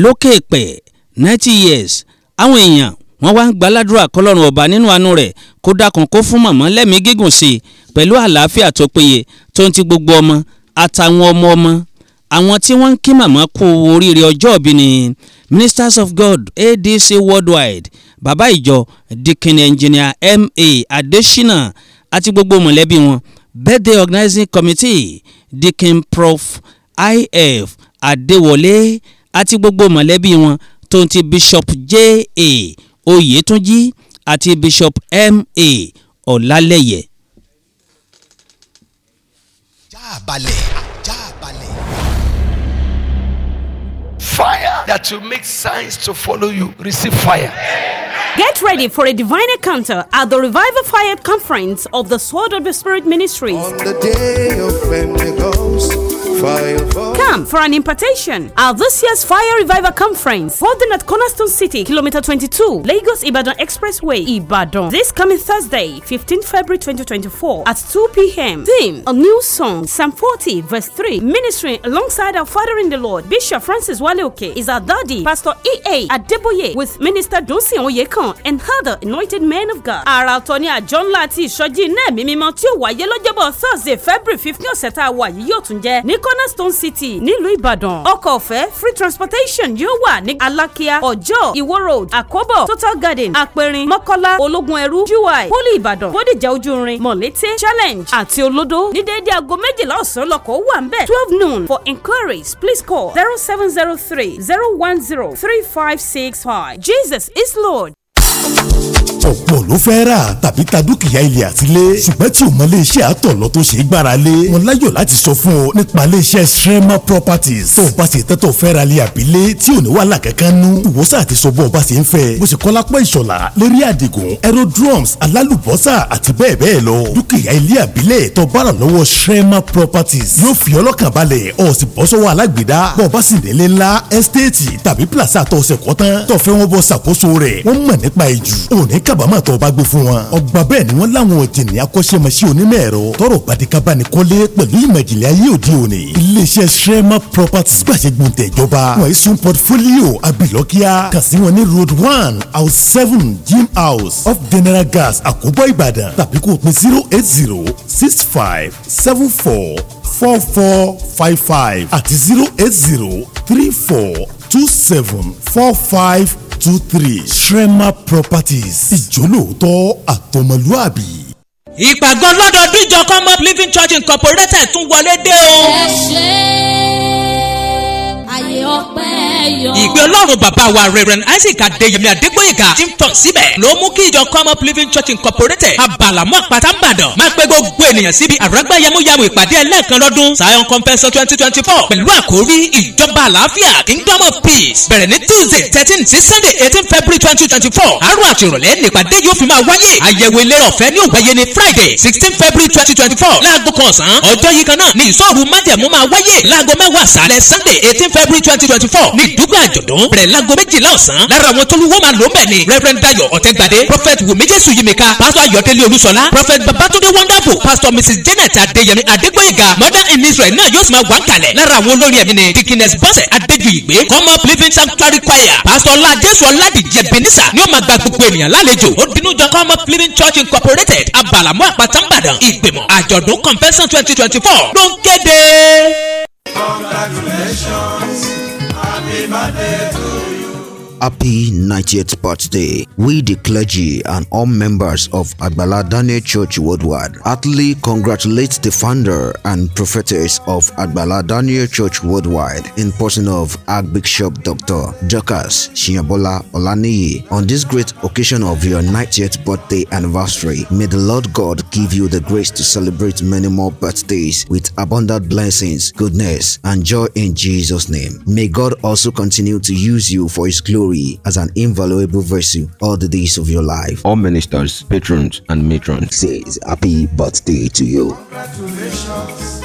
lókè pẹ̀ ninety years àwọn èèyàn wọ́n wá ń gbaládùra kọlọ́run ọba nínú àánú rẹ̀ kó dákun kó fún màmá lẹ́mìí gígùn sí i pẹ̀lú àlàáfíà tó péye tó ń ti gbogbo ọmọ àtàwọn ọmọ ọmọ àwọn tí wọ́n ń kí màmá kú oríire ọjọ́ ni ministers of god adc worldwide bàbá ìjọ dikin engineer ma adesina àti gbogbo mọ̀lẹ́bí wọn birthday organizing committee dikin prof if adewole àti gbogbo mọ̀lẹ́bí wọn tó ń ti Bishop J.A. Oyetunji àti Bishop M.A. Ọ̀làlẹ́yẹ. Jáàbalẹ̀. Fire that will make signs to follow you receive fire. Yeah. Get ready for a divine encounter at the Revival Fire Conference of the Sword of the Spirit Ministries. On the day of Pentecost, Come for an impartation at this year's Fire Revival Conference, holding at Cornerstone City, Kilometer 22, Lagos Ibadan Expressway, Ibadan. This coming Thursday, 15 February 2024, at 2 p.m. Theme: A new song, Psalm 40, verse 3. Ministering alongside our Father in the Lord, Bishop Francis Waleoke is our daddy, Pastor E.A. Adeboye, with Minister Dunsin Oyekan. And Enhada anointed men of God. àrà ọ̀tọ̀ ni àjọ ńlá ti ìsọjí iná ẹ̀mí mímọ́ tí ó wáyé lọ́jọ́bọ̀ Thursday February fifteen ọ̀sẹ̀ tá a wà yìí yóò tún jẹ́ ní Cornerstone City nílùú Ìbàdàn. ọkọ̀ ọ̀fẹ́ free transportation yóò wà ní Alákíá Ọjọ́ Ìwó Road Àkóbọ̀ Total Garden Apẹ̀rin Mọ́kọ́lá Ológun Ẹrú UI Poli Ìbàdàn Bódìjà Ojúrin Mọ̀lété Challenge àti Olódó ní déédéé aago méjìlá ọ̀sán lọ́kọ̀ wà ń bẹ̀ twelve noon for inquiries please call zero seven zero three zero one zero three five six five Jesus is Lord ọ̀pọ̀ ló fẹ́ rà tàbí ta dúkìá ilẹ̀ àtilé ṣùgbọ́n tí o mọ iléeṣẹ́ àtọ̀lọ́ tó ṣe é gbára lé wọn láyọ̀ láti sọ fún ọ nípa iléeṣẹ́ Strema Properties tó o bá ṣe tẹ́tọ̀ fẹ́ ra ilé àbílé tí ò ní wàhálà kankan nú ìwọ́sà àti sọ bọ́ ọ bá ṣe ń fẹ́ bó ṣe kọ́lápọ̀ ìṣọ̀lá lérí àdìgún aerodrums alálùbọ́sà àti bẹ́ẹ̀ bẹ́ẹ̀ lọ dúkìá ilé àbílẹ̀ tó bára lọ́wọ́ Strema Properties yóò fi ọlọ́kàn balẹ̀ ọ̀ sì bọ́ sọ́wọ́ alágbèédá bọ́ọ̀ bá sì nílé ńlá ẹ́stéètì tàbí pílàsà tó ṣe kọ́ tán tó fẹ́ wọn bọ́ ṣàkóso rẹ̀ wọ́n mọ̀ nípa ìjù òní ká kábàámọ̀ tó bá gbé fún wọn. ọgbà bẹ́ẹ̀ ni wọ́n láwọn òjìní akọ́ṣẹ́mọṣẹ́ onímọ̀ ẹ̀rọ tọrọ gbàdékábàní kọ́lé pẹ̀lú ìmọ̀ ìjìnlẹ̀ ayé òde òní. iléeṣẹ́ sẹ́mà properties gbàṣẹ gbòǹtẹ̀ ìjọba wọ́n yìí sun portfolio abilọ́kíá kà sí wọn ní road one house seven gym house of general gas àkóbọ̀ ìbàdàn tàbí kò pin zero eight zero six five seven four four four five five àti zero eight zero three four two seven four five two three shrema properties ìjólóòótọ́ àtọmọlúàbí. ìpàgọ́ lọ́dọọdún ìjọ common living church incorporated tún wọlé dé o. ẹ ṣe é ayé ọpẹ́ yọ. ìgbé ọlọ́run bàbá wa reverend isaac adéyẹmí adégbòyègà ti ń tọ̀ síbẹ̀ ló mú kí ìjọ come up living church incorporated abàlámọ́ àpáta ń bàdàn máa pé gbogbo ènìyàn síbi àràgbá yamuyamu ìpàdé ẹlẹ́ẹ̀kan lọ́dún zion convention twenty twenty four pẹ̀lú àkórí ìjọba àlàáfíà kingdom of peace bẹ̀rẹ̀ ní tuesday thirteen sí sunday eighteen february twenty twenty four àárọ̀ àtìrọ̀lẹ́ nípàdé yóò fi máa wáyé àyẹ̀wò ìlera ọ̀fẹ́ ní òwáyé ní friday sixteen february twenty twenty four láago kan ọ̀sán ọjọ́ yìí kan náà ní ìsọ̀rù májẹ̀mú máa wáyé láago mẹ́wàá sálẹ̀ sunday eighteen february february twenty twenty four ní dùgbà àjọ̀dún bẹ̀rẹ̀ láago méjìlá ọ̀sán lára àwọn tó lówó máa lò ń bẹ̀ ni reverend dayo ọ̀tẹ́gbadé prophet wùmí jésù yimika pastor ayọ̀délé olúṣọlá prophet babatunde wonderful pastor mrs janet adéyẹmí adégbóyèga mother in israel náà yóò sì máa wà ń kalẹ̀ lára àwọn olórin ẹ̀mí ni dikines bọ́sẹ̀ adéjú ìgbé come up living sanctuary choir pastor ọlá jésù ọládìjẹ benisa ni ó máa gba gbogbo ènìyàn lálejò ó dínú jọ come up living church incorporated abalamu àpàtàǹbàdàn ìgbìmọ̀ àjọ̀dún convention twenty twenty four ló ń kéde. Congratulations, happy birthday to you happy 90th birthday. We, the clergy and all members of Agbala Daniel Church Worldwide, heartily congratulate the founder and prophetess of Agbala Daniel Church Worldwide in person of Archbishop Dr. Dukas Shinyabola Olaniyi on this great occasion of your 90th birthday anniversary. May the Lord God give you the grace to celebrate many more birthdays with abundant blessings, goodness, and joy in Jesus' name. May God also continue to use you for His glory glory as an invaluable virtue all the days of your life. All ministers, patrons, and matrons says happy birthday to you. Congratulations,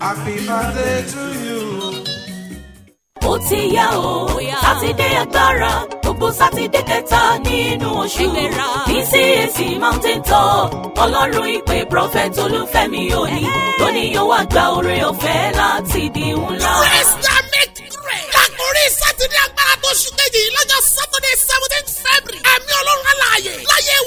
happy birthday to you. ó ti yá o ya o agbára gbogbo sátidé kẹta nínú oṣù ní CAC mountain top ọlọ́run ìpè prophet olúfẹ́mi òní lónìí yóò wá gba oore ọ̀fẹ́ láti di ńlá.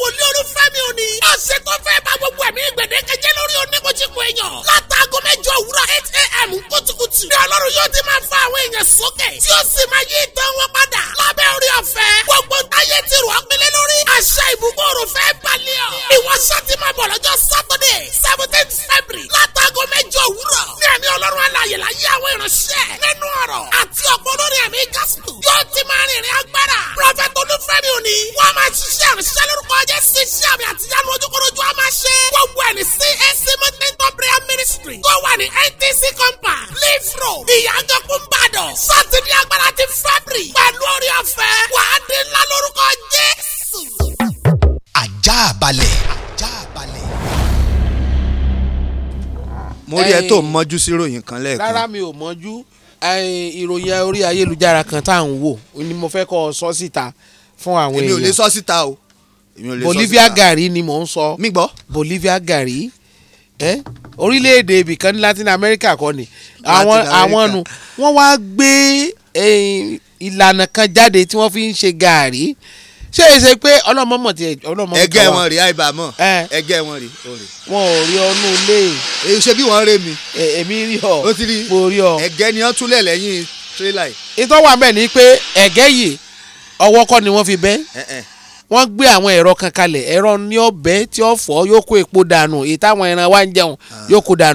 wòlíì olúfẹ́mi òní. ọ̀sẹ̀ tó fẹ́ bá gbogbo ẹ̀mí gbèdéke jẹ́ lórí oníkojúkọ èèyàn. látago mẹ́jọ òwúrọ̀ eight a.m. kùtùkùtù. ní ọlọ́run yóò ti máa fa àwọn èèyàn sókè. tí ó sì máa yí ìtàn wọn padà. lábẹ́ orí ọ̀fẹ́. gbogbo táyé ti rọ̀ ọ́pẹ́lẹ́ lórí. àṣà ìbúgbòrò fẹ́ balẹ̀ ọ́. ìwọ sátì máa bọ̀ lọ́jọ́ sátọ́dẹ̀ seventeen february. látago mẹ́jọ òwúrọ̀. ní CAC iṣẹ́ àmì àti ojúkúrojú a máa ṣe. Gbogbo ẹ̀ ní CAC Prayer Ministry. Tó wà ní NTC Compound, Leaf Road, Ìyájọ́kún Sátidé agbára ti Fábírì. Pẹ̀lú orí ọ̀fẹ́, wàá dín ńlá lórúkọ Jésù. Àjà balẹ̀. mo rí ẹ tó mọ́jú sí ìròyìn kan lẹ́ẹ̀kan. rárá mi ò mọ́jú ìròyìn orí ayélujára kan tá à ń wò ni mo fẹ́ kọ́ ọ sọ síta fún àwọn èèyàn. èmi ò lè sọ síta o. Bolivia gàrí ni mò ń sọ Bolivia gàrí eh? orílẹ̀-èdè ibìkan ní Latin America kọ́ ni àwọn àwọn nu wọ́n wá gbé ìlànà kan jáde tí wọ́n fi ń ṣe gàrí ṣé ẹ ṣe pé ọlọ́mọmọ tiẹ̀ ọlọ́mọmọ tiwa ẹgẹ́ wọn rí àìbámọ̀ ẹgẹ́ wọn rí. wọn ò rí ọnú ilé. èyí ṣe bí wọ́n rè mí. èmi rí ọ o ti rí mo rí ọ. ẹgẹ́ ni wọ́n túlẹ̀ lẹ́yìn tírélà yìí. ìtọ́wà bẹ́ẹ̀ ni pé ẹgẹ́ yìí ọwọ́ ni wọ́n fi bẹ́ wọ́n gbé àwọn ẹ̀rọ kan kalẹ̀ ẹ̀rọ ní ọbẹ̀ tí ó fọ́ yóò kó epo dànù èyí táwọn ẹran wá ń jẹun ah. yóò kó dànù.